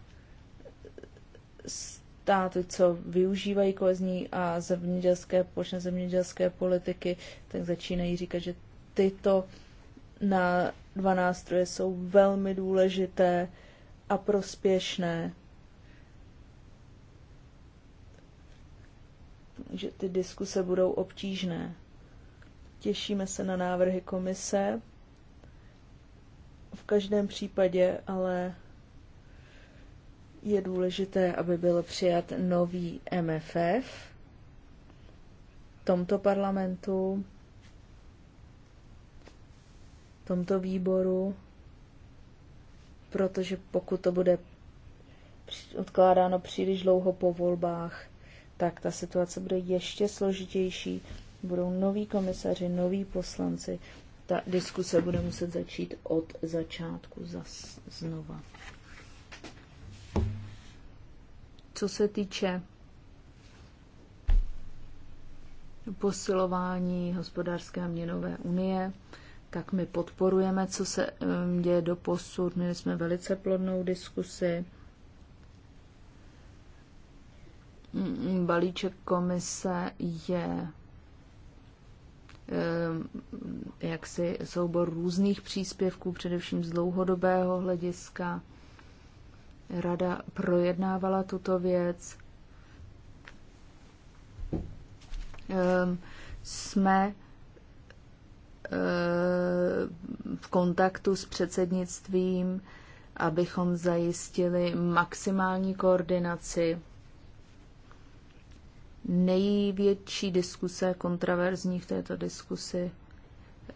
S státy, co využívají kolezní a zemědělské, společné zemědělské politiky, tak začínají říkat, že tyto na dva nástroje jsou velmi důležité a prospěšné. Že ty diskuse budou obtížné. Těšíme se na návrhy komise. V každém případě ale je důležité, aby byl přijat nový MFF v tomto parlamentu, v tomto výboru, protože pokud to bude odkládáno příliš dlouho po volbách, tak ta situace bude ještě složitější. Budou noví komisaři, noví poslanci. Ta diskuse bude muset začít od začátku zas znova. Co se týče posilování hospodářské a měnové unie, tak my podporujeme, co se děje do posud. Měli jsme velice plodnou diskusi. Mm, balíček komise je jaksi soubor různých příspěvků, především z dlouhodobého hlediska. Rada projednávala tuto věc. Ehm, jsme ehm, v kontaktu s předsednictvím, abychom zajistili maximální koordinaci. Největší diskuse kontroverzní v této diskusi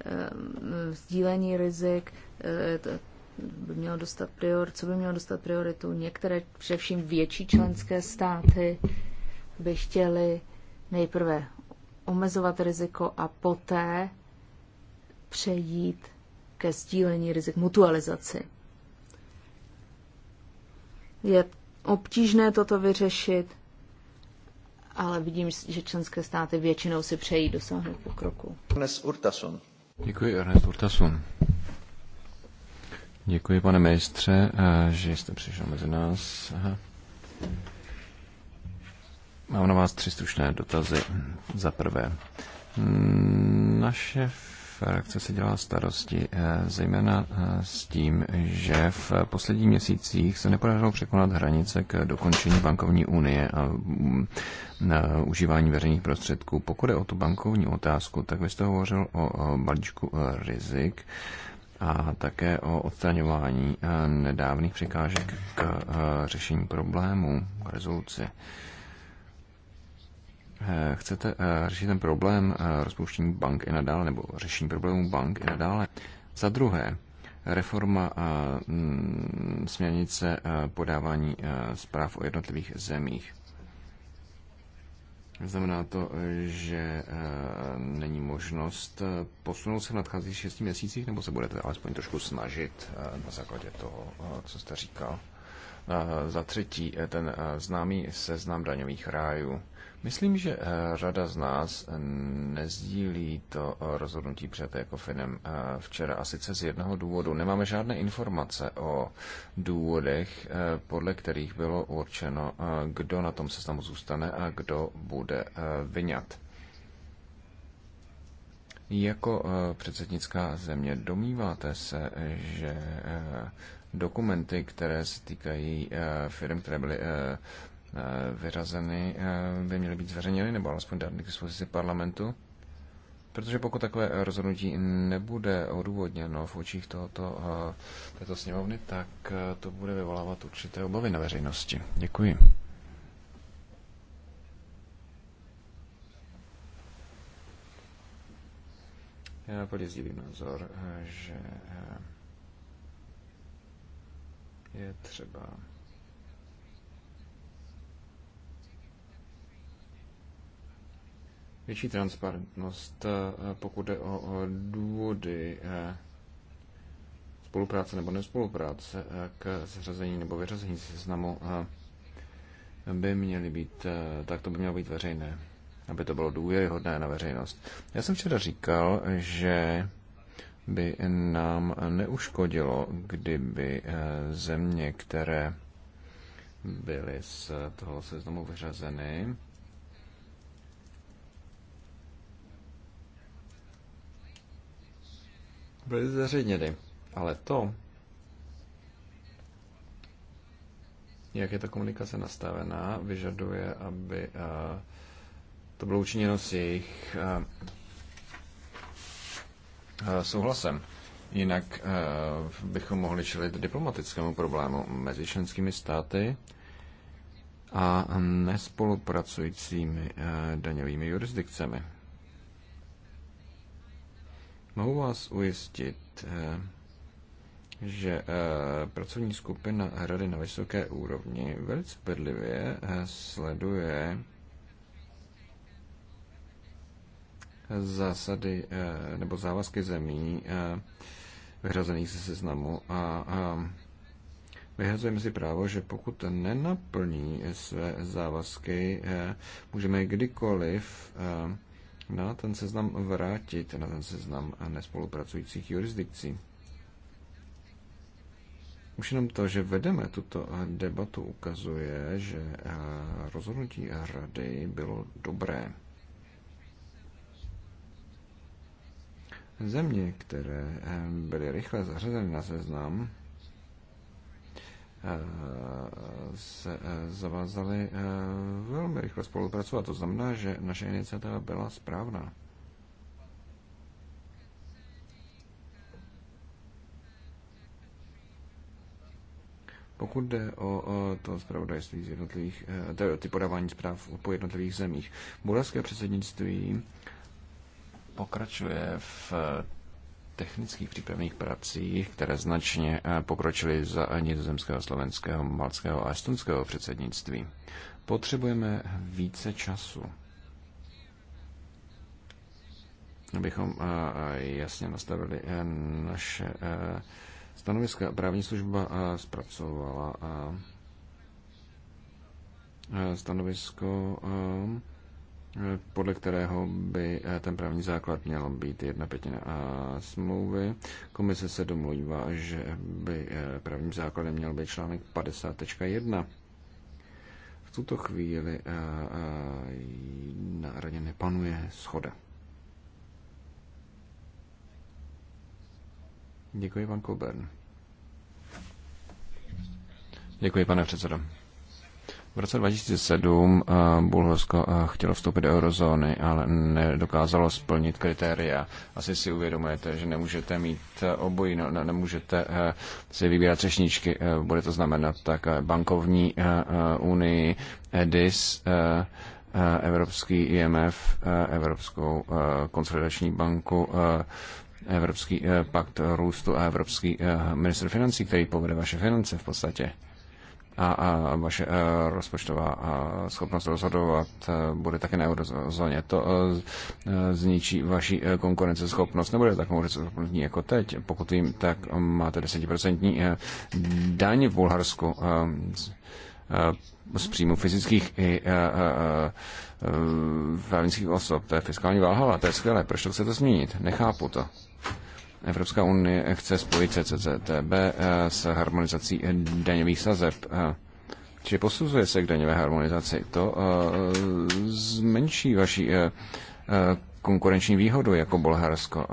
ehm, sdílení rizik, eh, by mělo dostat prior, co by mělo dostat prioritu. Některé, především větší členské státy, by chtěly nejprve omezovat riziko a poté přejít ke sdílení rizik, mutualizaci. Je obtížné toto vyřešit, ale vidím, že členské státy většinou si přejí dosáhnout pokroku. Ernest Děkuji, Ernest Urtasun. Děkuji, pane ministře, eh, že jste přišel mezi nás. Aha. Mám na vás tři stručné dotazy. Za prvé, mm, naše frakce se dělá starosti, eh, zejména eh, s tím, že v posledních měsících se nepodařilo překonat hranice k dokončení bankovní unie a mm, užívání veřejných prostředků. Pokud je o tu bankovní otázku, tak vy jste hovořil o balíčku rizik a také o odstraňování eh, nedávných překážek k eh, řešení problémů, k rezoluci. Eh, chcete řešit ten problém rozpouštění bank i nadále, nebo řešení problémů bank i nadále? Za druhé, reforma a směrnice podávání zpráv o jednotlivých zemích. Znamená to, že eh, není možnost eh, posunout se v nadcházejících 6 měsících, nebo se budete alespoň trošku snažit eh, na základě toho, co jste říkal? Za třetí, ten známý seznam daňových rájů. Myslím, že eh, řada z nás eh, nezdílí to eh, rozhodnutí před Finem včera a sice z jednoho důvodu. Nemáme žádné informace o důvodech, podle kterých bylo určeno, kdo na tom seznamu zůstane a kdo bude vyňat. Jako předsednická země domýváte se, že dokumenty, které se týkají firm, které byly Eh, vyrazeny, eh, by měly být zveřejněny nebo alespoň dány k dispozici parlamentu. Protože pokud takové rozhodnutí nebude odůvodněno v očích tohoto, eh, této sněmovny, tak to bude vyvolávat určité obavy na veřejnosti. Děkuji. Já plně sdílím názor, že je třeba větší transparentnost, eh, pokud jde o důvody eh, spolupráce nebo nespolupráce eh, k zřazení nebo vyřazení seznamu by měly být, tak to by mělo být veřejné, aby to bylo důvěryhodné na veřejnost. Já jsem včera říkal, že by nám neuškodilo, kdyby země, které byly z toho seznamu vyřazeny, byly zveřejněny. Ale to, jak je ta komunikace nastavená, vyžaduje, aby eh, to bylo učiněno s jejich eh, eh, souhlasem. Jinak bychom mohli čelit diplomatickému problému mezi členskými státy a nespolupracujícími daňovými jurisdikcemi. Mohu vás ujistit, eh, že eh, pracovní skupina Hrady na vysoké úrovni velice bedlivě eh, sleduje zásady nebo závazky zemí vyhrazených ze seznamu a vyhrazujeme si právo, že pokud nenaplní své závazky, můžeme kdykoliv na ten seznam vrátit, na ten seznam nespolupracujících jurisdikcí. Už jenom to, že vedeme tuto debatu, ukazuje, že rozhodnutí rady bylo dobré. Země, které byly rychle zařazeny na seznam, se eh, zavázali eh, velmi rychle spolupracovat. To znamená, že naše iniciativa byla správná. Pokud jde o, to zpravodajství z jednotlivých, eh, tedy ty podávání zpráv po jednotlivých zemích, bulharské předsednictví pokračuje v technických přípravných prací, které značně eh, pokročily za nizozemského, slovenského, malského a estonského předsednictví. Potřebujeme více času, abychom eh, jasně nastavili eh, naše stanoviska. Právní služba zpracovala stanovisko podle kterého by eh, ten právní základ měl být jedna pětina a eh, smlouvy. Komise se domluvá, že by eh, právním základem měl být článek 50.1. V tuto chvíli na radě nepanuje schoda. Děkuji, pan Kobern. Děkuji, pane předsedo. V roce 2007 eh, Bulharsko eh, chtělo vstoupit do eurozóny, ale nedokázalo splnit kritéria. Asi si uvědomujete, že nemůžete mít eh, obojí, ne, nemůžete si vybírat řešničky. Bude to znamenat tak bankovní unii, EDIS, Evropský IMF, Evropskou konsolidační banku, Evropský pakt růstu a Evropský minister financí, který povede vaše finance v podstatě a, a vaše a e, rozpočtová a e, schopnost rozhodovat e, bude také na eurozóně. To zničí vaši konkurenceschopnost. Nebude tak konkurenceschopní jako teď. Pokud vím, tak máte 10% daň v Bulharsku z příjmu fyzických i právnických osob. To je fiskální válhala, to je skvělé. Proč to chcete změnit? Nechápu to. Evropská unie chce spojit CCCTB eh, s harmonizací daňových sazeb. Eh, či posuzuje se k daňové harmonizaci? To eh, zmenší vaši konkurenční výhodu jako Bulharsko.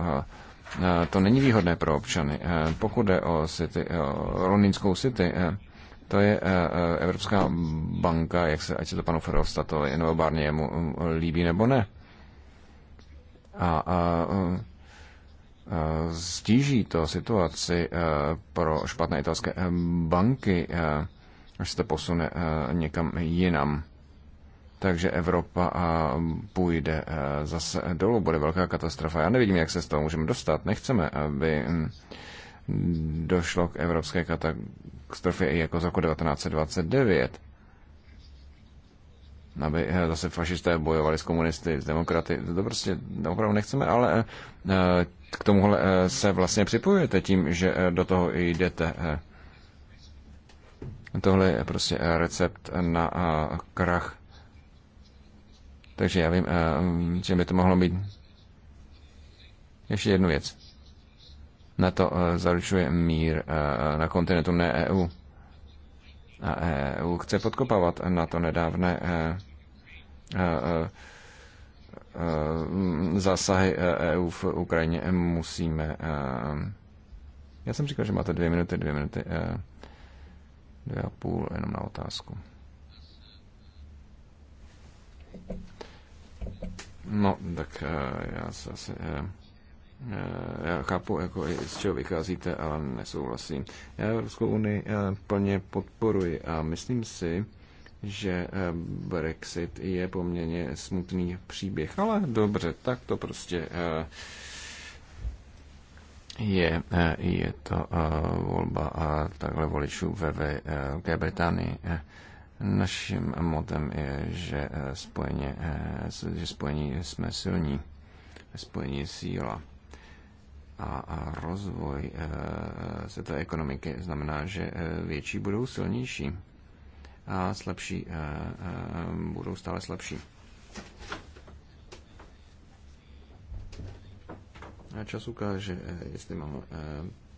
To není výhodné pro občany. Pokud jde o, city, o Londýnskou city, to je Evropská banka, jak se, ať se to panu Ferostatovi nebo Barniemu mm, líbí nebo ne. A, a Eh, stíží to situaci eh, pro špatné italské eh, banky, až se to posune někam jinam. Takže Evropa půjde zase dolů, bude velká katastrofa. Já nevidím, jak se z toho můžeme dostat. Nechceme, aby hm, došlo k evropské katastrofě i jako z roku 1929 aby zase fašisté bojovali s komunisty, s demokraty. To prostě opravdu nechceme, ale k tomuhle eh, se vlastně připojujete tím, že eh, do toho jdete. Eh. Tohle je prostě recept na krach. Takže já vím, že by to mohlo být. Ještě jednu věc. Na to zaručuje mír na kontinentu, ne EU. A EU chce podkopávat na to nedávné Eh, zásahy EU eh, e v Ukrajině musíme. Eh, já jsem říkal, že máte dvě minuty, dvě minuty, dvě a půl jenom na otázku. No, tak já se asi... Já chápu, jako z čeho vycházíte, ale nesouhlasím. Já Evropskou unii plně podporuji a myslím si, že eh, Brexit je poměrně smutný příběh. Ale dobře, tak to prostě eh, je, eh, je to volba a takhle voličů ve Velké Británii. Naším motem je, že, spojeně, že spojení jsme silní, spojení síla a rozvoj světové ekonomiky znamená, že větší budou silnější a slabší, eh, eh, budou stále slabší. A čas ukáže, eh, jestli mám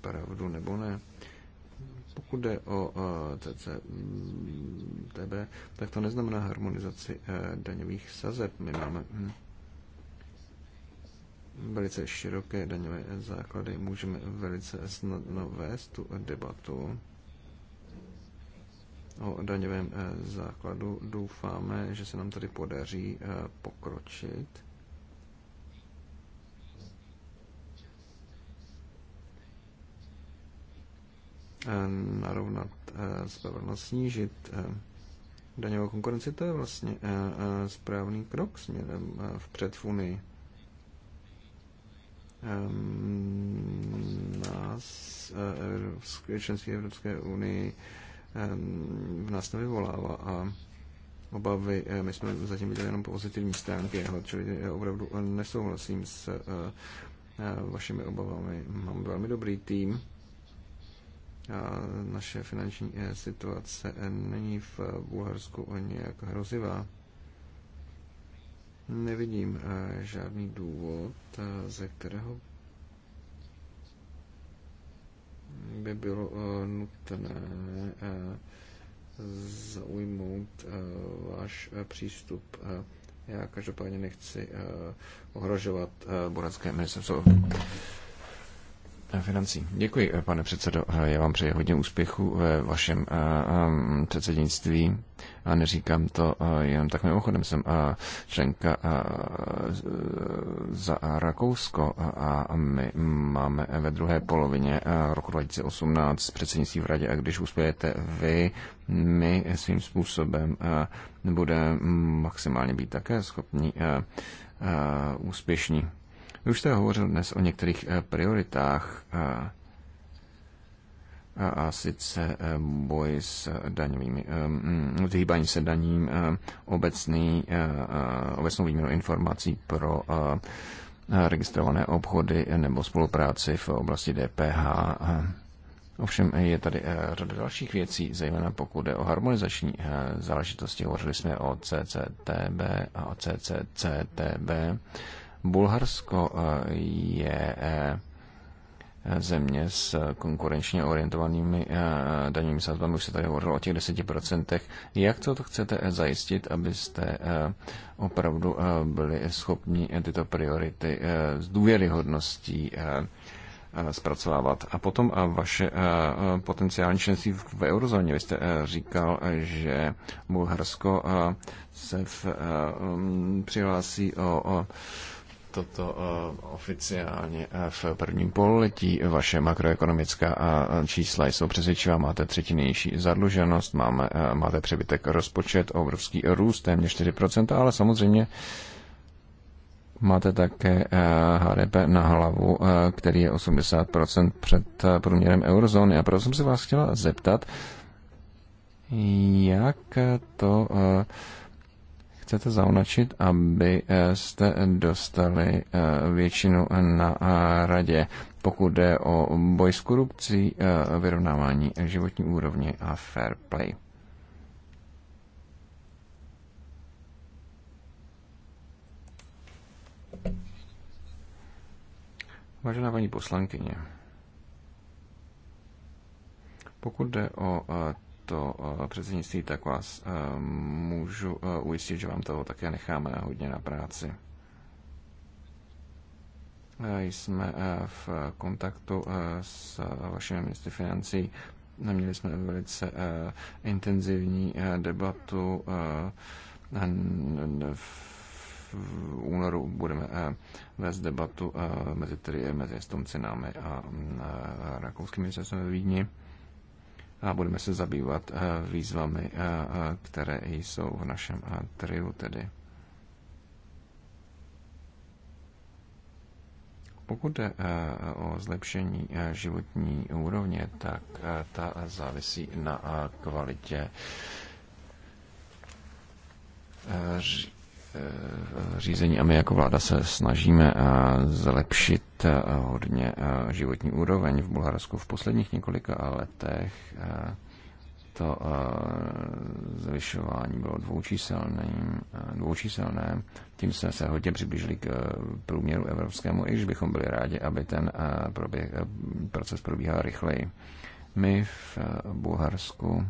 pravdu nebo ne. Pokud jde o TB, tak to neznamená harmonizaci daňových sazeb. My máme hm, velice široké daňové základy, můžeme velice snadno vést tu debatu o daňovém eh, základu. Doufáme, že se nám tady podaří eh, pokročit. Eh, narovnat spravedlnost, snížit daňovou konkurenci, to je vlastně správný krok směrem vpřed v Unii. Ehm, nás, členství Evropské unii, v nás nevyvolává a obavy, eh, my jsme zatím viděli jenom pozitivní stránky, čili já eh, opravdu eh, nesouhlasím s vašimi obavami. Mám velmi dobrý tým a naše finanční situace není v Bulharsku nějak hrozivá. Nevidím žádný důvod, ze kterého by bylo uh, nutné uh, zaujmout uh, váš uh, přístup. Uh, Já každopádně nechci uh, ohrožovat uh, Boratské ministerstvo financí. Děkuji, eh, pane předsedo. Eh, Já vám přeji hodně úspěchu ve vašem eh, předsednictví a neříkám to jenom tak mimochodem. Jsem členka za Rakousko a my máme ve druhé polovině roku 2018 předsednictví v radě a když uspějete vy, my svým způsobem budeme maximálně být také schopni úspěšní. Vy už jste hovořil dnes o některých eh, prioritách eh, a sice eh, boj s daňovými, mm, vyhýbání se daním, obecný, obecnou výměnu informací pro registrované obchody nebo spolupráci v oblasti DPH. Ovšem je tady řada dalších věcí, zejména pokud jde o harmonizační záležitosti. Hovořili jsme o CCTB a o CCCTB Bulharsko eh, je eh, země s konkurenčně orientovanými eh, daňovými sazbami, už se tady hovořilo o těch 10%. Jak to chcete zajistit, abyste opravdu byli schopni tyto priority s důvěryhodností zpracovávat. A potom vaše potenciální členství v eurozóně. Vy jste říkal, že Bulharsko se v, mm, přihlásí o, o toto eh, oficiálně eh, v prvním pololetí. Vaše makroekonomická eh, čísla jsou přesvědčivá, máte třetinější zadluženost, máme, máte přebytek rozpočet, obrovský růst, téměř 4%, ale samozřejmě máte také HDP na hlavu, který je 80% před průměrem eurozóny. A proto jsem se vás chtěla zeptat, jak to chcete zaunačit, aby eh, jste dostali eh, většinu na eh, radě, pokud jde o boj s korupcí, vyrovnávání životní úrovně a fair play. Vážená paní poslankyně, pokud jde o to eh, předsednictví, tak vás eh, můžu eh, ujistit, že vám toho také necháme hodně na práci. Jsme v kontaktu s vašimi ministry financí. Měli jsme velice intenzivní debatu v únoru budeme vést debatu mezi, tedy, mezi Estonci, námi a rakouskými ministerstvem ve Vídni a budeme se zabývat eh, výzvami, eh, eh, které jsou v našem triu tedy. Pokud jde o zlepšení životní úrovně, tak ta závisí na kvalitě řízení a my jako vláda se snažíme eh, zlepšit eh, hodně eh, životní úroveň v Bulharsku v posledních několika letech. To zvyšování bylo dvoučíselné, dvoučíselné. tím jsme se hodně přiblížili k průměru evropskému, i když bychom byli rádi, aby ten proběh, proces probíhal rychleji. My v Bulharsku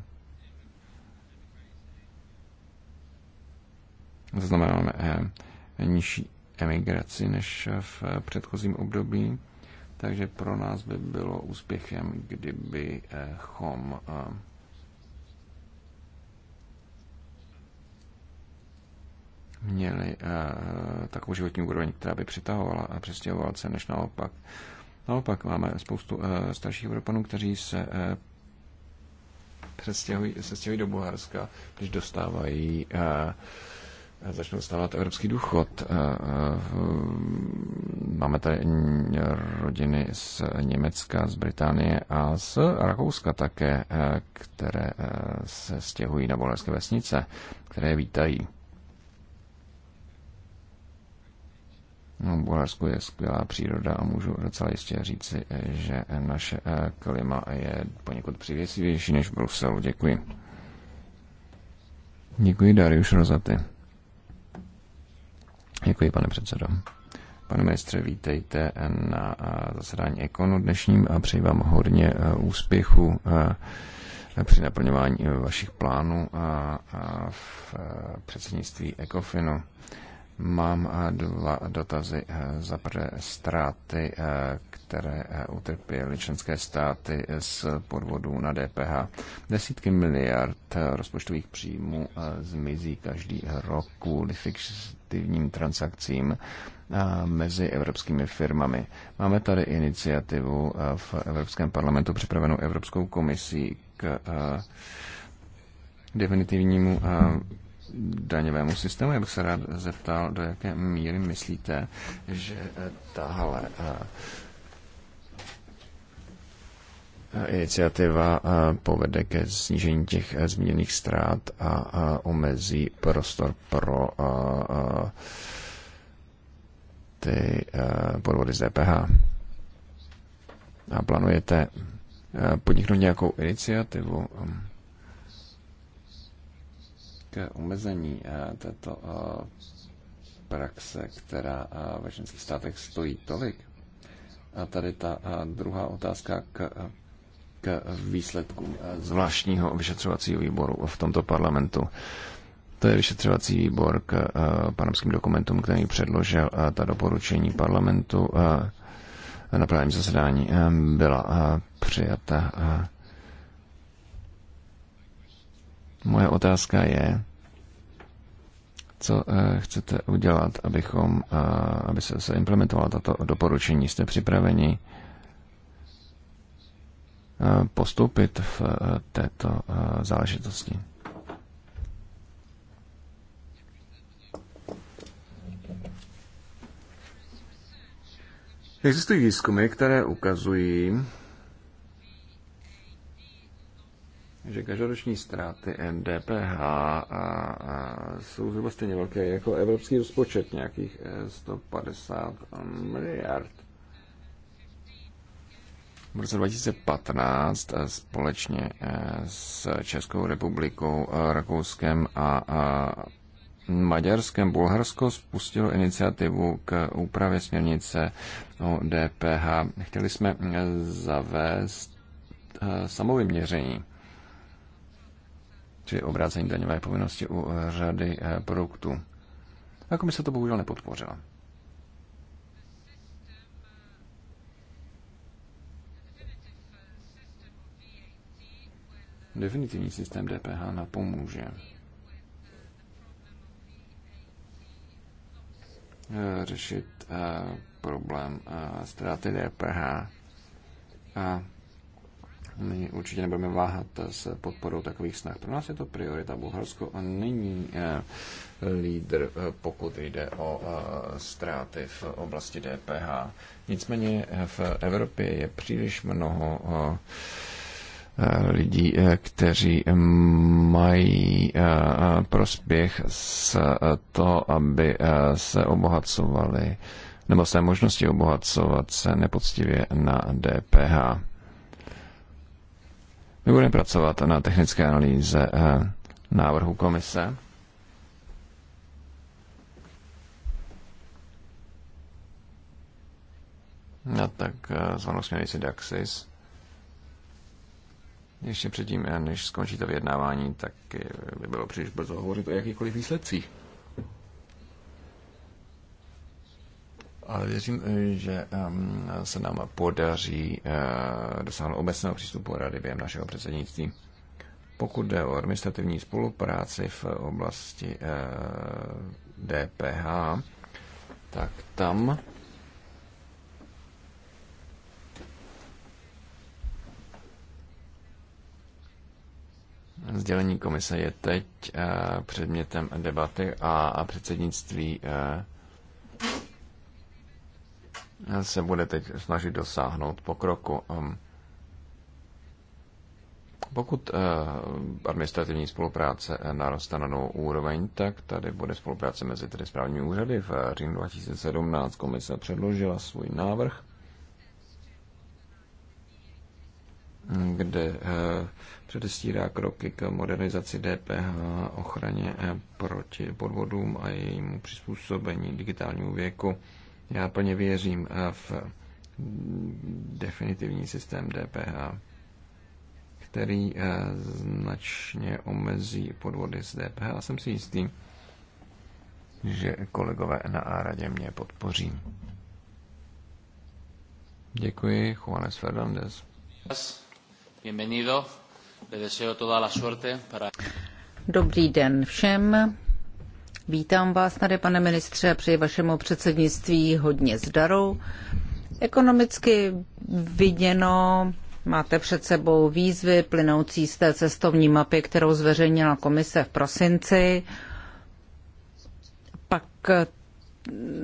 zaznamenáme eh, nižší emigraci než v eh, předchozím období, takže pro nás by bylo úspěchem, kdybychom eh, měli takovou životní úroveň, která by přitahovala a se, než naopak. Naopak máme spoustu starších Evropanů, kteří se přestěhují, se stěhují do Bulharska, když dostávají Eh, začnou stávat evropský důchod. Eh, eh, máme tady rodiny z Německa, z Británie a z Rakouska také, které se stěhují na bolharské vesnice, které vítají. No, v Bulharsku je skvělá příroda a můžu docela jistě říci, že naše klima je poněkud přivěsivější než v Bruselu. Děkuji. Děkuji, Dariuš Rozaty. Děkuji, pane předsedo. Pane ministře, vítejte na eh, zasedání Ekonu dnešním a přeji vám hodně eh, úspěchu eh, při naplňování vašich plánů a v předsednictví Ekofinu. Mám dva dotazy. Za prvé ztráty, které utrpěly členské státy z podvodů na DPH. Desítky miliard rozpočtových příjmů zmizí každý rok kvůli fix aktivním transakcím mezi evropskými firmami. Máme tady iniciativu v Evropském parlamentu připravenou Evropskou komisí k definitivnímu daňovému systému. Já bych se rád zeptal, do jaké míry myslíte, že e, tahle iniciativa povede ke snížení těch eh, zmíněných ztrát a omezí prostor pro ty eh, podvody z DPH. A plánujete eh, podniknout nějakou iniciativu um, k omezení této praxe, která ve členských státech stojí tolik? A tady ta druhá otázka k k výsledkům zvláštního vyšetřovacího výboru v tomto parlamentu. To je vyšetřovací výbor k eh, panamským dokumentům, který předložil eh, ta doporučení parlamentu eh, na právním zasedání byla přijata. Moje otázka je, co chcete udělat, abychom, aby se, se implementovala tato doporučení. Jste připraveni postoupit v eh, této eh, záležitosti. Existují výzkumy, které ukazují, že každoroční ztráty NDPH a, a jsou zhruba stejně velké jako evropský rozpočet, nějakých 150 eh, miliard v roce 2015 eh, společně eh, s Českou republikou, eh, Rakouskem a Maďarskem Bulharsko spustilo iniciativu k úpravě směrnice o DPH. Chtěli jsme zavést samovyměření či obrácení daňové povinnosti u řady produktů. A komise to bohužel nepodpořila. definitivní systém DPH napomůže. Eh, řešit eh, problém eh, ztráty DPH a my určitě nebudeme váhat s podporou takových snah. Pro nás je to priorita. Bulharsko není lídr, pokud jde o ztráty v oblasti DPH. Nicméně v Evropě je příliš mnoho Eh, lidí, eh, kteří mají eh, prospěch z to, aby se obohacovali, nebo své možnosti obohacovat se nepoctivě na DPH. My budeme pracovat na technické analýze návrhu komise. No tak zvanou směrnici DAXIS ještě předtím, než skončí to vyjednávání, tak by bylo příliš brzo hovořit o jakýchkoliv výsledcích. Ale věřím, eh, že ehm, se nám podaří eh, dosáhnout obecného přístupu rady během našeho předsednictví. Pokud jde o administrativní spolupráci v oblasti DPH, eh, tak tam Sdělení komise je teď eh, předmětem debaty a předsednictví eh, se bude teď snažit dosáhnout pokroku. Ehm, pokud eh, administrativní spolupráce naroste na novou úroveň, tak tady bude spolupráce mezi tedy správními úřady. V říjnu 2017 komise předložila svůj návrh kde eh, předestírá kroky k modernizaci DPH, ochraně eh, proti podvodům a jejímu přizpůsobení digitálnímu věku. Já plně věřím eh, v definitivní systém DPH, který značně omezí podvody z DPH. A jsem si jistý, že kolegové na Áradě mě podpoří. Děkuji, Juanes Fernandez. Yes. Dobrý den všem. Vítám vás tady, pane ministře, a přeji vašemu předsednictví hodně zdaru. Ekonomicky viděno máte před sebou výzvy plynoucí z té cestovní mapy, kterou zveřejnila komise v prosinci. Pak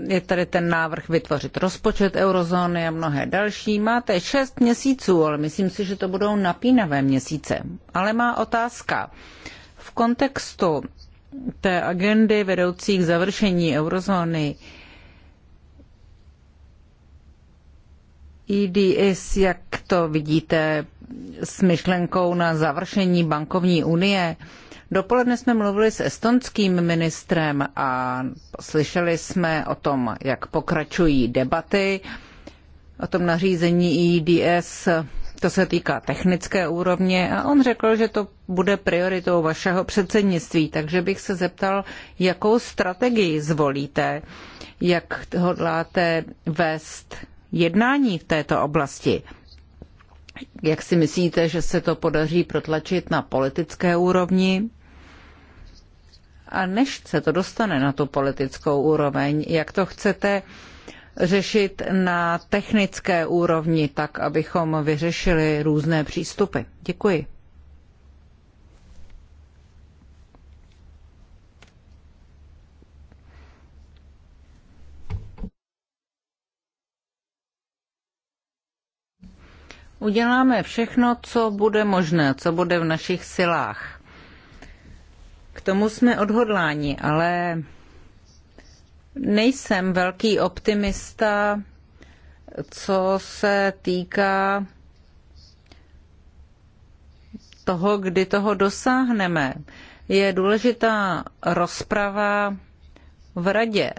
je tady ten návrh vytvořit rozpočet eurozóny a mnohé další. Máte šest měsíců, ale myslím si, že to budou napínavé měsíce. Ale má otázka. V kontextu té agendy vedoucí k završení eurozóny EDS, jak to vidíte s myšlenkou na završení bankovní unie, Dopoledne jsme mluvili s estonským ministrem a slyšeli jsme o tom, jak pokračují debaty o tom nařízení IDS. E to se týká technické úrovně a on řekl, že to bude prioritou vašeho předsednictví, takže bych se zeptal, jakou strategii zvolíte, jak hodláte vést jednání v této oblasti. Jak si myslíte, že se to podaří protlačit na politické úrovni? A než se to dostane na tu politickou úroveň, jak to chcete řešit na technické úrovni, tak abychom vyřešili různé přístupy? Děkuji. Uděláme všechno, co bude možné, co bude v našich silách tomu jsme odhodláni, ale nejsem velký optimista, co se týká toho, kdy toho dosáhneme. Je důležitá rozprava v radě.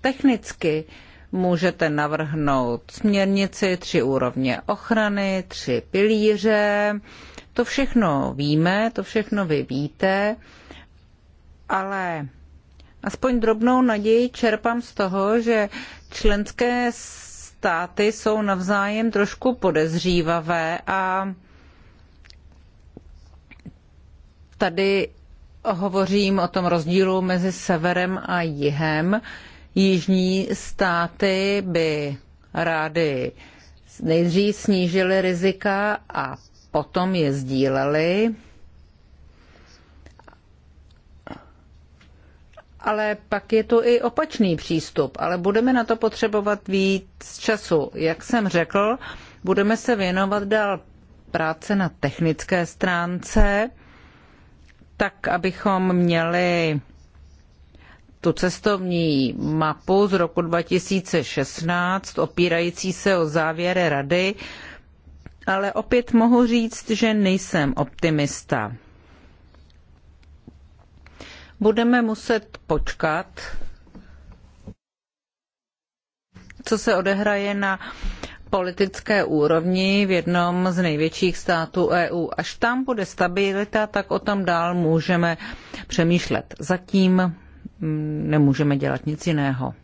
Technicky můžete navrhnout směrnici, tři úrovně ochrany, tři pilíře. To všechno víme, to všechno vy víte ale aspoň drobnou naději čerpám z toho, že členské státy jsou navzájem trošku podezřívavé a tady hovořím o tom rozdílu mezi severem a jihem. Jižní státy by rády nejdřív snížily rizika a potom je sdíleli. ale pak je tu i opačný přístup, ale budeme na to potřebovat víc času. Jak jsem řekl, budeme se věnovat dál práce na technické stránce, tak abychom měli tu cestovní mapu z roku 2016, opírající se o závěry rady, ale opět mohu říct, že nejsem optimista budeme muset počkat, co se odehraje na politické úrovni v jednom z největších států EU. Až tam bude stabilita, tak o tom dál můžeme přemýšlet. Zatím mm, nemůžeme dělat nic jiného.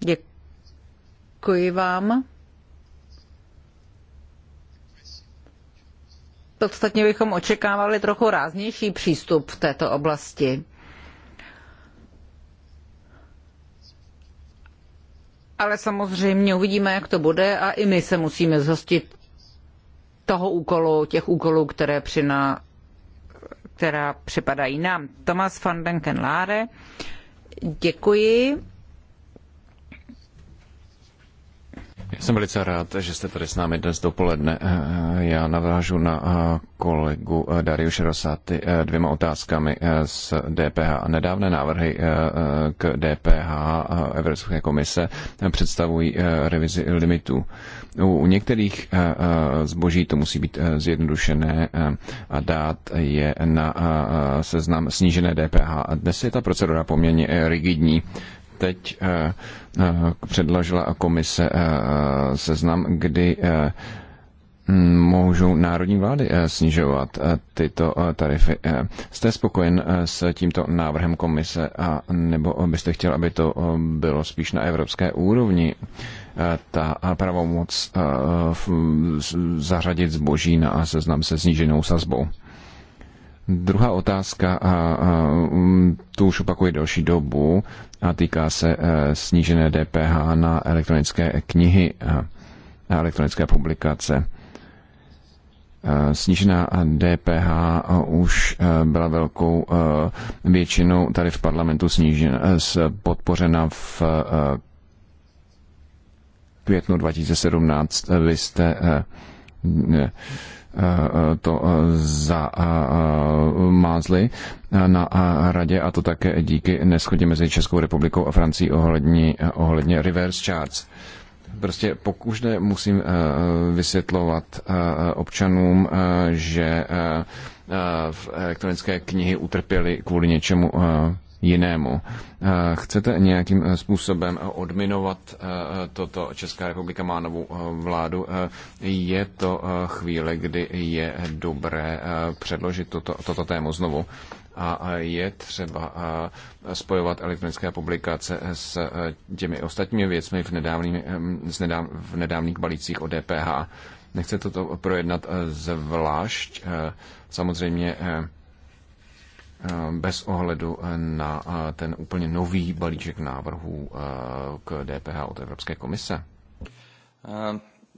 Děkuji vám. podstatně bychom očekávali trochu ráznější přístup v této oblasti. Ale samozřejmě uvidíme, jak to bude a i my se musíme zhostit toho úkolu, těch úkolů, které přina, která připadají nám. Thomas van den děkuji. Jsem velice rád, že jste tady s námi dnes dopoledne. Eh, eh, já navážu na eh, kolegu Dariu Šerosáty dvěma otázkami z DPH. Nedávné návrhy k DPH Evropské komise představují revizi limitů. U některých zboží to musí být zjednodušené a dát je na seznam snížené DPH. Dnes je ta procedura poměrně rigidní teď eh, eh, předložila komise eh, seznam, kdy můžou národní vlády snižovat tyto tarify. Jste spokojen s tímto návrhem komise a nebo byste chtěl, aby to bylo spíš na evropské úrovni? ta pravomoc zařadit zboží na seznam se sníženou sazbou. Druhá otázka, a, a um, tu už opakuje další dobu, a týká se e, snížené DPH na elektronické knihy a elektronické publikace. E, snížená DPH už e, byla velkou většinou tady v parlamentu snížena, podpořena v květnu 2017. Vy jste to eh, zamázli eh, eh, na radě a to také díky neschodě mezi Českou republikou a Francí ohledně, ohledně reverse charts prostě pokud ne, musím vysvětlovat občanům, že v elektronické knihy utrpěly kvůli něčemu jinému. Eh, chcete nějakým eh, způsobem eh, odminovat toto? Česká republika má novou vládu. Je to chvíle, kdy je dobré předložit toto, toto tému znovu a je třeba spojovat elektronické publikace s těmi ostatními věcmi v, nedávný, v nedávných balících o DPH. Nechce toto projednat zvlášť. Samozřejmě Eh, bez ohledu eh, na eh, ten úplně nový balíček návrhů k DPH od Evropské komise?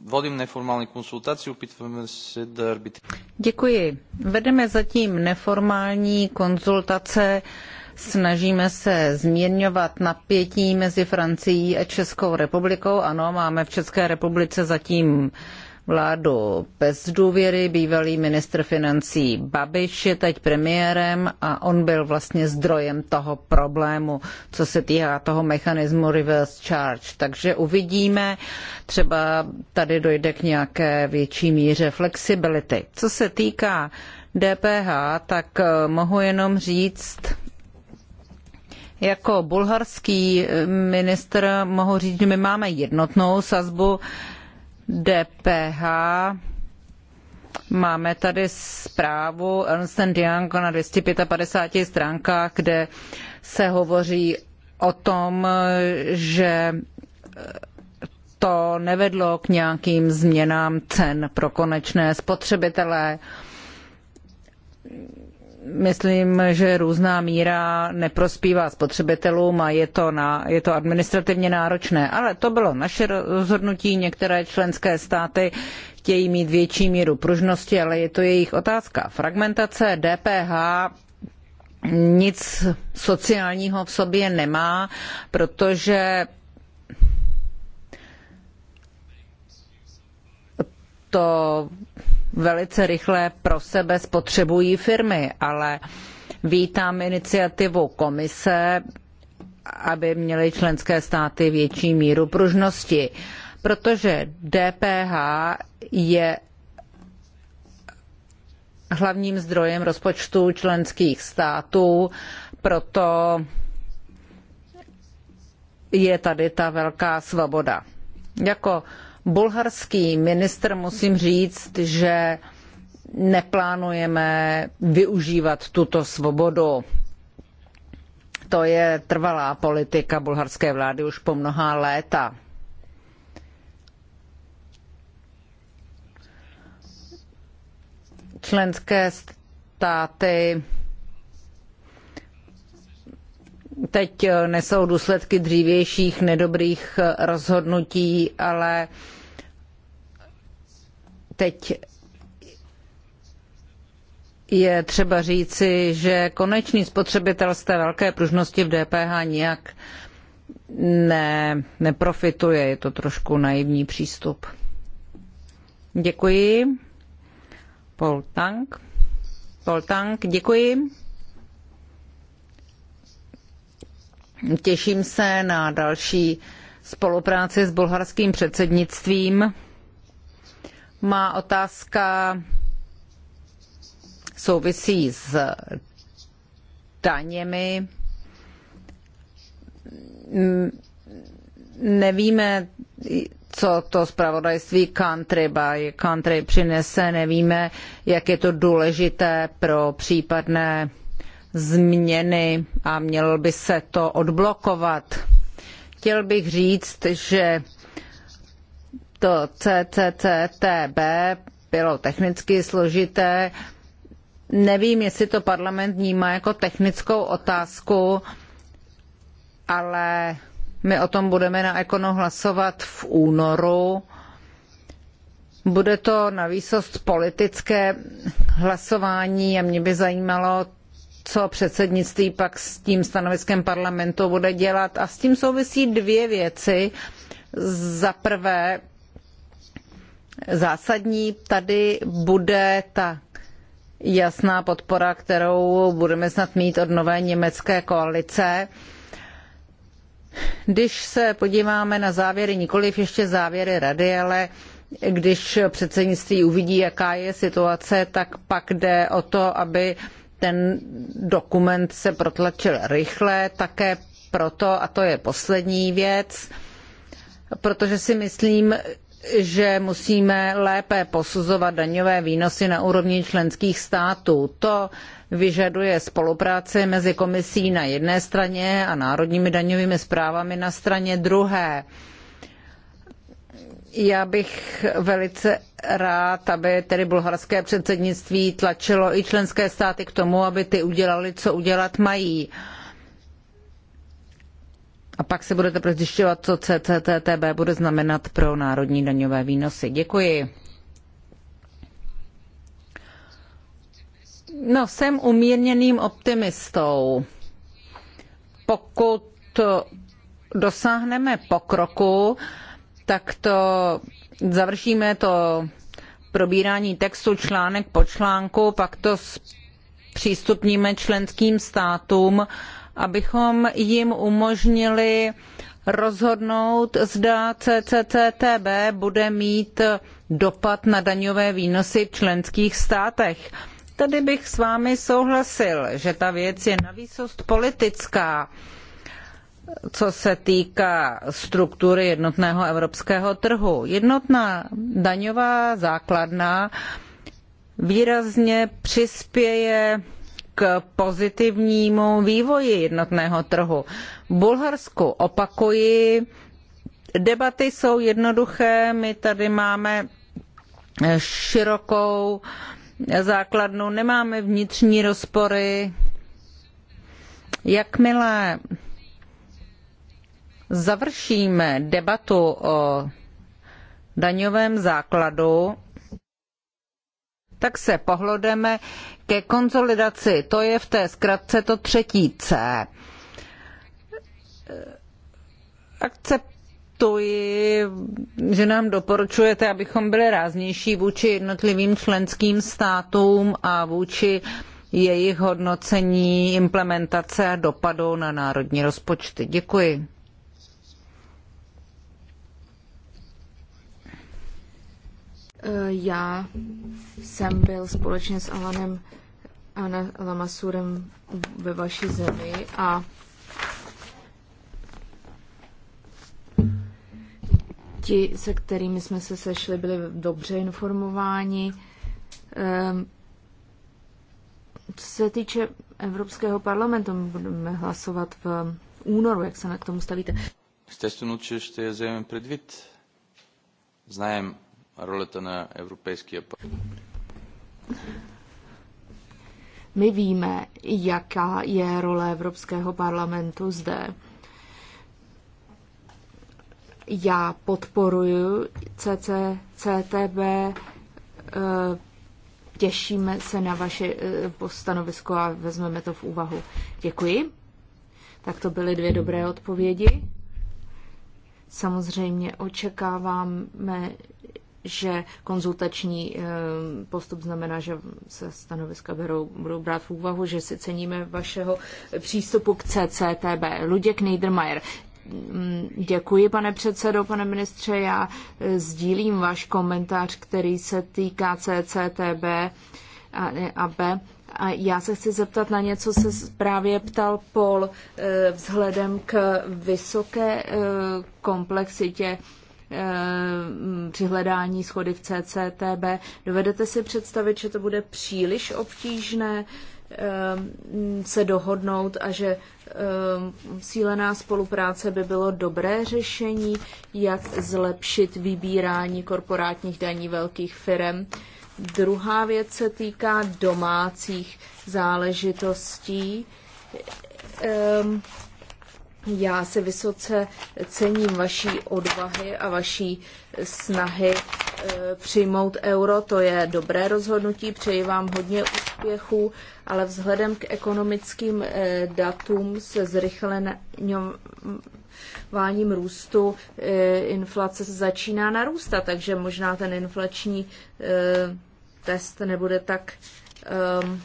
Vodím neformální konsultaci, upitujeme se do arbitry. Děkuji. Vedeme zatím neformální konzultace, snažíme se zmírňovat napětí mezi Francií a Českou republikou. Ano, máme v České republice zatím uh, vládu bez důvěry. Bývalý ministr financí Babiš je teď premiérem a on byl vlastně zdrojem toho problému, co se týká toho mechanismu reverse charge. Takže uvidíme, třeba tady dojde k nějaké větší míře flexibility. Co se týká DPH, tak eh, mohu jenom říct, jako bulharský eh, ministr mohu říct, že my máme jednotnou sazbu DPH. Máme tady zprávu Ernst Young na 255 stránkách, kde se hovoří o tom, že to nevedlo k nějakým změnám cen pro konečné spotřebitele myslím, že různá míra neprospívá spotřebitelům a je to, na, je to administrativně náročné. Ale to bylo naše rozhodnutí. Některé členské státy chtějí mít větší míru pružnosti, ale je to jejich otázka. Fragmentace DPH nic sociálního v sobě nemá, protože to velice rychle pro sebe spotřebují firmy, ale vítám iniciativu komise, aby měly členské státy větší míru pružnosti, protože DPH je hlavním zdrojem rozpočtu členských států, proto je tady ta velká svoboda. Jako bulharský ministr, musím říct, že neplánujeme využívat tuto svobodu. To je trvalá politika bulharské vlády už po mnohá léta. Členské státy teď nesou důsledky dřívějších nedobrých rozhodnutí, ale Teď je třeba říci, že konečný spotřebitel z té velké pružnosti v DPH nijak ne, neprofituje. Je to trošku naivní přístup. Děkuji. Paul Tank. Paul Tank, děkuji. Těším se na další spolupráci s bulharským předsednictvím. Má otázka souvisí s daněmi. Mm, nevíme, co to zpravodajství country by country přinese, nevíme, jak je to důležité pro případné změny a mělo by se to odblokovat. Chtěl bych říct, že to CCCTB bylo technicky složité. Nevím, jestli to parlament vnímá jako technickou otázku, ale my o tom budeme na ekono hlasovat v únoru. Bude to na výsost politické hlasování a mě by zajímalo, co předsednictví pak s tím stanoviskem parlamentu bude dělat. A s tím souvisí dvě věci. Za prvé, zásadní tady bude ta jasná podpora, kterou budeme snad mít od nové německé koalice. Když se podíváme na závěry, nikoliv ještě závěry rady, ale když předsednictví uvidí, jaká je situace, tak pak jde o to, aby ten dokument se protlačil rychle, také proto, a to je poslední věc, protože si myslím, že musíme lépe posuzovat daňové výnosy na úrovni členských států. To vyžaduje spolupráci mezi komisí na jedné straně a národními daňovými zprávami na straně druhé. Já bych velice rád, aby tedy bulharské předsednictví tlačilo i členské státy k tomu, aby ty udělali, co udělat mají. Uh, a pak se budete prozjišťovat, co CCTTB bude znamenat pro národní daňové výnosy. Děkuji. No, jsem umírněným optimistou. Pokud dosáhneme pokroku, tak to završíme to probírání textu článek po článku, pak to přístupníme členským státům abychom jim umožnili rozhodnout, zda CCCTB bude mít dopad na daňové výnosy v členských státech. Tady bych s vámi souhlasil, že ta věc je navýsost politická, co se týká struktury jednotného evropského trhu. Jednotná daňová základna výrazně přispěje k pozitivnímu vývoji jednotného trhu. V Bulharsku opakuji, debaty jsou jednoduché, my tady máme eh, širokou eh, základnu, nemáme vnitřní rozpory. Jakmile završíme debatu o daňovém základu, tak se pohlodeme ke konsolidaci. To je v té zkratce to třetí C. Akceptuji, že nám doporučujete, abychom byli ráznější vůči jednotlivým členským státům a vůči jejich hodnocení, implementace a dopadu na národní rozpočty. Děkuji. Já jsem byl společně s Alanem Ana Lamasurem ve vaší zemi a ti, se kterými jsme se sešli, byli dobře informováni. Ehm, co se týče Evropského parlamentu, budeme hlasovat v únoru, jak se na k tomu stavíte. Естествено, že jste je вземем предвид. Znajem ролята na Evropský. парламент. My víme, jaká je role Evropského parlamentu zde. Já podporuji Ctb. Eh, těšíme se na vaše eh, stanovisko a vezmeme to v úvahu. Děkuji. Tak to byly dvě dobré odpovědi. Samozřejmě očekáváme že konzultační eh, postup znamená, že se stanoviska berou, budou brát v úvahu, že si ceníme vašeho přístupu k CCTB. Luděk Niedermayer. Mm, děkuji, pane předsedo, pane ministře. Já eh, sdílím váš komentář, který se týká CCTB a, a B. A já se chci zeptat na něco, se právě ptal Paul eh, vzhledem k vysoké komplexitě Eh, při hledání schody v CCTB. Dovedete si představit, že to bude příliš obtížné eh, se dohodnout a že sílená eh, spolupráce by bylo dobré řešení, jak zlepšit vybírání korporátních daní velkých firm. Druhá věc se týká domácích záležitostí. Já si vysoce cením vaší odvahy a vaší snahy eh, přijmout euro. To je dobré rozhodnutí, přeji vám hodně úspěchů, ale vzhledem k ekonomickým eh, datům se zrychlením růstu eh, inflace začíná narůstat, takže možná ten inflační test nebude tak ehm,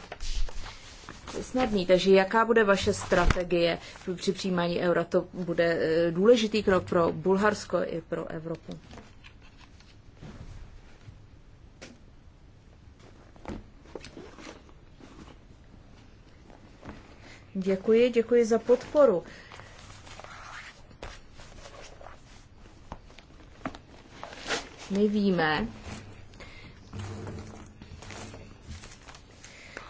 snadný. Takže jaká bude vaše strategie při přijímání eura? To bude eh, důležitý krok pro Bulharsko i pro Evropu. Děkuji, děkuji za podporu. My víme,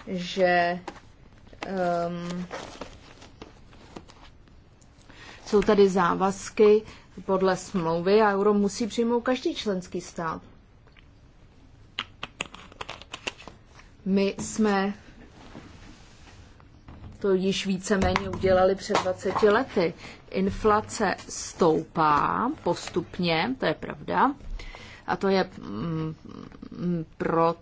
že um, jsou tady závazky podle smlouvy a euro musí přijmout každý členský stát. My jsme to již víceméně udělali před 20 lety. Inflace stoupá postupně, to je pravda. A to je mm, mm, pro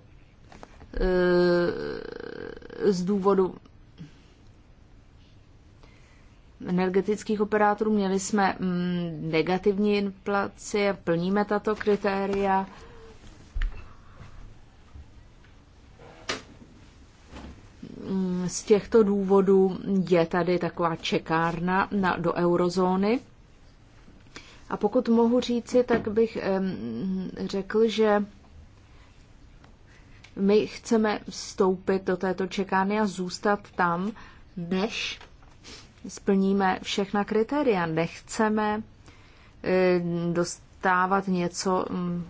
eh, z důvodu energetických operátorů. Měli jsme mm, negativní inflaci a plníme tato kritéria. Mm, z těchto důvodů je tady taková čekárna na, do eurozóny. A pokud mohu říci, tak bych řekl, že my chceme vstoupit do této čekárny a zůstat tam, než splníme všechna kritéria. Nechceme eh, dostávat něco, mm,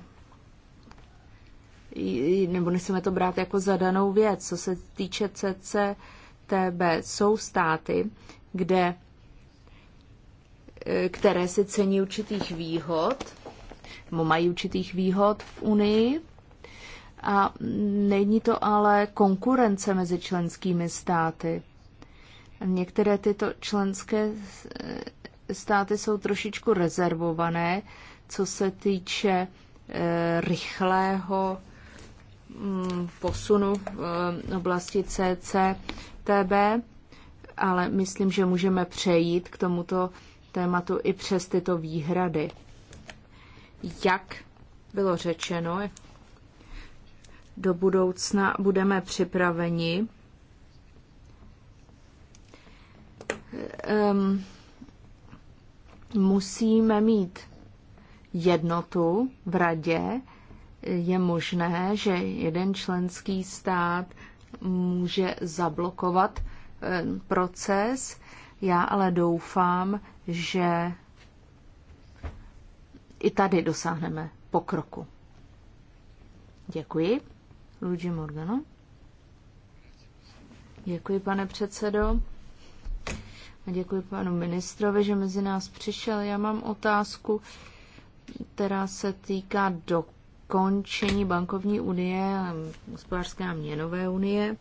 nebo nechceme to brát jako zadanou věc. Co se týče CCTB, jsou státy, kde, eh, které si cení určitých výhod, nebo mají určitých výhod v Unii, a není to ale konkurence mezi členskými státy. Některé tyto členské státy jsou trošičku rezervované, co se týče eh, rychlého mm, posunu v eh, oblasti CCTB, ale myslím, že můžeme přejít k tomuto tématu i přes tyto výhrady. Jak bylo řečeno, do budoucna budeme připraveni um, musíme mít jednotu v radě. Je možné, že jeden členský stát může zablokovat ehm, proces. Já ale doufám, že i tady dosáhneme pokroku. Děkuji. Luigi Morgano. Děkuji, pane předsedo. A děkuji panu ministrovi, že mezi nás přišel. Já mám otázku, která se týká dokončení bankovní unie a hospodářské a měnové unie.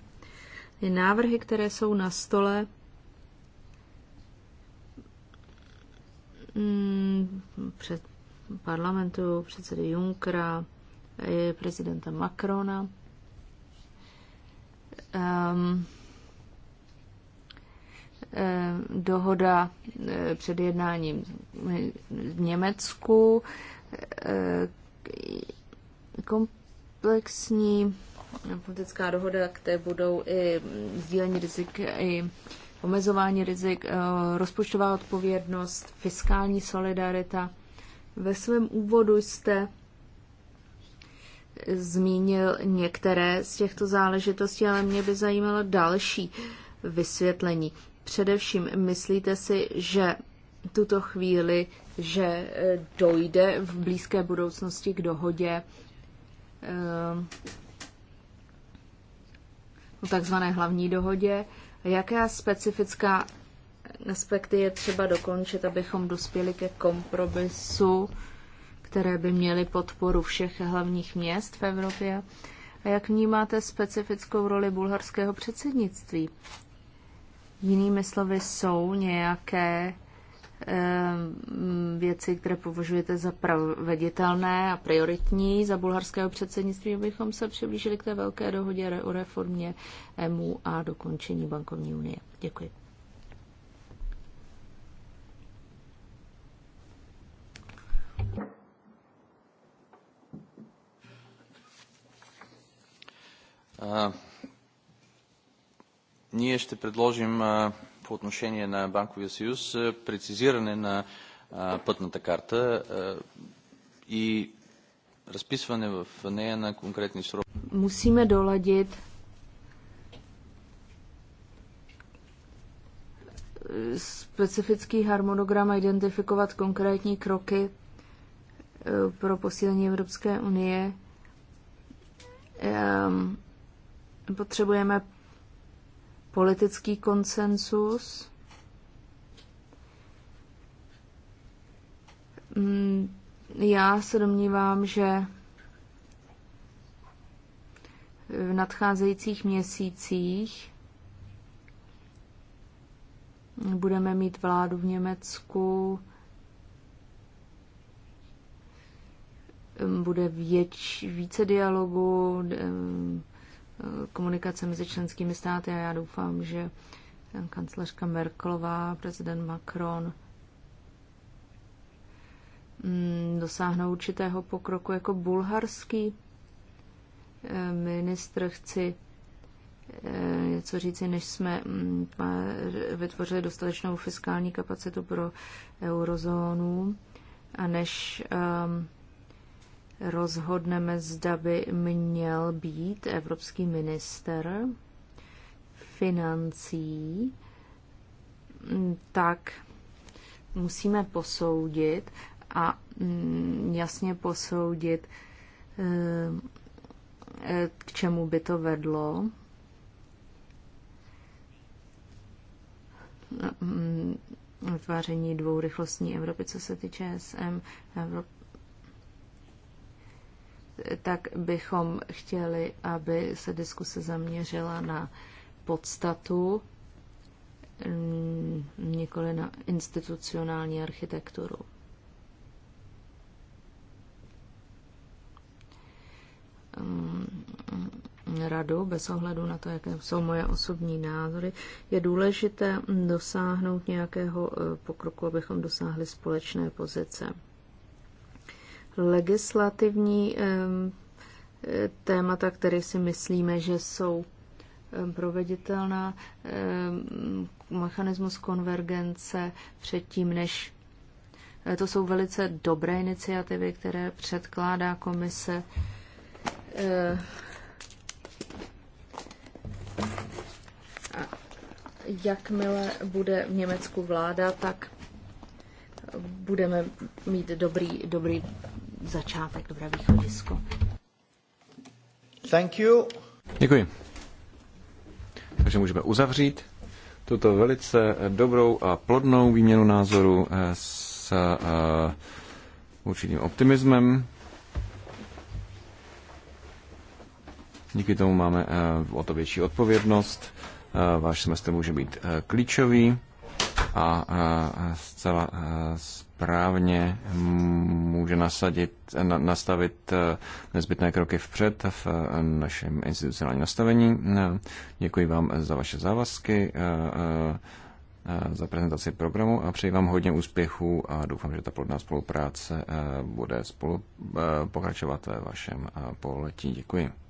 Ty návrhy, které jsou na stole, mm, před parlamentu, předsedy Junckera, eh, prezidenta Macrona. Um, Eh, dohoda eh, před jednáním v Německu, eh, komplexní politická dohoda, které budou i sdílení rizik, i omezování rizik, rozpočtová odpovědnost, fiskální solidarita. Ve svém úvodu jste zmínil některé z těchto záležitostí, ale mě by zajímalo další vysvětlení. Především myslíte si, že tuto chvíli, že eh, dojde v blízké budoucnosti k dohodě eh, o takzvané hlavní dohodě. Jaké specifická aspekty je třeba dokončit, abychom dospěli ke kompromisu, které by měly podporu všech hlavních měst v Evropě? A jak vnímáte specifickou roli bulharského předsednictví Jinými slovy, jsou nějaké ehm, věci, které považujete za proveditelné a prioritní za bulharského předsednictví, abychom se přiblížili k té velké dohodě o reformě EMU a dokončení bankovní unie. Děkuji. Uh. Ние ще предложим по отношение на Банковия съюз прецизиране на пътната карта и разписване в нея на конкретни срок. Мусиме doladit specifický harmonogram a identifikovat konkrétní kroky pro posílení Evropské unie. Potřebujeme politický konsensus. Mm, já se domnívám, že v nadcházejících měsících budeme mít vládu v Německu, bude věč, více dialogu, komunikace mezi členskými státy a já doufám, že kancelářka Merkelová, prezident Macron mm, dosáhnou určitého pokroku jako bulharský eh, ministr. Chci eh, něco říci, než jsme mm, vytvořili dostatečnou fiskální kapacitu pro eurozónu a než um, rozhodneme, zda by měl být evropský minister financí, mm, tak musíme posoudit a mm, jasně posoudit, eh, eh, k čemu by to vedlo. Mm, vytváření dvourychlostní Evropy, co se týče SM, Evropy tak bychom chtěli, aby se diskuse zaměřila na podstatu, mm, nikoli na institucionální architekturu. Mm, radu, bez ohledu na to, jaké jsou moje osobní názory, je důležité dosáhnout nějakého eh, pokroku, abychom dosáhli společné pozice legislativní témata, které si myslíme, že jsou proveditelná, mechanismus konvergence předtím, než e, to jsou velice dobré iniciativy, které předkládá komise. E, a jakmile bude v Německu vláda, tak budeme mít dobrý, dobrý začátek, dobré východisko. Thank you. Děkuji. Takže můžeme uzavřít tuto velice dobrou a plodnou výměnu názoru eh, s eh, určitým optimismem. Díky tomu máme eh, o to větší odpovědnost. Váš semestr může být klíčový a zcela správně může nasadit, nastavit e, nezbytné kroky vpřed v e, našem institucionálním nastavení. E, děkuji vám za vaše závazky, za prezentaci programu a přeji vám hodně úspěchů a doufám, že ta plodná spolupráce bude spolu pokračovat ve vašem poletí. Děkuji.